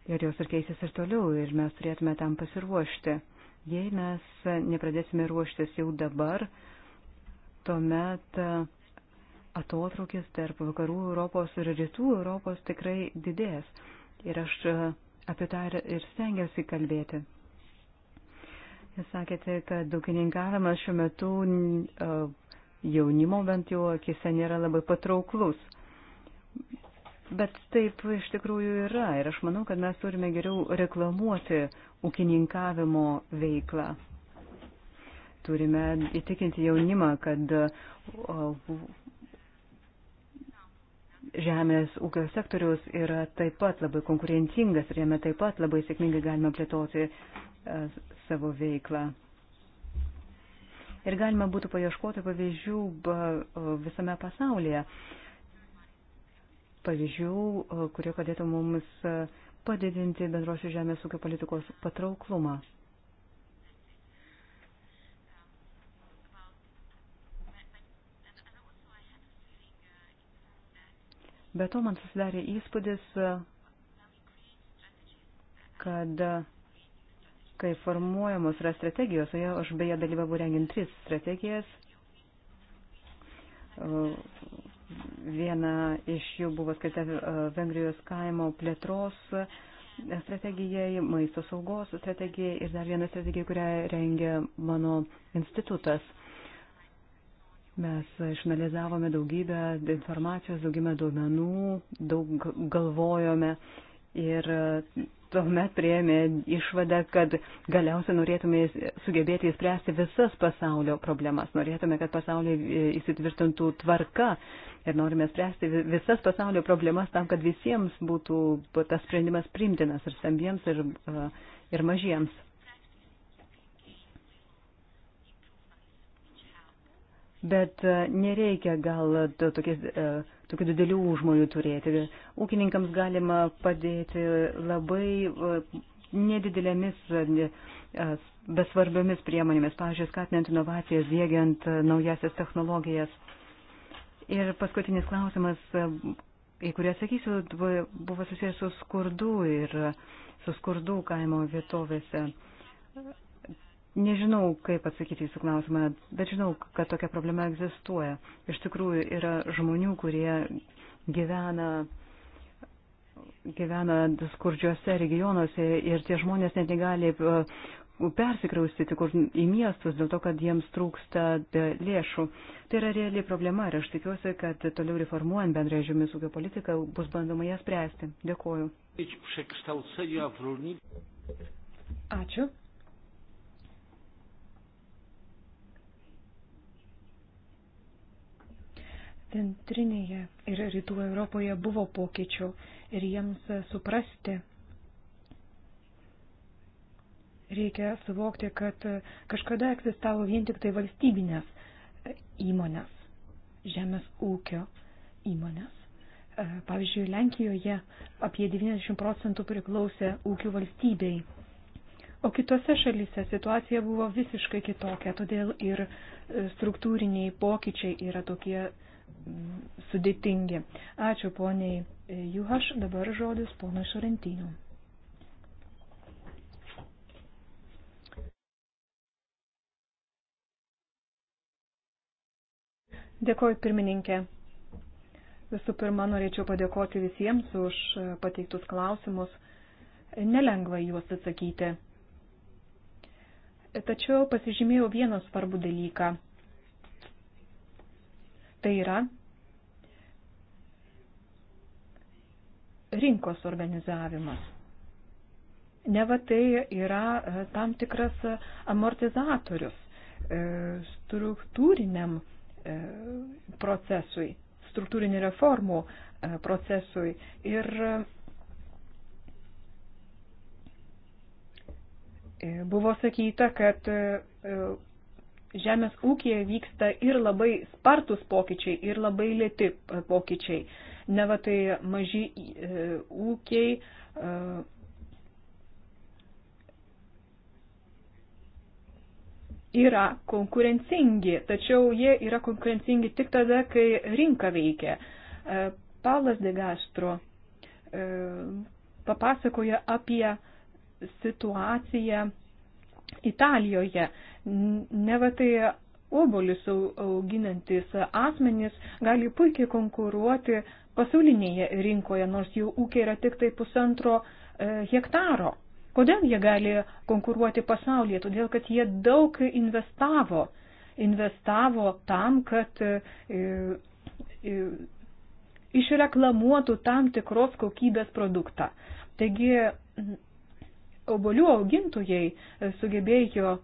Ir jos ir keisis ir toliau, ir mes turėtume tam pasiruošti. Jei mes nepradėsime ruoštis jau dabar, tuomet atotrukis tarp vakarų Europos ir rytų Europos tikrai didės. Ir aš apie tą ir stengiuosi kalbėti. Jūs sakėte, kad daugininkavimas šiuo metu e, jaunimo bent jau akise nėra labai patrauklus. Bet taip iš tikrųjų yra ir aš manau, kad mes turime geriau reklamuoti ūkininkavimo veiklą. Turime įtikinti jaunimą, kad e, žemės ūkio sektorius yra taip pat labai konkurencingas ir jame taip pat labai sėkmingai galima plėtoti e, savo veiklą. Ir galima būtų paieškoti pavyzdžių visame pasaulyje. Pavyzdžių, kurie padėtų mums e, padidinti bendrosios žemės ūkio politikos patrauklumą. Be to man susidarė įspūdis, kad kai formuojamos yra strategijos, o jau aš beje dalyvavau rengiant tris strategijas, viena iš jų buvo skirta e, Vengrijos kaimo plėtros strategijai, maisto saugos strategijai ir dar viena strategija, kurią rengia mano institutas. Mes išanalizavome daugybę informacijos, daugybę duomenų, daug galvojome ir tuomet prieėmė išvadą, kad galiausiai norėtume sugebėti įspręsti visas pasaulio problemas. Norėtume, kad pasaulyje įsitvirtintų tvarka ir norime spręsti visas pasaulio problemas tam, kad visiems būtų tas sprendimas primtinas ir stambiems, ir, ir mažiems. bet e, nereikia gal tokiais, e, tokių didelių užmojų turėti. Ūkininkams galima padėti labai e, nedidelėmis, besvarbiomis priemonėmis, pavyzdžiui, skatinant inovacijas, dėgiant naujasias technologijas. Ir paskutinis klausimas, į kurį atsakysiu, buvo susijęs su skurdu ir su skurdu kaimo vietovėse. Nežinau, kaip atsakyti jūsų klausimą, bet žinau, kad tokia problema egzistuoja. Iš tikrųjų yra žmonių, kurie gyvena, gyvena skurdžiuose regionuose ir tie žmonės net negali uh, persikraustyti kur į miestus dėl to, kad jiems trūksta uh, lėšų. Tai yra reali problema ir aš tikiuosi, kad toliau reformuojant bendrąją žemės ūkio politiką bus bandoma ją spręsti. Dėkuoju. Ačiū. Centrinėje ir rytų Europoje buvo pokyčių ir jiems suprasti reikia suvokti, kad kažkada egzistavo vien tik tai valstybinės įmonės, žemės ūkio įmonės. Pavyzdžiui, Lenkijoje apie 90 procentų priklausė ūkių valstybei. O kitose šalyse situacija buvo visiškai kitokia, todėl ir struktūriniai pokyčiai yra tokie sudėtingi. Ačiū poniai Juhaš, dabar žodis ponui Šarentiniu. Dėkoju pirmininkė. Visų pirma, norėčiau padėkoti visiems už pateiktus klausimus. Nelengva juos atsakyti. Tačiau pasižymėjau vieną svarbų dalyką. Tai yra rinkos organizavimas. Ne va tai yra e, tam tikras e, amortizatorius e, struktūriniam procesui, struktūrinių reformų procesui. Ir buvo sakyta, kad žemės ūkija vyksta ir labai spartus pokyčiai, ir labai lėti e, pokyčiai. Ne va tai maži e, ūkiai. E, Yra konkurencingi, tačiau jie yra konkurencingi tik tada, kai rinka veikia. E, Paulas de Gastro e, papasakoja apie situaciją Italijoje. E, Nevatai obolis auginantis asmenys gali puikiai konkuruoti pasaulinėje rinkoje, nors jų ūkiai yra tik tai pusantro e, hektaro. Kodėl jie gali konkuruoti pasaulyje? Todėl, kad jie daug investavo. Investavo tam, kad e, e, išreklamuotų tam tikros kokybės produktą. Taigi, obolių augintojai sugebėjo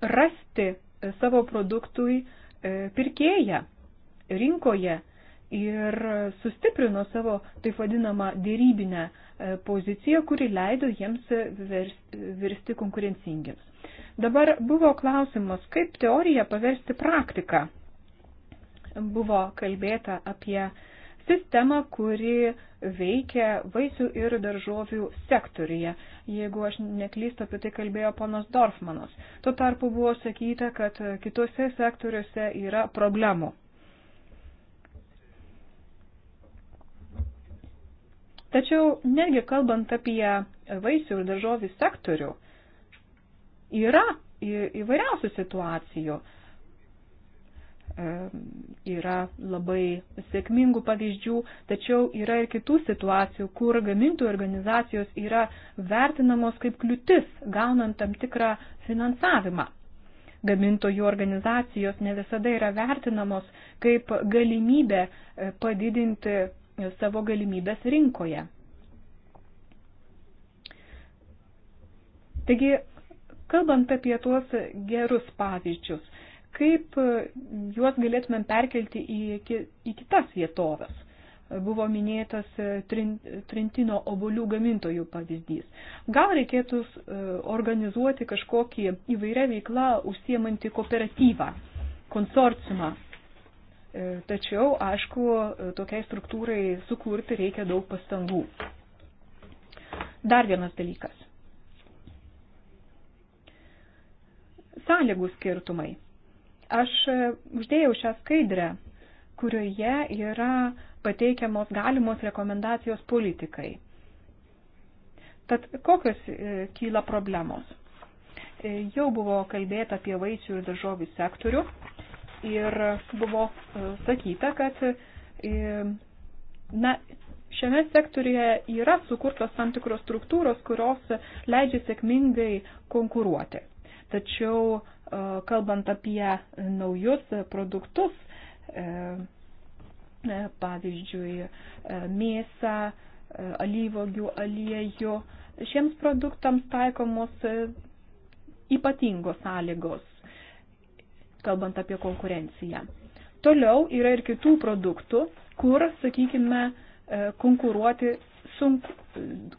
rasti savo produktui e, pirkėją rinkoje ir sustiprino savo taip vadinamą dėrybinę e, poziciją, kuri leido jiems virsti konkurencingiams. Dabar buvo klausimas, kaip teoriją paversti praktiką. Buvo kalbėta apie sistemą, kuri veikia vaisių ir daržovių sektoriuje. Jeigu aš neklystu, apie tai kalbėjo ponas Dorfmanas. Tuo tarpu buvo sakyta, kad kitose sektoriuose yra problemų. Tačiau netgi kalbant apie vaisių ir daržovių sektorių, yra įvairiausių situacijų yra labai sėkmingų pavyzdžių, tačiau yra ir kitų situacijų, kur gamintojų organizacijos yra vertinamos kaip kliūtis, gaunant tam tikrą finansavimą. Gamintojų organizacijos ne visada yra vertinamos kaip galimybė e, padidinti e, savo galimybės rinkoje. Taigi, kalbant apie tuos gerus pavyzdžius, kaip e, juos galėtumėm perkelti į, į kitas vietovės. Buvo minėtas e, Trentino obolių gamintojų pavyzdys. Gal reikėtų e, organizuoti kažkokį įvairią veiklą užsiemantį kooperatyvą, konsorciumą. Tačiau, aišku, tokiai struktūrai sukurti reikia daug pastangų. Dar vienas dalykas. Sąlygų skirtumai Aš e, uždėjau šią skaidrę, kurioje yra pateikiamos galimos rekomendacijos politikai. Tad kokios e, kyla problemos? E, jau buvo kalbėta apie vaisių ir daržovių sektorių ir buvo sakyta, kad na, šiame sektoriuje yra sukurtos tam tikros struktūros, kurios leidžia sėkmingai konkuruoti. Tačiau e, kalbant apie naujus produktus, e, e, pavyzdžiui, mėsą, alyvogių aliejų, šiems produktams taikomos ypatingos sąlygos, kalbant apie konkurenciją. Toliau yra ir kitų produktų, kur, sakykime, konkuruoti sunku,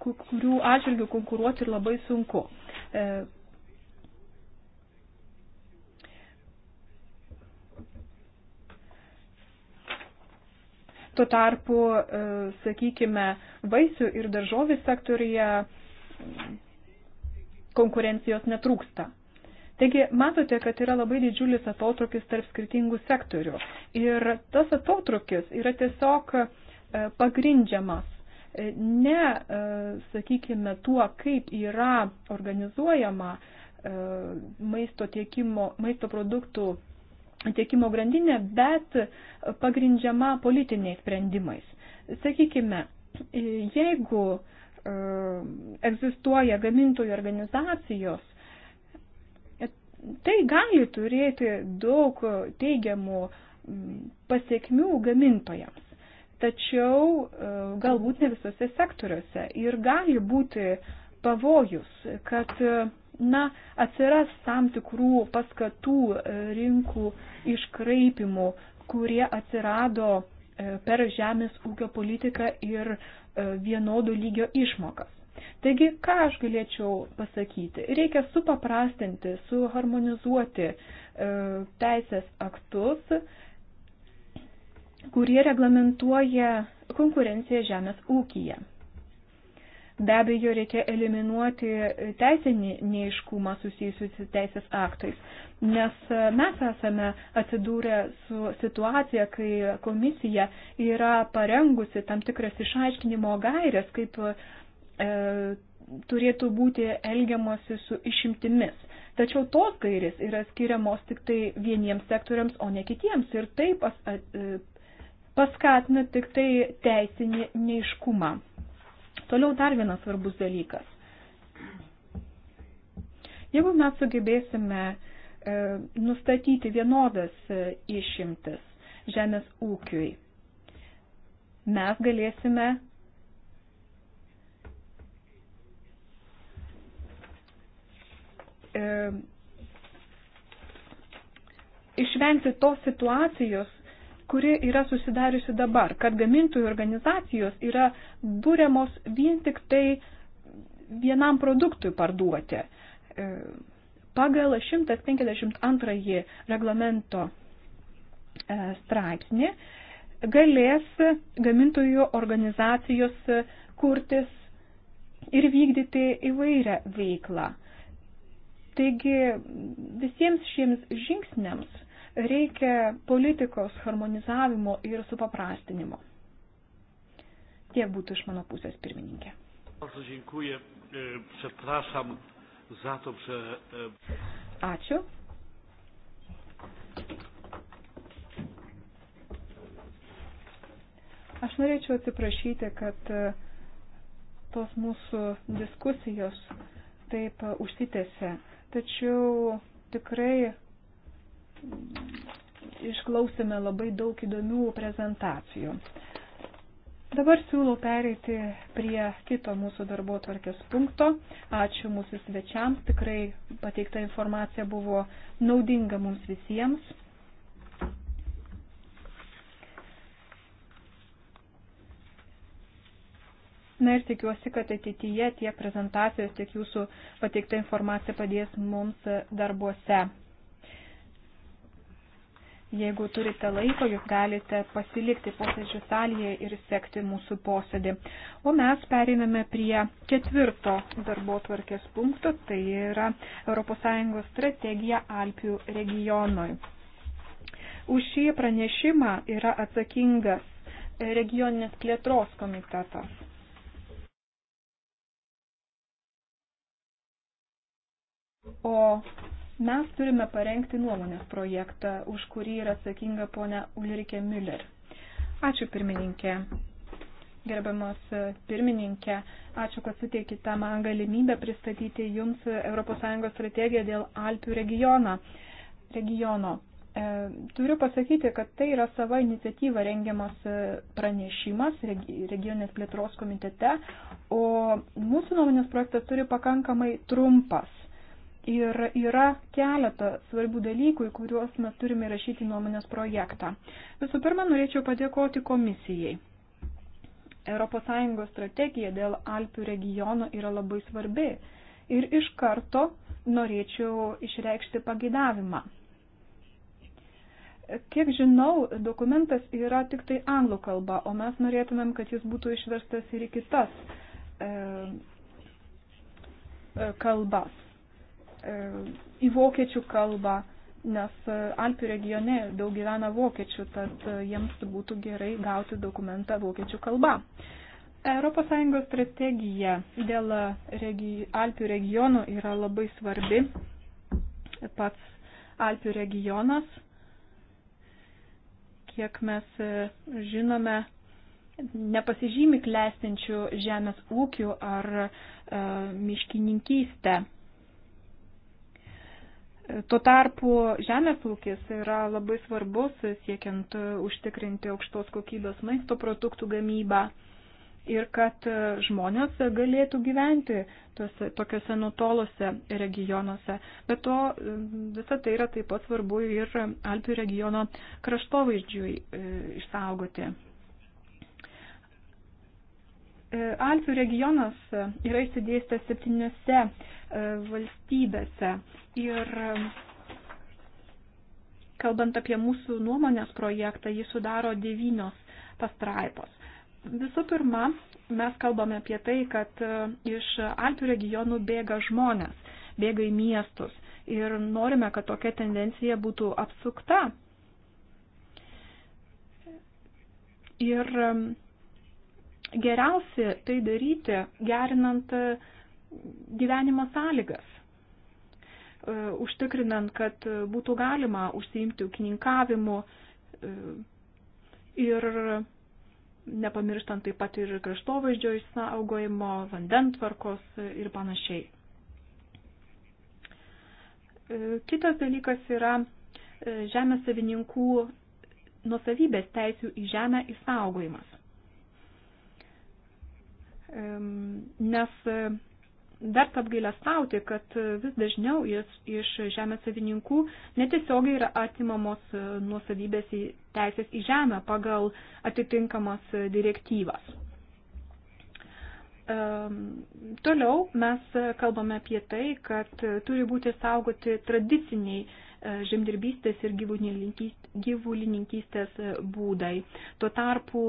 kurių atžvilgių konkuruoti ir labai sunku. Tuo tarpu, e, sakykime, vaisių ir daržovių sektorija konkurencijos netrūksta. Taigi matote, kad yra labai didžiulis atotrukis tarp skirtingų sektorių. Ir tas atotrukis yra tiesiog e, pagrindžiamas e, ne, sakykime, tuo, kaip yra organizuojama maisto tiekimo, maisto produktų tiekimo grandinė, bet pagrindžiama politiniais sprendimais. Sakykime, jeigu e, egzistuoja gamintojų organizacijos, tai gali turėti daug teigiamų pasiekmių gamintojams. Tačiau e, galbūt ne visose sektoriuose ir gali būti pavojus, kad na, atsiras tam tikrų paskatų e, rinkų iškraipimų, kurie atsirado e, per žemės ūkio politiką ir e, vienodo lygio išmokas. Taigi, ką aš galėčiau pasakyti? Reikia supaprastinti, suharmonizuoti e, teisės aktus, kurie reglamentuoja konkurenciją žemės ūkyje. Be abejo, reikia eliminuoti teisinį neiškumą susijusiu su teisės aktais, nes mes esame atsidūrę su situacija, kai komisija yra parengusi tam tikras išaiškinimo gairias, kaip e, turėtų būti elgiamasi su išimtimis. Tačiau tos gairės yra skiriamos tik tai vieniems sektoriams, o ne kitiems. Ir taip pas, e, paskatina tik tai teisinį neiškumą. Toliau dar vienas svarbus dalykas. Jeigu mes sugebėsime e, nustatyti vienodas e, išimtis žemės ūkiui, mes galėsime e, išvengti tos situacijos, kuri yra susidariusi dabar, kad gamintojų organizacijos yra būriamos vien tik tai vienam produktui parduoti. E, pagal 152 reglamento e, straipsnį galės gamintojų organizacijos kurtis ir vykdyti įvairią veiklą. Taigi visiems šiems žingsniams Reikia politikos harmonizavimo ir supaprastinimo. Tiek būtų iš mano pusės pirmininkė. E, e, Ačiū. Aš norėčiau atsiprašyti, kad e, tos mūsų diskusijos taip užsitėse, tačiau tikrai išklausėme labai daug įdomių prezentacijų. Dabar siūlau pereiti prie kito mūsų darbo tvarkės punkto. Ačiū mūsų svečiams, tikrai pateikta informacija buvo naudinga mums visiems. Na ir tikiuosi, kad ateityje tiek prezentacijos, tiek jūsų pateikta informacija padės mums darbuose. Jeigu turite laiko, jūs galite pasilikti posėdžių salėje ir sekti mūsų posėdį. O mes pereiname prie ketvirto darbo tvarkės punkto, tai yra ES strategija Alpių regionui. Už šį pranešimą yra atsakingas regioninės plėtros komitetas. O Mes turime parengti nuomonės projektą, už kurį yra atsakinga ponia Ulrike Müller. Ačiū pirmininkė. Gerbiamas e, pirmininkė, ačiū, kad suteikite man galimybę pristatyti Jums ES strategiją dėl Alpių regioną, regiono. E, turiu pasakyti, kad tai yra sava iniciatyva rengiamas e, pranešimas regioninės plėtros komitete, o mūsų nuomonės projektas turi pakankamai trumpas Ir yra keletą svarbių dalykų, į kuriuos mes turime įrašyti nuomonės projektą. Visų pirma, norėčiau padėkoti komisijai. ES strategija dėl Alpių regiono yra labai svarbi ir iš karto norėčiau išreikšti pagidavimą. Kiek žinau, dokumentas yra tik tai anglų kalba, o mes norėtumėm, kad jis būtų išverstas ir į kitas e, e kalbas. E, į vokiečių kalbą, nes e, Alpių regione daug gyvena vokiečių, tad e, jiems būtų gerai gauti dokumentą vokiečių kalba. ES strategija dėl regi Alpių regionų yra labai svarbi. Pats Alpių regionas, kiek mes žinome, nepasižymi klestinčių žemės ūkių ar e, miškininkystę. Tuo tarpu žemės ūkis yra labai svarbus siekiant e, užtikrinti aukštos kokybės maisto produktų gamybą ir kad e, žmonės galėtų gyventi tuose, tokiuose nutolose regionuose. Bet to e, visą tai yra taip pat svarbu ir Alpių regiono kraštovaizdžiui išsaugoti. Alpių regionas yra įsidėstęs septyniose valstybėse. Ir kalbant apie mūsų nuomonės projektą, jį sudaro devynios pastraipos. Visų pirma, mes kalbame apie tai, kad e, iš Alpių regionų bėga žmonės, bėga į miestus ir norime, kad tokia tendencija būtų apsukta. Ir geriausia tai daryti gerinant uh, gyvenimo sąlygas, e, užtikrinant, kad būtų galima užsiimti ūkininkavimu e, ir nepamirštant taip pat ir kraštovaizdžio išsaugojimo, vandentvarkos ir panašiai. E, kitas dalykas yra žemės savininkų nusavybės teisių į žemę įsaugojimas. Nes verta apgailestauti, kad vis dažniau iš žemės savininkų netiesiogiai yra atimamos nuosavybės į teisės į žemę pagal atitinkamas direktyvas. Ehm, toliau mes kalbame apie tai, kad turi būti saugoti tradiciniai e, žemdirbystės ir gyvulininkystės e, būdai. Tuo tarpu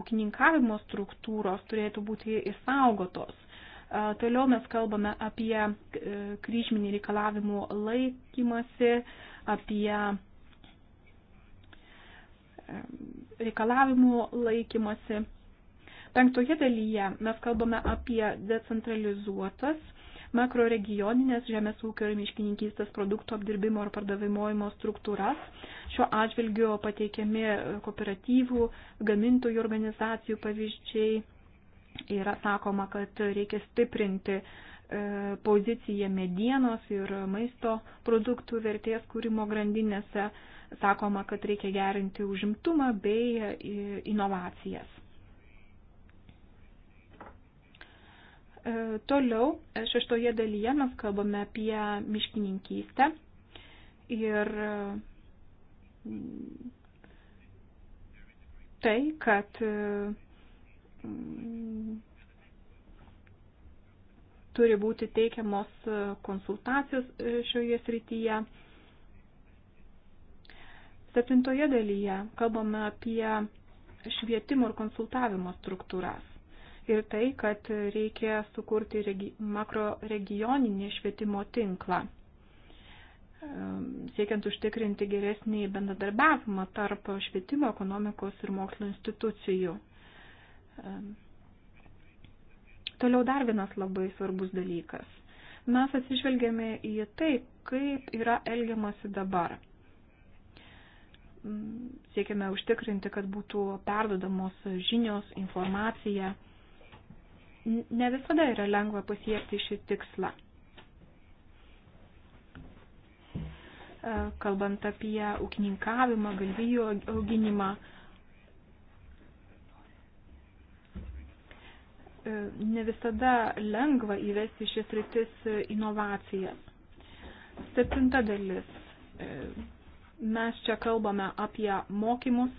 ūkininkavimo struktūros turėtų būti įsaugotos Toliau mes kalbame apie e, kryžminį reikalavimų laikymasi, apie e, reikalavimų laikymasi. Penktoje dalyje mes kalbame apie decentralizuotas makroregioninės žemės ūkio ir miškininkystės produktų apdirbimo ir pardavimojimo struktūras. Šiuo atžvilgiu pateikiami kooperatyvų, gamintojų organizacijų pavyzdžiai yra sakoma, kad reikia stiprinti e, poziciją medienos ir maisto produktų vertės kūrimo grandinėse, sakoma, kad reikia gerinti užimtumą bei e, inovacijas. E, toliau, šeštoje dalyje mes kalbame apie miškininkystę ir tai, kad Mm. turi būti teikiamos e, konsultacijos e, šioje srityje. Septintoje dalyje kalbame apie švietimo ir konsultavimo struktūras ir tai, kad reikia sukurti regi makro regioninį švietimo tinklą, siekiant užtikrinti geresnį bendradarbiavimą tarp švietimo, ekonomikos ir mokslo institucijų. Toliau dar vienas labai svarbus dalykas. Mes atsižvelgėme į tai, kaip yra elgiamasi dabar. Siekiame užtikrinti, kad būtų perdodamos žinios, informacija. Ne visada yra lengva pasiekti šį tikslą. Kalbant apie ūkininkavimą, galvijų auginimą, E, ne visada lengva įvesti šis rytis e, inovacijas. Septinta dalis. E, mes čia kalbame apie mokymus,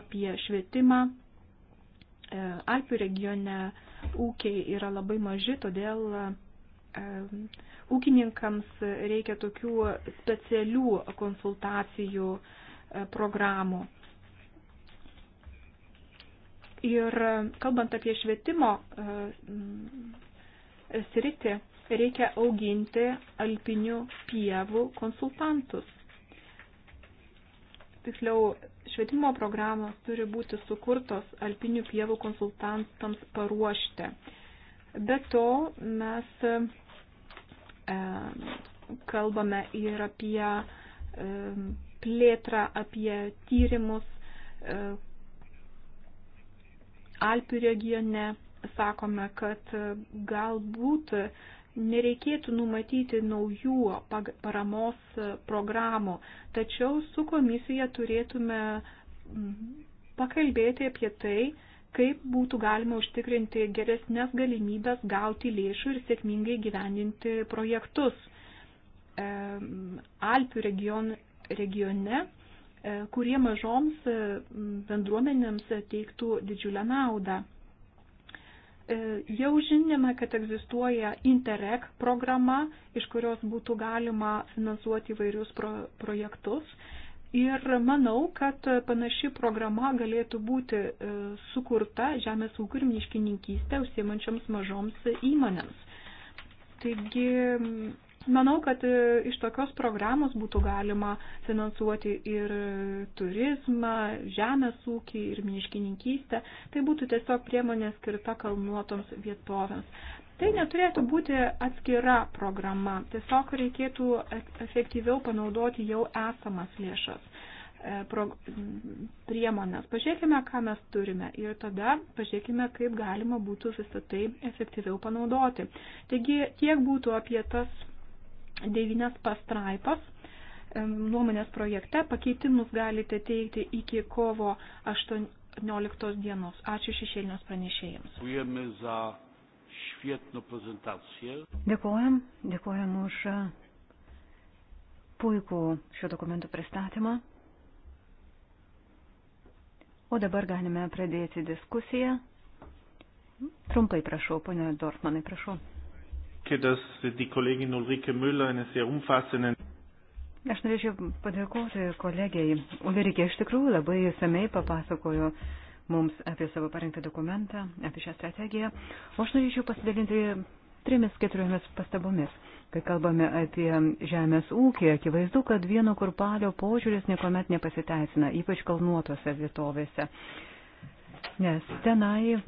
apie švietimą. Alpių regione ūkiai yra labai maži, todėl ūkininkams reikia tokių specialių konsultacijų programų. Ir e, kalbant apie švietimo e, sritį, reikia auginti alpinių pievų konsultantus. Tiksliau, švietimo programos turi būti sukurtos alpinių pievų konsultantams paruošti. Be to mes e, kalbame ir apie e, plėtrą, apie tyrimus, e, Alpių regione sakome, kad galbūt nereikėtų numatyti naujų paramos programų, tačiau su komisija turėtume pakalbėti apie tai, kaip būtų galima užtikrinti geresnės galimybės gauti lėšų ir sėkmingai gyvendinti projektus. Alpių region, regione E, kurie mažoms e, bendruomenėms teiktų didžiulę naudą. E, jau žinome, kad egzistuoja Interreg programa, iš kurios būtų galima finansuoti įvairius pro projektus. Ir manau, kad panaši programa galėtų būti sukurta žemės ūkio ir miškininkystė užsiemančioms mažoms įmonėms. Taigi Manau, kad e, iš tokios programos būtų galima finansuoti ir e, turizmą, žemės ūkį ir miškininkystę. Tai būtų tiesiog priemonė skirta kalnuotoms vietovėms. Tai neturėtų būti atskira programa, tiesiog reikėtų e, efektyviau panaudoti jau esamas lėšas priemonės. Pažiūrėkime, ką mes turime ir tada pažiūrėkime, kaip galima būtų visą tai efektyviau panaudoti. Taigi tiek būtų apie tas devynes pastraipas. Nuomonės projekte pakeitimus galite teikti iki kovo 18 dienos. Ačiū šešėlinios pranešėjams. Dėkojam, dėkojam už e, puikų šio dokumento pristatymą. O dabar galime pradėti diskusiją. Trumpai prašau, ponė Dorfmanai, prašau dass die Kollegin Ulrike Müller eine sehr umfassenden Aš norėčiau padėkoti kolegijai. Ulrike iš tikrųjų labai samei papasakojo mums apie savo parengtą dokumentą, apie šią strategiją. O aš norėčiau pasidalinti trimis keturiomis pastabomis. Kai kalbame apie žemės ūkį, akivaizdu, kad vieno kurpalio požiūris niekuomet nepasiteisina, ypač kalnuotose vietovėse. Nes tenai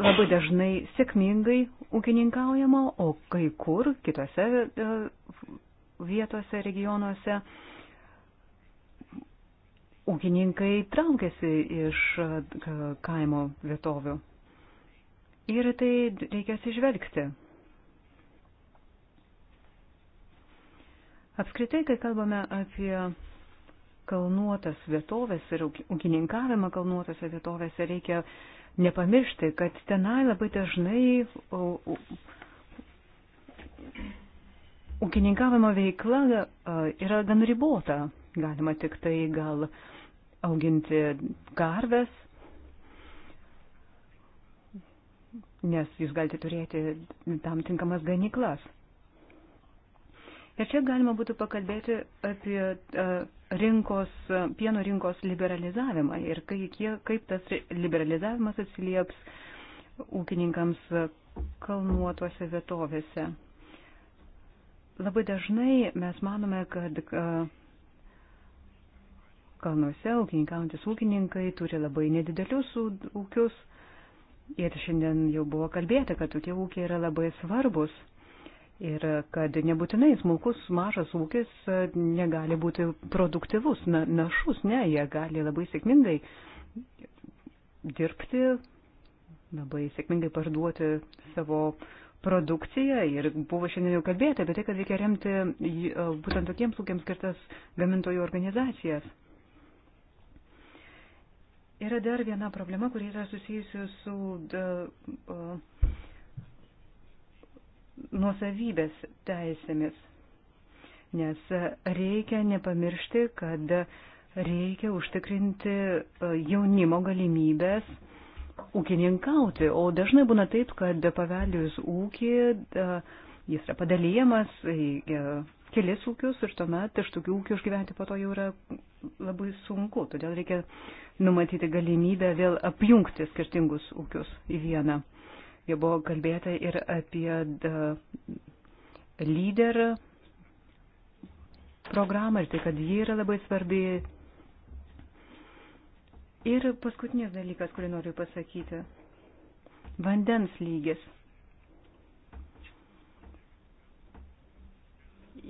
labai dažnai sėkmingai ūkininkaujama, o kai kur kitose e, vietose, regionuose ūkininkai traukiasi iš e, kaimo vietovių. Ir tai reikia atsižvelgti. Apskritai, kai kalbame apie kalnuotas vietovės ir ūkininkavimą kalnuotose vietovėse, reikia uh, nepamiršti, kad tenai labai dažnai ūkininkavimo veikla yra gan ribota. Galima tik tai gal auginti karves, nes jūs galite turėti tam tinkamas ganyklas. Ir čia galima būtų pakalbėti apie e, rinkos, e, pieno rinkos liberalizavimą ir kaip tas liberalizavimas atsilieps ūkininkams kalnuotose vietovėse. Labai dažnai mes manome, kad e, kalnuose ūkininkaujantis ūkininkai turi labai nedidelius ūkius ir šiandien jau buvo kalbėta, kad tokie ūkiai yra labai svarbus Ir kad nebūtinai smulkus, mažas ūkis e, negali būti produktyvus, na, našus, ne, jie gali labai sėkmingai dirbti, labai sėkmingai parduoti savo produkciją. Ir buvo šiandien jau kalbėta apie tai, kad reikia remti e, būtent tokiems ūkiams skirtas gamintojų organizacijas. Yra dar viena problema, kuri yra susijusi su. Da, uh, e, nuosavybės teisėmis. Nes reikia nepamiršti, kad reikia užtikrinti e, jaunimo galimybės ūkininkauti. O dažnai būna taip, kad paveldėjus ūkį e, jis yra padalyjamas į e, kelis ūkius ir tuomet iš tokių ūkių išgyventi po to jau yra labai sunku. Todėl reikia numatyti galimybę vėl apjungti skirtingus ūkius į vieną. Jau buvo kalbėta ir apie lyder programą ir tai, kad ji yra labai svarbi. Ir paskutinis dalykas, kurį noriu pasakyti. Vandens lygis.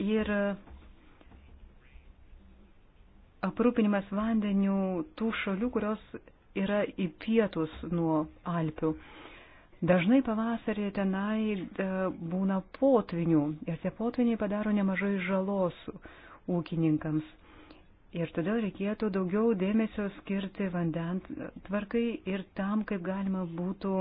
Ir aprūpinimas vandeniu tų šalių, kurios yra į pietus nuo Alpių. Uh, Dažnai pavasarį tenai e, būna potvinių ir tie potviniai padaro nemažai žalos ūkininkams. Ir todėl reikėtų daugiau dėmesio skirti vandens tvarkai ir tam, kaip galima būtų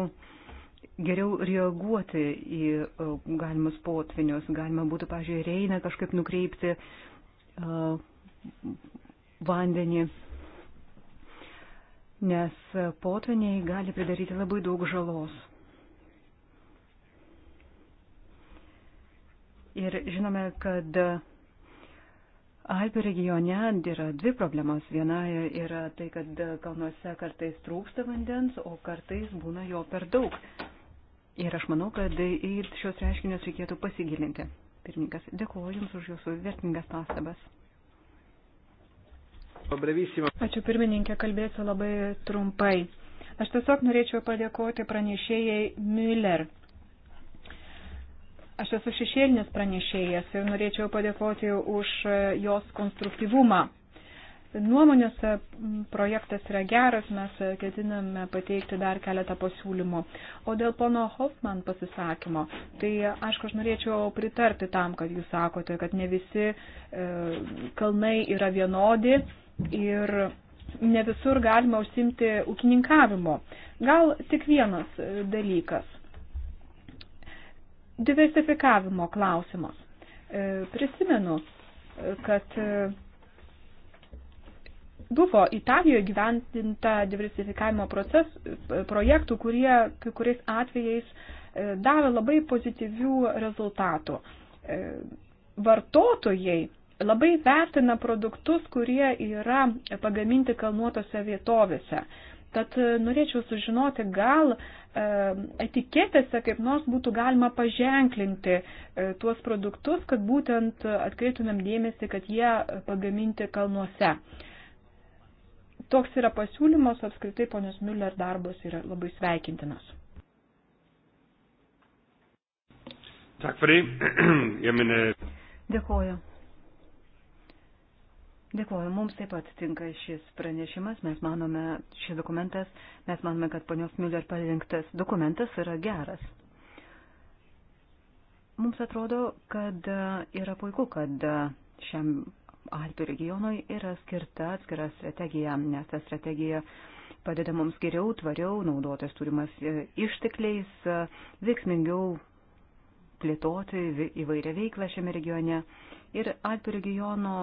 geriau reaguoti į e, galimus potvinius. Galima būtų, pažiūrėjau, reina kažkaip nukreipti uh, vandenį, nes potviniai gali pridaryti labai daug žalos. Ir žinome, kad Alpių regione yra dvi problemos. Viena yra tai, kad kalnuose kartais trūksta vandens, o kartais būna jo per daug. Ir aš manau, kad į šios reiškinius reikėtų pasigilinti. Pirmininkas, dėkuoju Jums už Jūsų vertingas pastabas. Ačiū pirmininkė, kalbėsiu labai trumpai. Aš tiesiog norėčiau padėkoti pranešėjai Müller Aš esu šešėlinis pranešėjas ir norėčiau padėkoti už e, jos konstruktyvumą. Nuomonės e, projektas yra geras, mes e, ketiname pateikti dar keletą pasiūlymų. O dėl pono Hoffman pasisakymo, tai aišku, aš norėčiau pritarti tam, kad jūs sakote, kad ne visi e, kalnai yra vienodi ir ne visur galima užsimti ūkininkavimu. Gal tik vienas dalykas diversifikavimo klausimas. E, prisimenu, e, kad e, buvo Italijoje gyventinta diversifikavimo proces, projektų, kurie kai kuriais atvejais davė labai pozityvių rezultatų. Vartotojai labai vertina produktus, kurie yra pagaminti kalnuotose vietovėse. Tad e, norėčiau sužinoti, gal e, etiketėse kaip nors būtų galima paženklinti e, tuos produktus, kad būtent atkreiptumėm dėmesį, kad jie pagaminti kalnuose. Toks yra pasiūlymas, apskritai ponios Müller darbas yra labai sveikintinas. [CLEARS THROAT] Øh, Dėkuoju. Dėkuoju, mums taip pat tinka šis pranešimas, mes manome, šis dokumentas, mes manome, kad ponios Miller parinktas dokumentas yra geras. Mums atrodo, kad e, yra puiku, kad e, šiam Alpių regionui yra skirta atskira strategija, nes ta strategija padeda mums geriau, tvariau naudotis turimas e, ištekliais, veiksmingiau plėtoti įvairią veiklą šiame regione. Ir Alpių regiono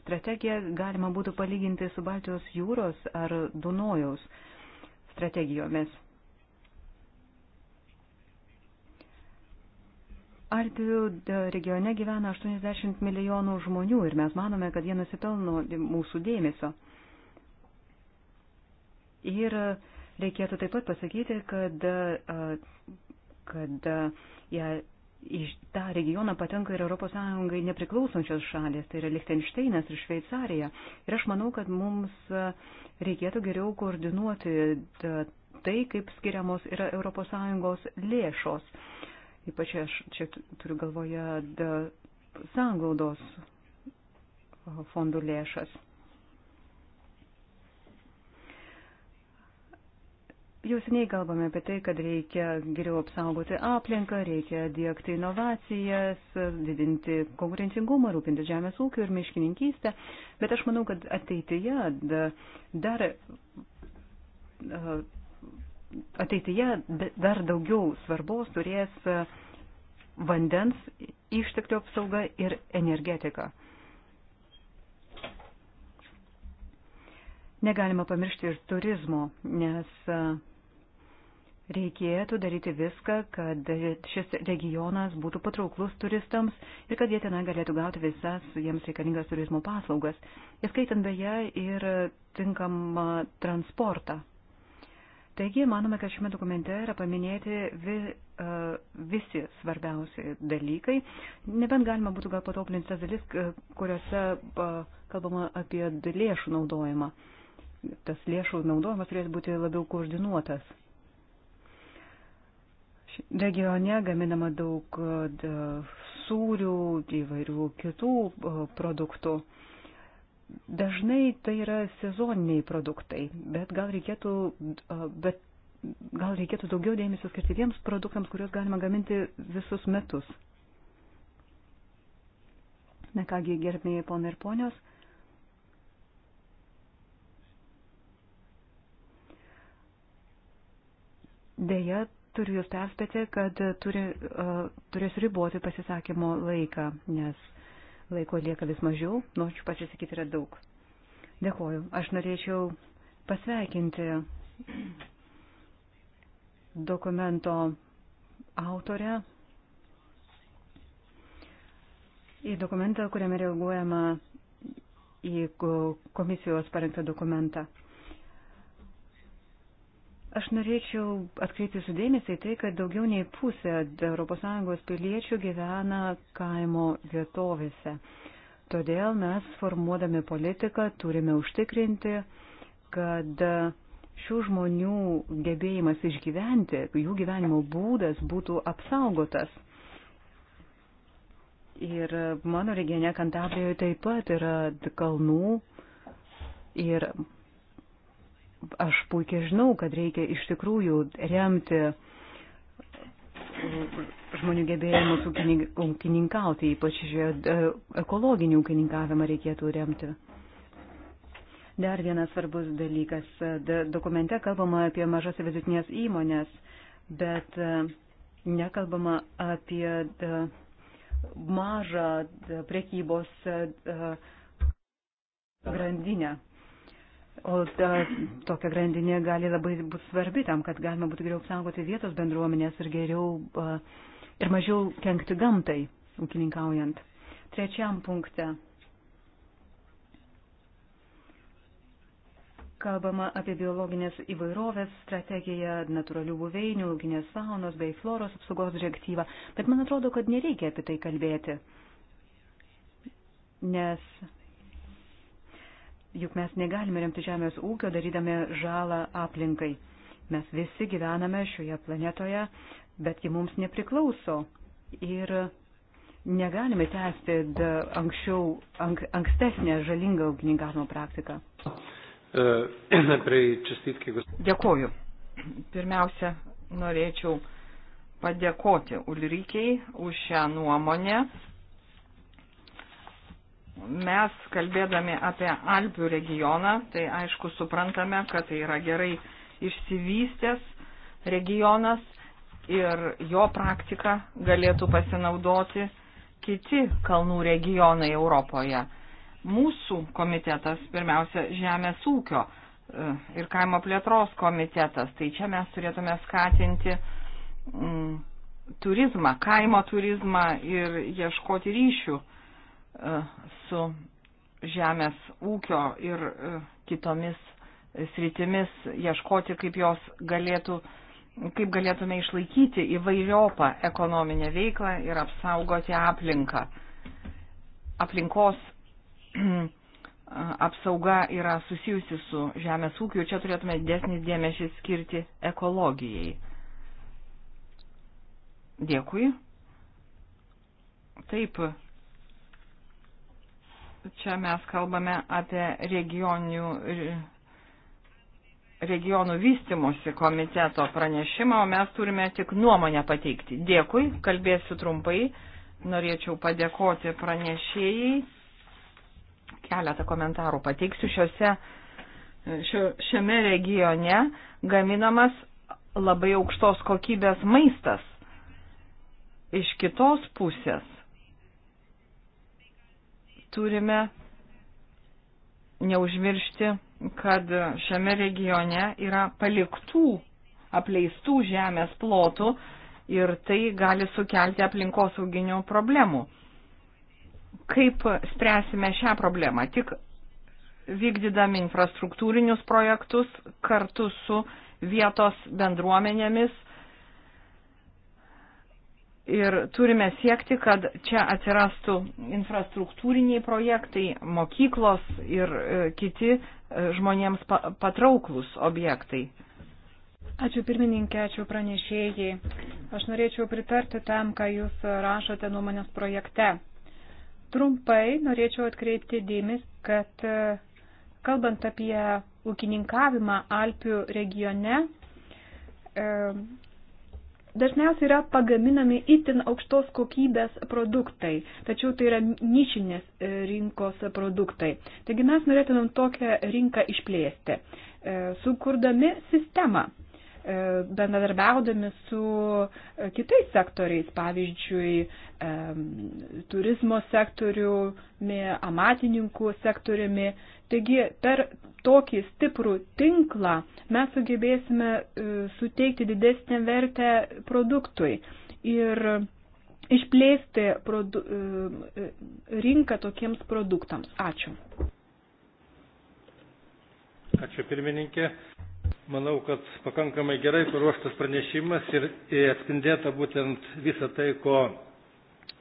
strategiją galima būtų palyginti su Baltijos jūros ar Dunojaus strategijomis. Alpių regione gyvena 80 milijonų žmonių ir mes manome, kad jie nusipelno mūsų dėmesio. Ir reikėtų taip pat pasakyti, kad, kad jei į tą regioną patenka ir ES nepriklausančios šalis, tai yra Lichtensteinas ir Šveicarija. Ir aš manau, kad mums e, reikėtų geriau koordinuoti e, tai, kaip skiriamos yra ES lėšos. Ypač aš čia turiu galvoje sanglaudos fondų lėšas. Jau seniai kalbame apie tai, kad reikia geriau apsaugoti aplinką, reikia dėkti inovacijas, didinti konkurencingumą, rūpinti žemės ūkio ir miškininkystę, bet aš manau, kad ateityje dar, ateityje dar daugiau svarbos turės vandens išteklių apsauga ir energetika. Negalima pamiršti ir turizmo, nes reikėtų daryti viską, kad šis regionas būtų patrauklus turistams ir kad jie tenai galėtų gauti visas jiems reikalingas turizmo paslaugas, įskaitant beje ir tinkamą transportą. Taigi, manome, kad šiame dokumente yra paminėti vi, uh, visi svarbiausi dalykai, nebent galima būtų gal patoblinti tas dalis, e, kuriuose uh, kalbama apie lėšų naudojimą. Tas lėšų naudojimas turės būti labiau koordinuotas. Regione gaminama daug sūrių, įvairių kitų produktų. Dažnai tai yra sezoniniai produktai, bet gal reikėtų, bet gal reikėtų daugiau dėmesio skirti tiems produktams, kuriuos galima gaminti visus metus. Na kągi, gerbėjai ponai ir ponios. Deja, Turiu Jūs perspėti, kad turi, uh, turės riboti pasisakymo laiką, nes laiko lieka vis mažiau, nočių pasisakyti yra daug. Dėkoju. Aš norėčiau pasveikinti dokumento autorę. Į dokumentą, kuriame reaguojama į komisijos parengtą dokumentą. Aš norėčiau atkreipti sudėmėsi į tai, kad daugiau nei pusė ES piliečių gyvena kaimo vietovėse. Todėl mes formuodami politiką turime užtikrinti, kad šių žmonių gebėjimas išgyventi, jų gyvenimo būdas būtų apsaugotas. Ir mano regione Kantabrijoje taip pat yra kalnų ir Aš puikiai žinau, kad reikia iš tikrųjų remti žmonių gebėjimus ūkininkauti, ypač e, ekologinį ūkininkavimą reikėtų remti. Dar vienas svarbus dalykas. Dokumente kalbama apie mažas ir vidutinės įmonės, bet e, nekalbama apie mažą prekybos e, grandinę. O ta, tokia grandinė gali labai būti svarbi tam, kad galima būtų geriau apsaugoti vietos bendruomenės ir geriau ir mažiau kenkti gamtai, ūkininkaujant. Trečiam punkte. Kalbama apie biologinės įvairovės strategiją, natūralių buveinių, laukinės faunos bei floros apsaugos direktyvą, bet man atrodo, kad nereikia apie tai kalbėti, nes juk mes negalime remti žemės ūkio, darydami žalą aplinkai. Mes visi gyvename šioje planetoje, bet ji mums nepriklauso. Ir negalime tęsti anksčiau, ank, ankstesnę žalingą ugnigarno praktiką. Uh, [CLEARS THROAT] Dėkoju. Pirmiausia, norėčiau padėkoti Ulrikiai už šią nuomonę mes, kalbėdami apie Alpių regioną, tai aišku suprantame, kad tai yra gerai išsivystęs regionas ir jo praktiką galėtų pasinaudoti kiti kalnų regionai Europoje. Mūsų komitetas, pirmiausia, Žemės ūkio e, ir kaimo plėtros komitetas, tai čia mes turėtume skatinti mm, turizmą, kaimo turizmą ir ieškoti ryšių E, su žemės ūkio ir e, kitomis sritimis, ieškoti, kaip jos galėtų, kaip galėtume išlaikyti įvairiopą ekonominę veiklą ir apsaugoti aplinką. Aplinkos [CLEARS THROAT] apsauga yra susijusi su žemės ūkiu ir čia turėtume didesnį dėmesį skirti ekologijai. Dėkui. Taip, čia mes kalbame apie regionių, regionų vystimosi komiteto pranešimą, o mes turime tik nuomonę pateikti. Dėkui, kalbėsiu trumpai. Norėčiau padėkoti pranešėjai. Keletą komentarų pateiksiu. Šiuose, šio, šiame regione gaminamas labai aukštos kokybės maistas. Iš kitos pusės turime neužmiršti, kad šiame regione yra paliktų, apleistų žemės plotų ir tai gali sukelti aplinkosauginių problemų. Kaip spręsime šią problemą? Tik vykdydami infrastruktūrinius projektus kartu su vietos bendruomenėmis, ir turime siekti, kad čia atsirastų infrastruktūriniai projektai, mokyklos ir e, kiti e, žmonėms patrauklus objektai. Ačiū pirmininkė, ačiū pranešėjai. Aš norėčiau pritarti tam, ką jūs rašote nuomonės projekte. Trumpai norėčiau atkreipti dėmesį, kad e, kalbant apie ūkininkavimą Alpių regione, dažniausiai yra pagaminami itin aukštos kokybės produktai, tačiau tai yra nišinės e, rinkos produktai. Taigi mes norėtumėm tokią rinką išplėsti, e, sukurdami sistemą E, bendradarbiaudami su e, kitais sektoriais, pavyzdžiui, e, turizmo sektoriumi, amatininkų sektoriumi. Taigi per tokį stiprų tinklą mes sugebėsime suteikti didesnę vertę produktui ir išplėsti produ rinką tokiems produktams. Ačiū. Ačiū pirmininkė. Manau, kad pakankamai gerai paruoštas pranešimas ir atspindėta būtent visą tai, ko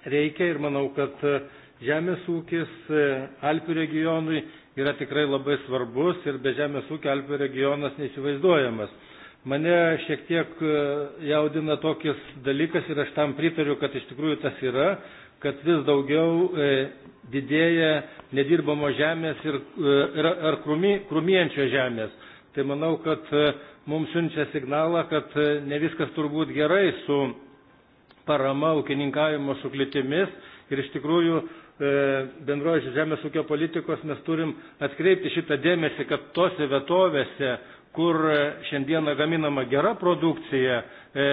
reikia. Ir manau, kad e, žemės ūkis e, Alpių regionui yra tikrai labai svarbus ir be žemės ūkio Alpių regionas neįsivaizduojamas. Mane šiek tiek e, jaudina tokis dalykas ir aš tam pritariu, kad iš tikrųjų tas yra, kad vis daugiau didėja nedirbamo žemės ir, ir, ir krumi, krumiejančio žemės tai manau, kad e, mums siunčia signalą, kad e, ne viskas turbūt gerai su parama ūkininkavimo šuklitimis ir iš tikrųjų e, bendroji žemės ūkio politikos mes turim atkreipti šitą dėmesį, kad tose vietovėse, kur šiandieną gaminama gera produkcija, e,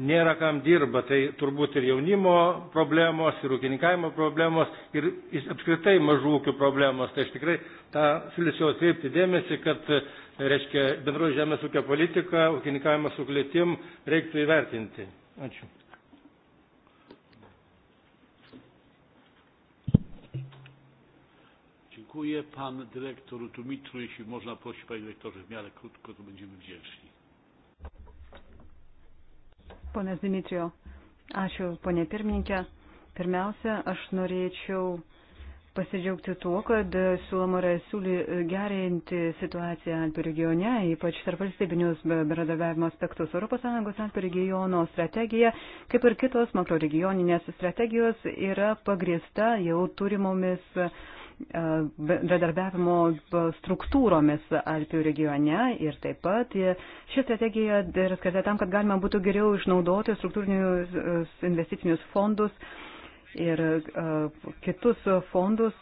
nėra kam dirba. Tai turbūt ir jaunimo problemos, ir ūkininkavimo problemos, ir apskritai mažų ūkių problemos. Tai aš tikrai tą siūlyčiau atkreipti dėmesį, kad reiškia bendroji žemės ūkio politika, ūkininkavimas su klėtim reiktų įvertinti. Ačiū. Dziękuję. Pan dyrektor Dumitru, jeśli można prosić panie dyrektorze w miarę krótko, to będziemy wdzięczni. Ponas Dimitrijo, ačiū ponė pirmininkė. Pirmiausia, aš norėčiau pasidžiaugti tuo, kad siūloma yra siūly gerinti situaciją Alpių regione, ypač tarp valstybinius bendradarbiavimo aspektus. ES Alpių regiono strategija, kaip ir kitos makroregioninės strategijos, yra pagrįsta jau turimomis bendradarbiavimo struktūromis Alpių regione ir taip pat e, ši strategija yra skirta tam, kad galima būtų geriau išnaudoti struktūrinius e, investicinius fondus ir kitus fondus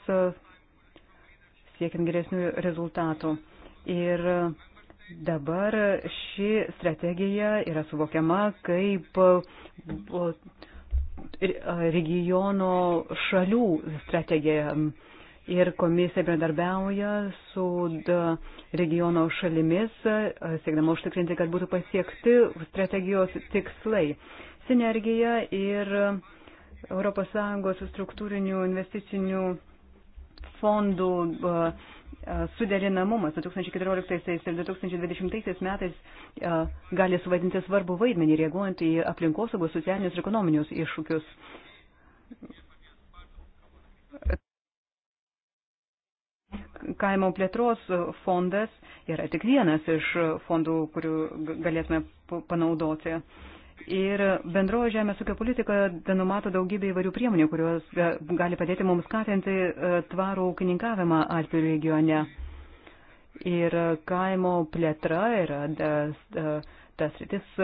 siekiant geresnių rezultatų. Ir dabar ši strategija yra suvokiama kaip regiono šalių strategija. Ir komisija bendarbiauja su regiono šalimis, siekdama užtikrinti, kad būtų pasiekti strategijos tikslai. Sinergija ir uh, ES struktūrinių investicinių fondų suderinamumas 2014 ir 2020 metais gali suvaidinti svarbu vaidmenį reaguojant į aplinkosaugos socialinius ir ekonominius iššūkius. Kaimo plėtros fondas yra tik vienas iš fondų, kurių galėtume panaudoti. Uh, Ir bendrojo žemės ūkio politika numato daugybę įvairių priemonių, kurios gali padėti mums skatinti e, tvarų ūkininkavimą Alpių regione. Ir kaimo plėtra yra tas rytis,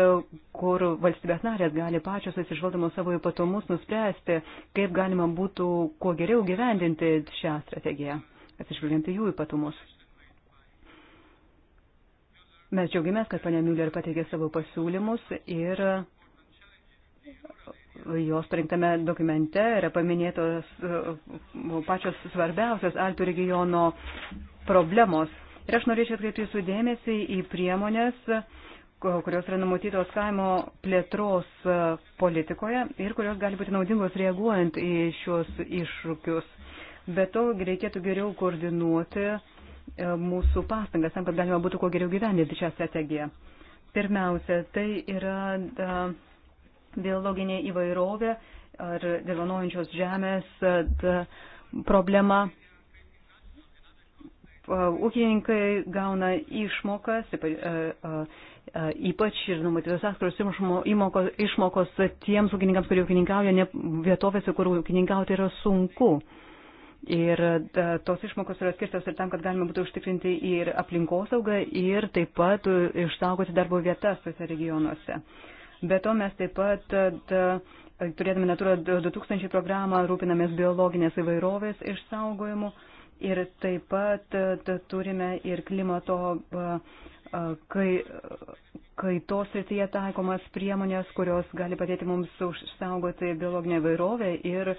kur valstybės narės gali pačios atsižvaldamos savo ypatumus nuspręsti, kaip galima būtų kuo geriau gyvendinti šią strategiją, atsižvelgiant į jų ypatumus. Mes džiaugiamės, kad panė Miller pateikė savo pasiūlymus ir jos parinktame dokumente yra paminėtos e, pačios svarbiausios Alpių regiono problemos. Ir aš norėčiau atkreipti jūsų dėmesį į priemonės, kurios yra numatytos kaimo plėtros e, politikoje ir kurios gali būti naudingos reaguojant į šios iššūkius. Be to, reikėtų geriau koordinuoti uh, E, mūsų pastangas tam, kad galima būtų kuo geriau gyvendinti šią strategiją. Pirmiausia, tai yra da, e, biologinė įvairovė ar dėlonojančios žemės e, da, problema. Ūkininkai gauna išmokas, ypač ir numatytos atskiros išmokos tiems ūkininkams, kurie ūkininkauja ne, vietovėse, kur ūkininkauti yra sunku. Ir e, tos išmokos yra skirtos ir tam, kad galima būtų užtikrinti ir aplinkosaugą, ir taip pat išsaugoti darbo vietas tose regionuose. Be to mes taip pat e, e, turėdami Natūra 2000 programą rūpinamės biologinės įvairovės išsaugojimu ir taip pat turime ir klimato. Uh, kai, kai tos srityje taikomas priemonės, kurios gali padėti mums užsaugoti biologinę vairovę ir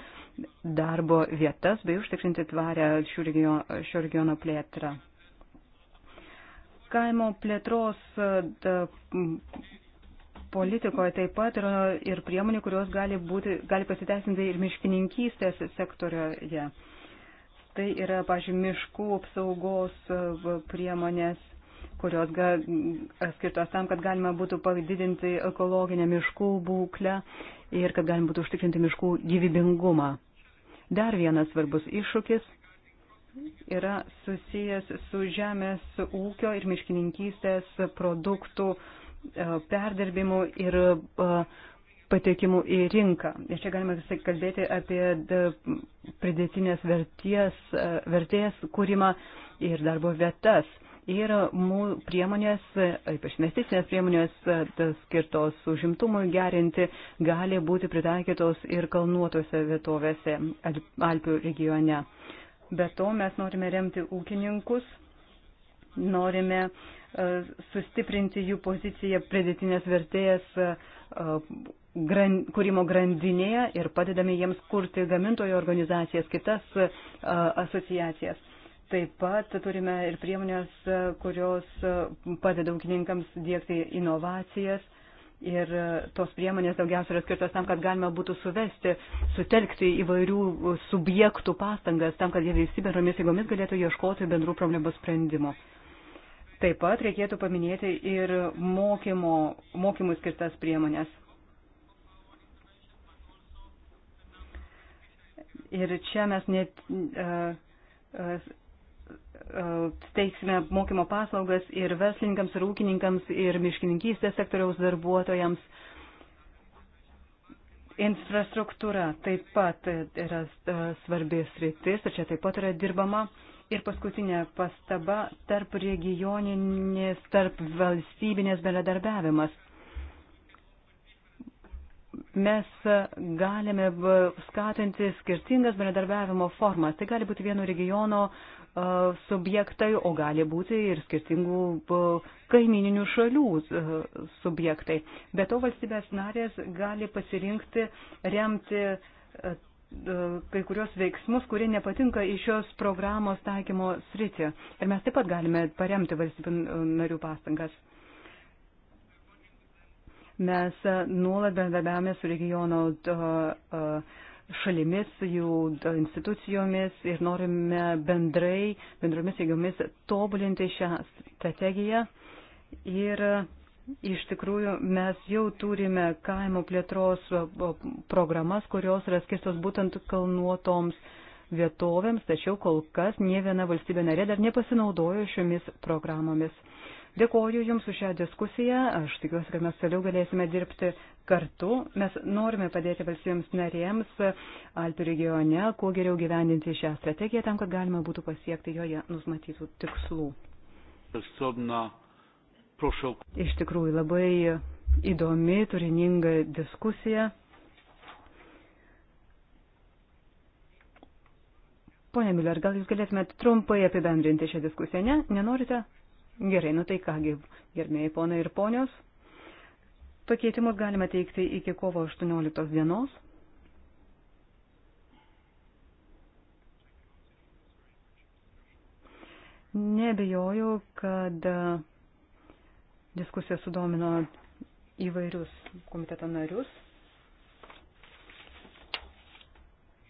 darbo vietas, bei užtikrinti tvarę šio regiono, šio regiono plėtrą. Kaimo plėtros da, politikoje taip pat yra ir priemonių, kurios gali, būti, gali pasiteisinti ir miškininkystės sektorioje. Tai yra, pažiūrėjau, miškų apsaugos priemonės kurios ga, skirtos tam, kad galima būtų padidinti ekologinę miškų būklę ir kad galima būtų užtikrinti miškų gyvybingumą. Dar vienas svarbus iššūkis yra susijęs su žemės ūkio ir miškininkystės produktų e, perdirbimu ir e, patekimu į rinką. Ir čia galima visai kalbėti apie e, pridėtinės verties, vertės kūrimą ir darbo vietas ir mūsų priemonės, ypač investicinės priemonės e, skirtos užimtumui gerinti, gali būti pritaikytos ir kalnuotose vietovėse Alpių regione. Be to mes norime remti ūkininkus, norime e, sustiprinti jų poziciją pridėtinės vertėjas e, gran, kūrimo grandinėje ir padedame jiems kurti gamintojo organizacijas, kitas asociacijas. Taip pat turime ir priemonės, kurios padeda ūkininkams dėkti inovacijas. Ir tos priemonės daugiausia yra skirtos tam, kad galima būtų suvesti, sutelkti įvairių subjektų pastangas, tam, kad jie visi bendromis jėgomis galėtų ieškoti bendrų problemų sprendimo. Taip pat reikėtų paminėti ir mokymo, mokymų skirtas priemonės. Ir čia mes net. Uh, uh, E, teiksime mokymo paslaugas ir verslininkams, ir ūkininkams, ir miškininkystės sektoriaus darbuotojams. Infrastruktūra taip pat yra e, svarbi sritis ir čia taip pat yra dirbama. Ir paskutinė pastaba - tarp regioninės, tarp valstybinės bendradarbiavimas. Mes galime skatinti skirtingas bendradarbiavimo formas. Tai gali būti vieno regiono uh, subjektai, o gali būti ir skirtingų kaimininių šalių subjektai. Be to valstybės narės gali pasirinkti remti kai kurios veiksmus, kurie nepatinka iš šios programos taikymo sritį. Ir mes taip pat galime paremti valstybių narių pastangas. Mes nuolat bendradarbiavame su regiono uh, uh, šalimis, jų institucijomis ir norime bendrai, bendromis jėgomis tobulinti šią strategiją. Ir Iš tikrųjų, mes jau turime kaimo plėtros programas, kurios yra skirtos būtent kalnuotoms vietovėms, tačiau kol kas nie viena valstybė narė dar nepasinaudojo šiomis programomis. Dėkoju Jums už šią diskusiją. Aš tikiuosi, kad mes toliau galėsime dirbti kartu. Mes norime padėti valstybėms narėms Alpių regione, kuo geriau gyvendinti šią strategiją, tam, kad galima būtų pasiekti joje numatytų tikslų. Iš tikrųjų, labai įdomi, turininga diskusija. Pone Miller, gal jūs galėtumėte trumpai apibendrinti šią diskusiją, ne? Nenorite? Gerai, nu tai kągi, gerbėjai ponai ir ponios, pakeitimus galima teikti iki kovo 18 dienos. Nebejoju, kad diskusija sudomino įvairius komiteto narius.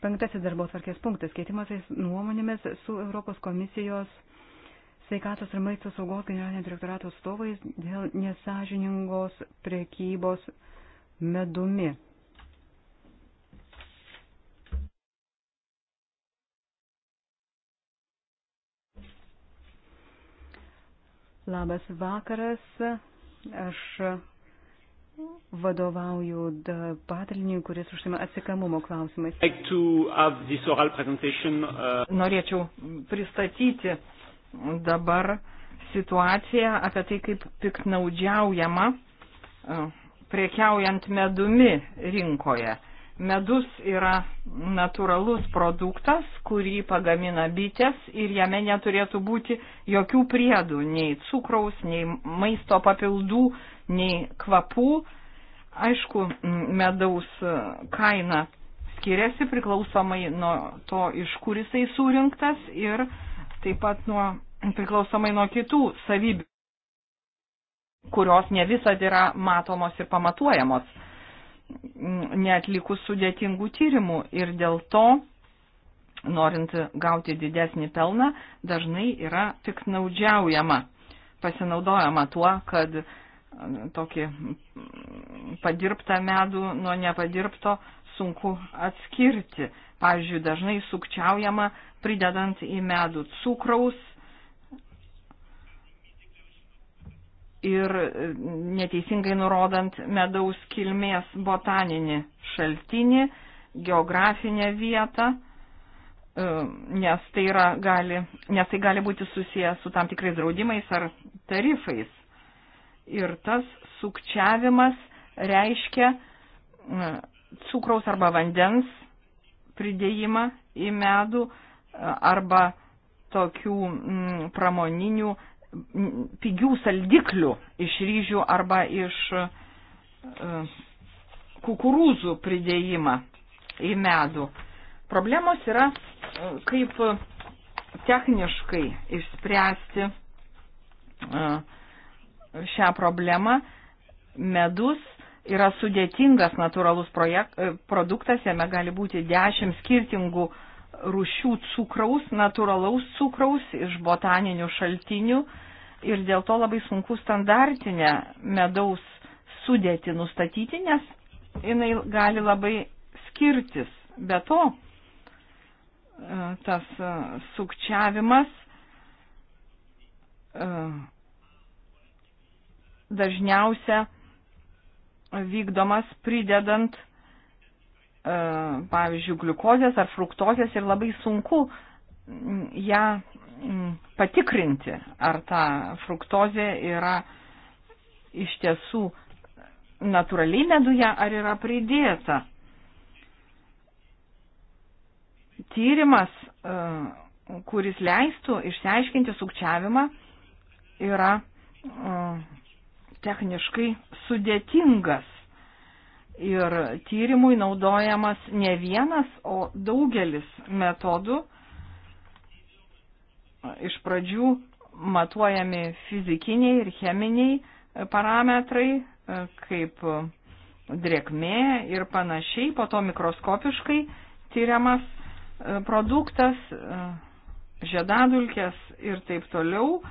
Penktasis darbo tvarkės punktas - keitimasis nuomonėmis su Europos komisijos sveikatos ir maisto saugos generalinio direktorato atstovais dėl nesažiningos prekybos medumi. Labas vakaras, aš vadovauju padaliniui, kuris užsima atsikamumo klausimais. Uh, Norėčiau pristatyti dabar situaciją apie tai, kaip piknaudžiaujama e, priekiaujant medumi rinkoje. Medus yra natūralus produktas, kurį pagamina bitės ir jame neturėtų būti jokių priedų, nei cukraus, nei maisto papildų, nei kvapų. Aišku, medaus e, kaina skiriasi priklausomai nuo to, iš kur jisai surinktas ir uh, taip pat nuo, priklausomai nuo kitų savybių, kurios ne visad yra matomos ir pamatuojamos, netlikus sudėtingų tyrimų. Ir dėl to, norint gauti didesnį pelną, dažnai yra piknaudžiaujama, pasinaudojama tuo, kad e, tokį padirbtą medų nuo nepadirbto sunku atskirti. Pavyzdžiui, dažnai sukčiaujama pridedant į medų cukraus ir neteisingai nurodant medaus kilmės botaninį šaltinį, geografinę vietą, um, nes tai, yra, gali, nes tai gali būti susijęs su tam tikrais draudimais ar tarifais. Ir tas sukčiavimas reiškia um, cukraus arba vandens pridėjimą į medų e, arba tokių m, mm, pramoninių m, mm, pigių saldiklių iš ryžių arba iš e, kukurūzų pridėjimą į medų. Problemos yra e, kaip techniškai išspręsti e, šią problemą. Medus yra sudėtingas natūralus projekt, e, produktas, jame gali būti dešimt skirtingų rušių cukraus, natūralaus cukraus iš botaninių šaltinių ir dėl to labai sunku standartinę medaus sudėti nustatyti, nes jinai gali labai skirtis. Be to, e, tas e, sukčiavimas dažniausia vykdomas pridedant, e, pavyzdžiui, gliukozės ar fruktozės ir labai sunku mm, ją mm, patikrinti, ar ta fruktozė yra iš tiesų natūraliai meduje ar yra pridėta. Tyrimas, e, kuris leistų išsiaiškinti sukčiavimą, yra e, techniškai sudėtingas. Ir tyrimui naudojamas ne vienas, o daugelis metodų. Iš pradžių matuojami fizikiniai ir cheminiai parametrai, kaip drėkmė ir panašiai, po to mikroskopiškai tyriamas produktas, žiedadulkės ir taip toliau,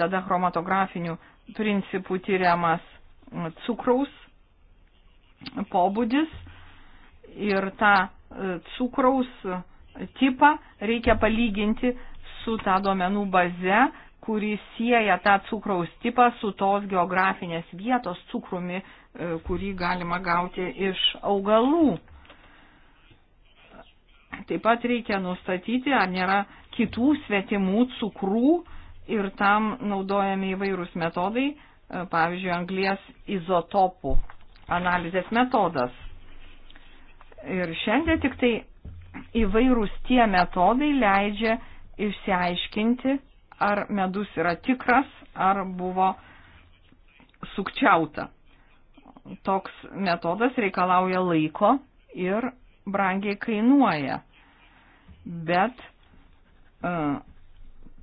tada chromatografinių principų tyriamas cukraus pobūdis ir tą e, cukraus tipą reikia palyginti su tą duomenų baze, kuri sieja tą cukraus tipą su tos geografinės vietos cukrumi, e, kurį galima gauti iš augalų. Taip pat reikia nustatyti, ar nėra kitų svetimų cukrų, ir tam naudojami įvairūs metodai, e, pavyzdžiui, anglies izotopų analizės metodas. Ir šiandien tik tai įvairūs tie metodai leidžia išsiaiškinti, ar medus yra tikras, ar buvo sukčiauta. Toks metodas reikalauja laiko ir brangiai kainuoja. Bet uh,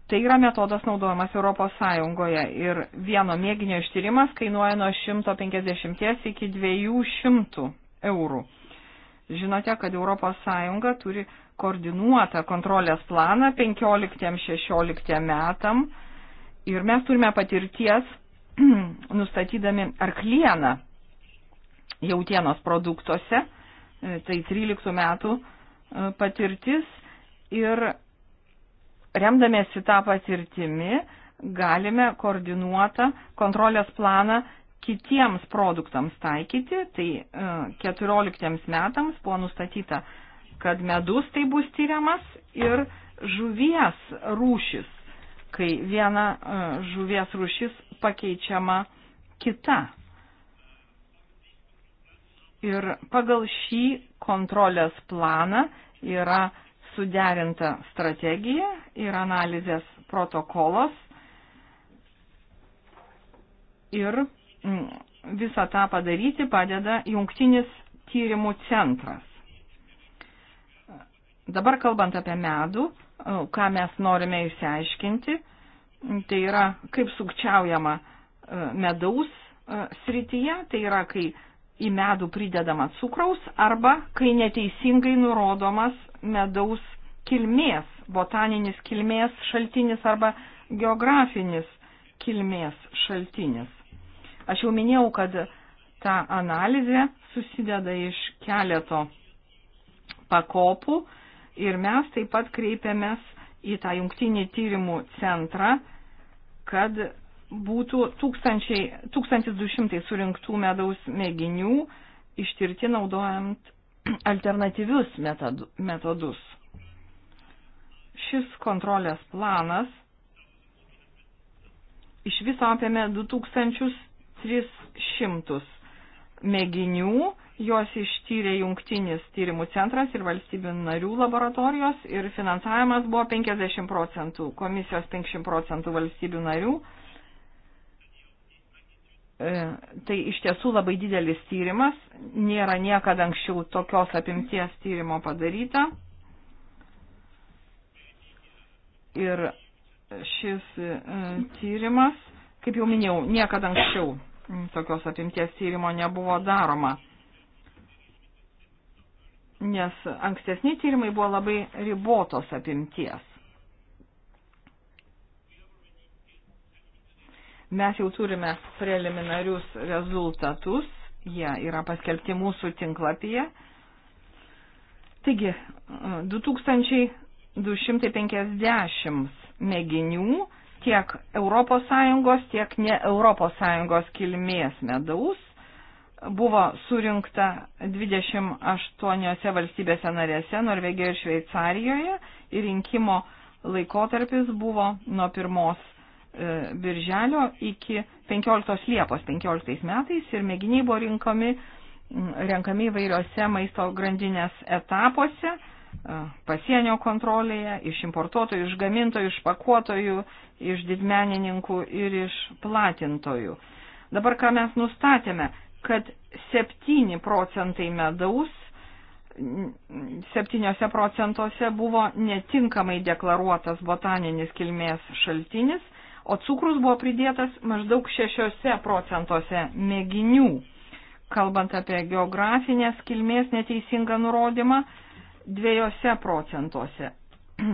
Tai yra metodas naudojamas ES ir vieno mėginio ištyrimas kainuoja nuo 150 iki 200 eurų. Žinote, kad ES turi koordinuotą kontrolės planą 15-16 metam ir mes turime patirties [CLEARS THROAT] nustatydami arklieną jautienos produktuose, e, tai 13 metų e, patirtis ir remdamėsi tą patirtimi, galime koordinuotą kontrolės planą kitiems produktams taikyti. Tai 14 e, metams buvo nustatyta, kad medus tai bus tyriamas ir žuvies rūšis, kai viena e, žuvies rūšis pakeičiama kita. Ir pagal šį kontrolės planą yra suderinta strategija ir analizės protokolas ir mm, visą tą padaryti padeda jungtinis tyrimų centras. Dabar kalbant apie medų, ką mes norime išsiaiškinti, tai yra kaip sukčiaujama e, medaus e, srityje, tai yra kai į medų pridedama cukraus arba kai neteisingai nurodomas medaus kilmės, botaninis kilmės šaltinis arba geografinis kilmės šaltinis. Aš jau minėjau, kad ta analizė susideda iš keleto pakopų ir mes taip pat kreipiamės į tą jungtinį tyrimų centrą, kad būtų 1200 surinktų medaus mėginių ištirti naudojant [CLEARS THROAT] alternatyvius metodus. Šis kontrolės planas iš viso apėmė 2300 mėginių, juos ištyrė jungtinis tyrimų centras ir valstybių narių laboratorijos ir finansavimas buvo 50 procentų, komisijos 50 procentų valstybių narių E, tai iš tiesų labai didelis tyrimas, nėra niekada anksčiau tokios apimties tyrimo padaryta. Ir šis e, tyrimas, kaip jau minėjau, niekada anksčiau tokios apimties tyrimo nebuvo daroma. Nes ankstesni tyrimai buvo labai ribotos apimties. Mes jau turime preliminarius rezultatus, jie yra paskelbti mūsų tinklapyje. Taigi, 2250 mėginių tiek ES, tiek ne ES kilmės medaus buvo surinkta 28 valstybėse narėse, Norvegijoje ir Šveicarijoje ir rinkimo laikotarpis buvo nuo pirmos E, birželio iki 15 liepos 15 metais ir mėginiai buvo rinkami, renkami įvairiose maisto grandinės etapuose e, pasienio kontrolėje, iš importuotojų, iš gamintojų, iš pakuotojų, iš didmenininkų ir iš platintojų. Dabar ką mes nustatėme, kad 7 procentai medaus 7 procentuose buvo netinkamai deklaruotas botaninis kilmės šaltinis o cukrus buvo pridėtas maždaug 6 procentuose mėginių. Kalbant apie geografinės kilmės neteisingą nurodymą, 2 procentuose [CLEARS THROAT]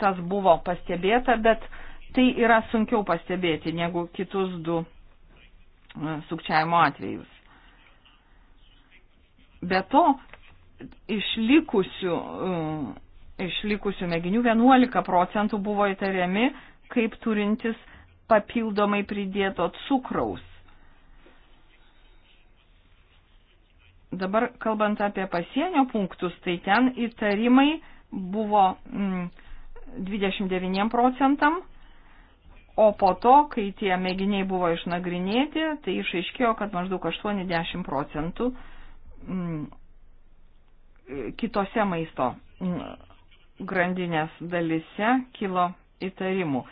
tas buvo pastebėta, bet tai yra sunkiau pastebėti negu kitus du e, sukčiavimo atvejus. Be to, išlikusių, e, išlikusių mėginių 11 procentų buvo įtariami kaip turintis papildomai pridėto cukraus. Dabar kalbant apie pasienio punktus, tai ten įtarimai buvo mm, 29 procentam, o po to, kai tie mėginiai buvo išnagrinėti, tai išaiškėjo, kad maždaug 80 procentų mm, kitose maisto mm, grandinės dalise kilo įtarimų.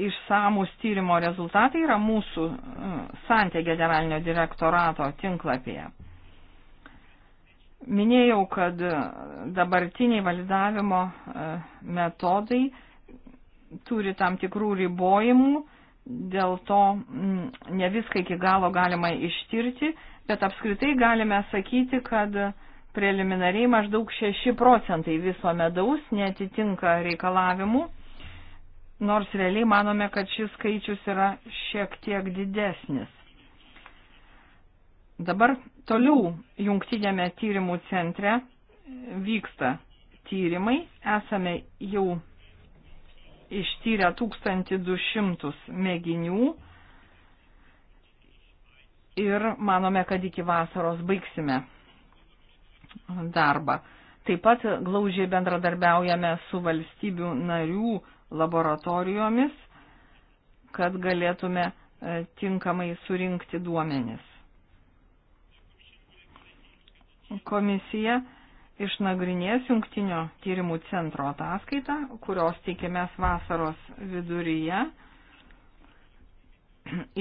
Išsamus tyrimo rezultatai yra mūsų e, santė generalinio direktorato tinklapyje. Minėjau, kad dabartiniai validavimo e, metodai turi tam tikrų ribojimų, dėl to mm, ne viską iki galo galima ištirti, bet apskritai galime sakyti, kad preliminariai maždaug 6 procentai viso medaus netitinka reikalavimų, nors realiai manome, kad šis skaičius yra šiek tiek didesnis. Dabar toliau jungtinėme tyrimų centre vyksta tyrimai. Esame jau ištyrę 1200 mėginių ir manome, kad iki vasaros baigsime darbą. Taip pat glaužiai bendradarbiaujame su valstybių narių laboratorijomis, kad galėtume e, tinkamai surinkti duomenis. Komisija išnagrinės jungtinio tyrimų centro ataskaitą, kurios tikimės vasaros viduryje.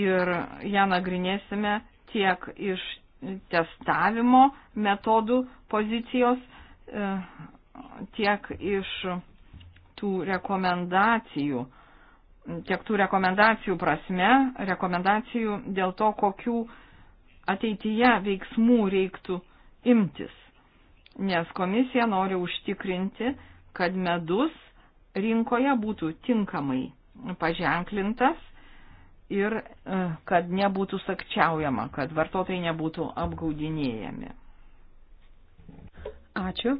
Ir ją nagrinėsime tiek iš testavimo metodų pozicijos e, tiek iš tų rekomendacijų, tiek tų rekomendacijų prasme, rekomendacijų dėl to, kokių ateityje veiksmų reiktų imtis. Nes komisija nori užtikrinti, kad medus rinkoje būtų tinkamai paženklintas ir e, kad nebūtų sakčiaujama, kad vartotojai nebūtų apgaudinėjami. Ačiū.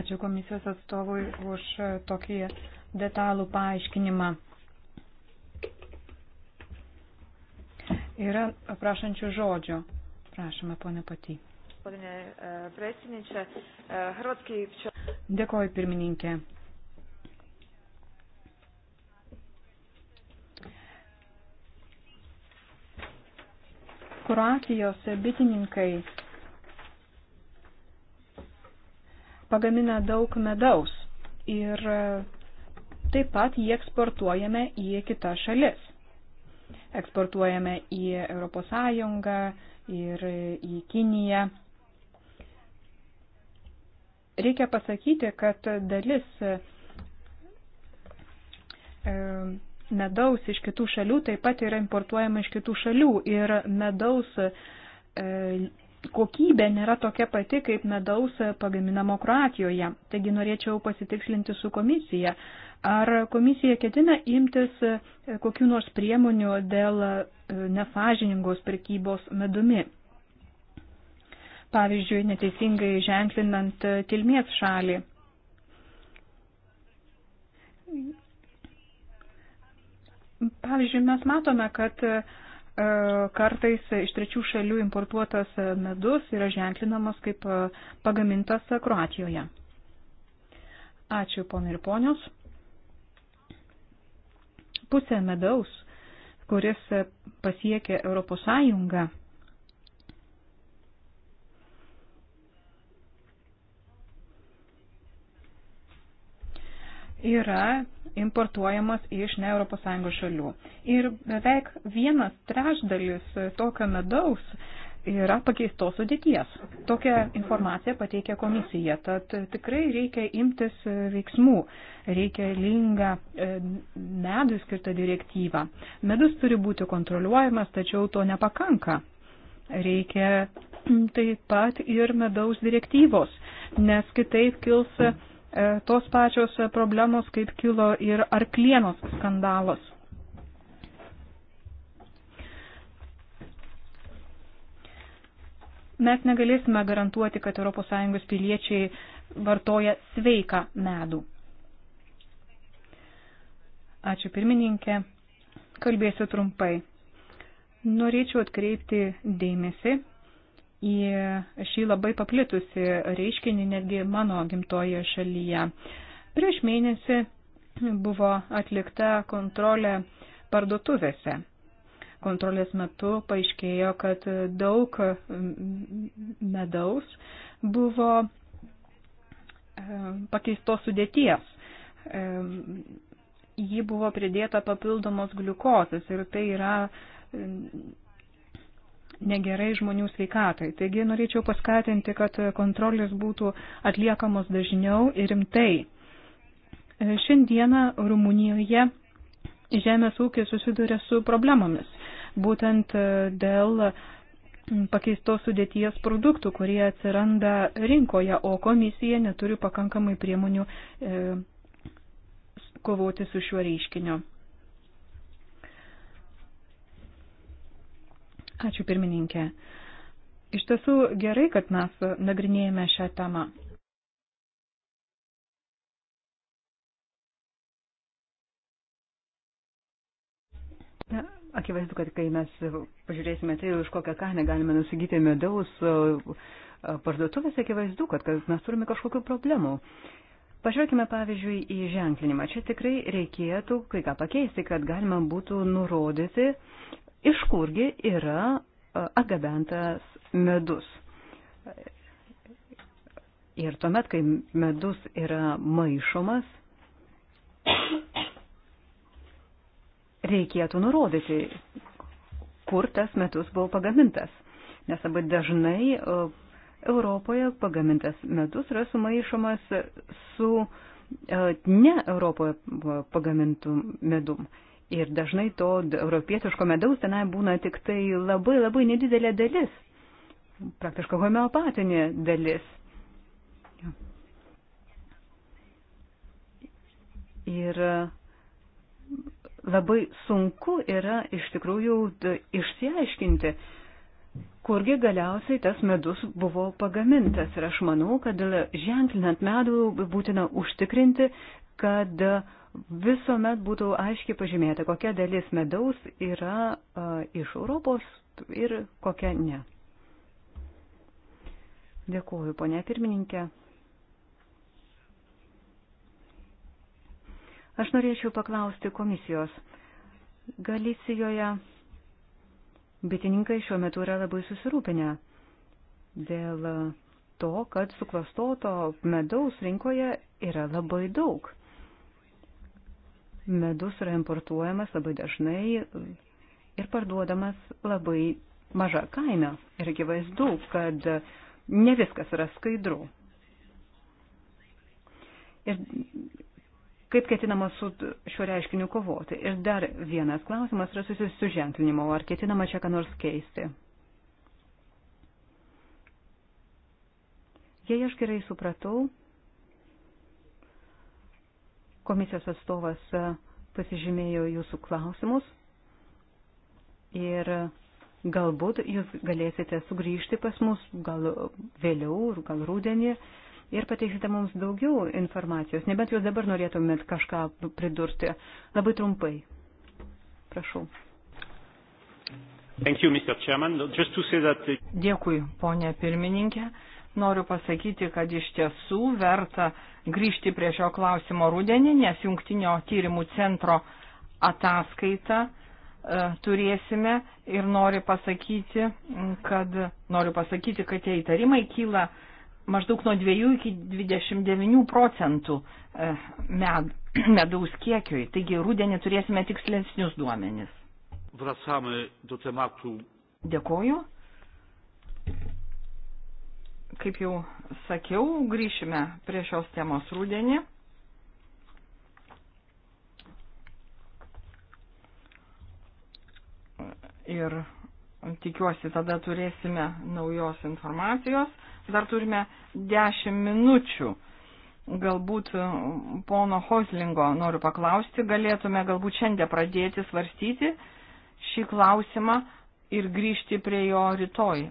Ačiū komisijos atstovui už tokį detalų paaiškinimą. Yra prašančių žodžio. Prašome, ponė Pati. E, e, Dėkoju, pirmininkė. Kroatijos bitininkai pagamina daug medaus ir taip pat jį eksportuojame į kitas šalis. Eksportuojame į ES ir į Kiniją. Reikia pasakyti, kad dalis medaus iš kitų šalių taip pat yra importuojama iš kitų šalių ir medaus e, kokybė nėra tokia pati kaip medaus pagaminamo Kroatijoje. Taigi norėčiau pasitikslinti su komisija. Ar komisija ketina imtis e, kokiu nors priemonių dėl e, nesažiningos prekybos medumi? Pavyzdžiui, neteisingai ženklinant e, kilmės šalį. Pavyzdžiui, mes matome, kad e, kartais iš trečių šalių importuotas medus yra ženklinamas kaip e, pagamintas Kroatijoje. Ačiū, ponai ir ponios. Pusė medaus, kuris pasiekė Europos Sąjungą, yra importuojamas iš ne ES šalių. Ir beveik vienas trešdalis tokio medaus yra pakeistos sudėties. Tokią informaciją pateikia komisija, tad tikrai reikia imtis veiksmų, reikalingą e, medų skirtą direktyvą. Medus turi būti kontroliuojamas, tačiau to nepakanka. Reikia taip pat ir medaus direktyvos, nes kitaip kils E, tos pačios problemos, kaip kilo ir arklienos skandalas. Mes negalėsime garantuoti, kad ES piliečiai vartoja sveiką medų. Ačiū pirmininkė, kalbėsiu trumpai. Norėčiau atkreipti dėmesį į šį labai paplitusi reiškinį netgi mano gimtoje šalyje. Prieš mėnesį buvo atlikta kontrolė parduotuvėse. Kontrolės metu paaiškėjo, kad daug medaus buvo pakeistos sudėties. Ji buvo pridėta papildomos gliukozės ir tai yra negerai žmonių sveikatai. Taigi norėčiau paskatinti, kad kontrolės būtų atliekamos dažniau ir rimtai. E, šiandieną Rumunijoje žemės ūkis susiduria su problemomis, būtent e, dėl pakeistos sudėties produktų, kurie atsiranda rinkoje, o komisija neturi pakankamai priemonių e, kovoti su šiuo reiškiniu. Ačiū pirmininkė. Iš tiesų gerai, kad mes nagrinėjame šią temą. Na, akivaizdu, kad kai mes pažiūrėsime tai, už kokią kainą galime nusigyti medaus parduotuvėse, akivaizdu, kad, kad mes turime kažkokių problemų. Pažiūrėkime pavyzdžiui į ženklinimą. Čia tikrai reikėtų kai ką pakeisti, kad galima būtų nurodyti, iš kurgi yra e, atgabentas medus. Ir tuomet, kai medus yra maišomas, reikėtų nurodyti, kur tas medus buvo pagamintas. Nes labai dažnai e, Europoje pagamintas medus yra sumaišomas su e, ne Europoje pagamintų medum. Ir dažnai to europietiško medaus tenai būna tik tai labai labai nedidelė dalis, praktiškai homeopatinė dalis. Ir e, labai sunku yra iš tikrųjų išsiaiškinti, kurgi galiausiai tas medus buvo pagamintas. Ir aš manau, kad ženklinant medų būtina užtikrinti, kad visuomet būtų aiškiai pažymėta, kokia dalis medaus yra a, iš Europos ir kokia ne. Dėkuoju, ponė pirmininkė. Aš norėčiau paklausti komisijos. Galicijoje bitininkai šiuo metu yra labai susirūpinę dėl to, kad suklastoto medaus rinkoje yra labai daug. Medus yra importuojamas labai dažnai ir parduodamas labai maža kaina. Ir akivaizdu, kad ne viskas yra skaidru. Ir kaip ketinama su šiuo reiškiniu kovoti. Ir dar vienas klausimas yra susijęs su ženklinimu, ar ketinama čia ką nors keisti. Jei aš gerai supratau, Komisijos atstovas e, pasižymėjo jūsų klausimus ir galbūt jūs galėsite sugrįžti pas mus gal vėliau, gal rūdienį ir pateiksite mums daugiau informacijos, nebent jūs dabar norėtumėt kažką pridurti. Labai trumpai. Prašau. Thank you, Mr. Chairman. Just to say that... Uh, Dėkui, ponė pirmininkė noriu pasakyti, kad iš tiesų verta grįžti prie šio klausimo rudenį, nes jungtinio tyrimų centro ataskaitą e, turėsime ir noriu pasakyti, kad, noriu pasakyti, kad tie įtarimai kyla maždaug nuo 2 iki 29 procentų e, med, [CLEARS THROAT] medaus kiekiui. Taigi rudenį turėsime tikslesnius duomenis. Vrasame do tematu. Dėkoju kaip jau sakiau, grįšime prie šios temos rūdienį. Ir tikiuosi, tada turėsime naujos informacijos. Dar turime 10 minučių. Galbūt e, pono Hoslingo noriu paklausti, galėtume galbūt šiandien pradėti svarstyti šį klausimą ir grįžti prie jo rytoj.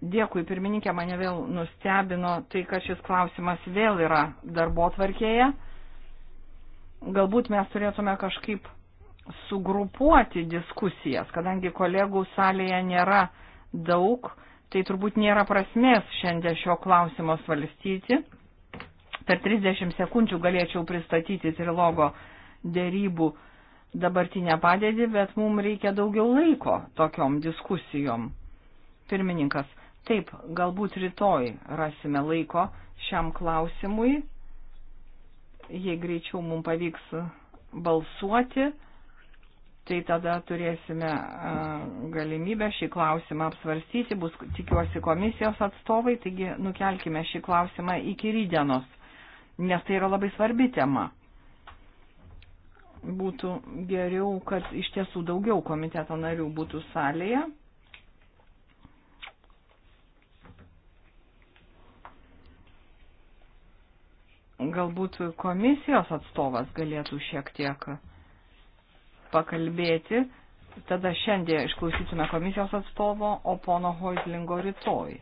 Dėkui, pirmininkė, mane vėl nustebino tai, kad šis klausimas vėl yra darbo tvarkėje. Galbūt mes turėtume kažkaip sugrupuoti diskusijas, kadangi kolegų salėje nėra daug, tai turbūt nėra prasmės šiandien šio klausimo svalstyti. Per 30 sekundžių galėčiau pristatyti trilogo dėrybų dabartinę padėtį, bet mums reikia daugiau laiko tokiom diskusijom. Pirmininkas. Taip, galbūt rytoj rasime laiko šiam klausimui, jei greičiau mums pavyks balsuoti, tai tada turėsime galimybę šį klausimą apsvarstyti, bus tikiuosi komisijos atstovai, taigi nukelkime šį klausimą iki rydienos, nes tai yra labai svarbi tema. Būtų geriau, kad iš tiesų daugiau komiteto narių būtų salėje. galbūt komisijos atstovas galėtų šiek tiek pakalbėti. Tada šiandien išklausytume komisijos atstovo, o pono Hoislingo rytoj.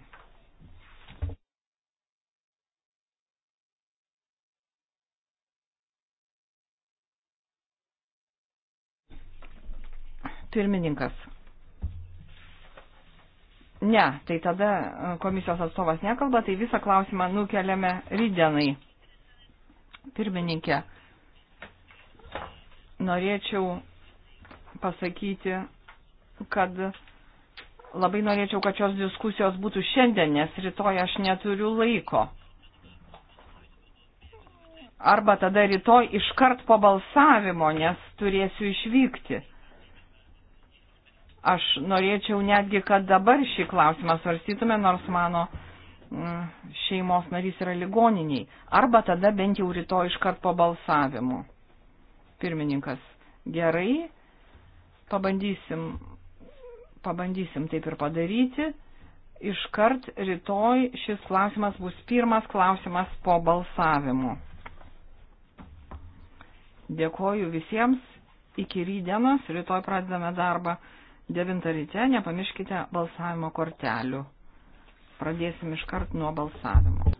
Pirmininkas. Ne, tai tada e, komisijos atstovas nekalba, tai visą klausimą nukeliame rydienai pirmininkė. Norėčiau pasakyti, kad labai norėčiau, kad šios diskusijos būtų šiandien, nes rytoj aš neturiu laiko. Arba tada rytoj iškart po balsavimo, nes turėsiu išvykti. Aš norėčiau netgi, kad dabar šį klausimą svarstytume, nors mano Mm, šeimos narys yra ligoniniai. Arba tada bent jau rytoj iškart po balsavimo. Pirmininkas, gerai, pabandysim, pabandysim taip ir padaryti. Iškart rytoj šis klausimas bus pirmas klausimas po balsavimo. Dėkoju visiems. Iki rydienos, rytoj pradedame darbą 9 ryte, nepamirškite balsavimo kortelių. Pradėsim iš kart nuo balsavimo.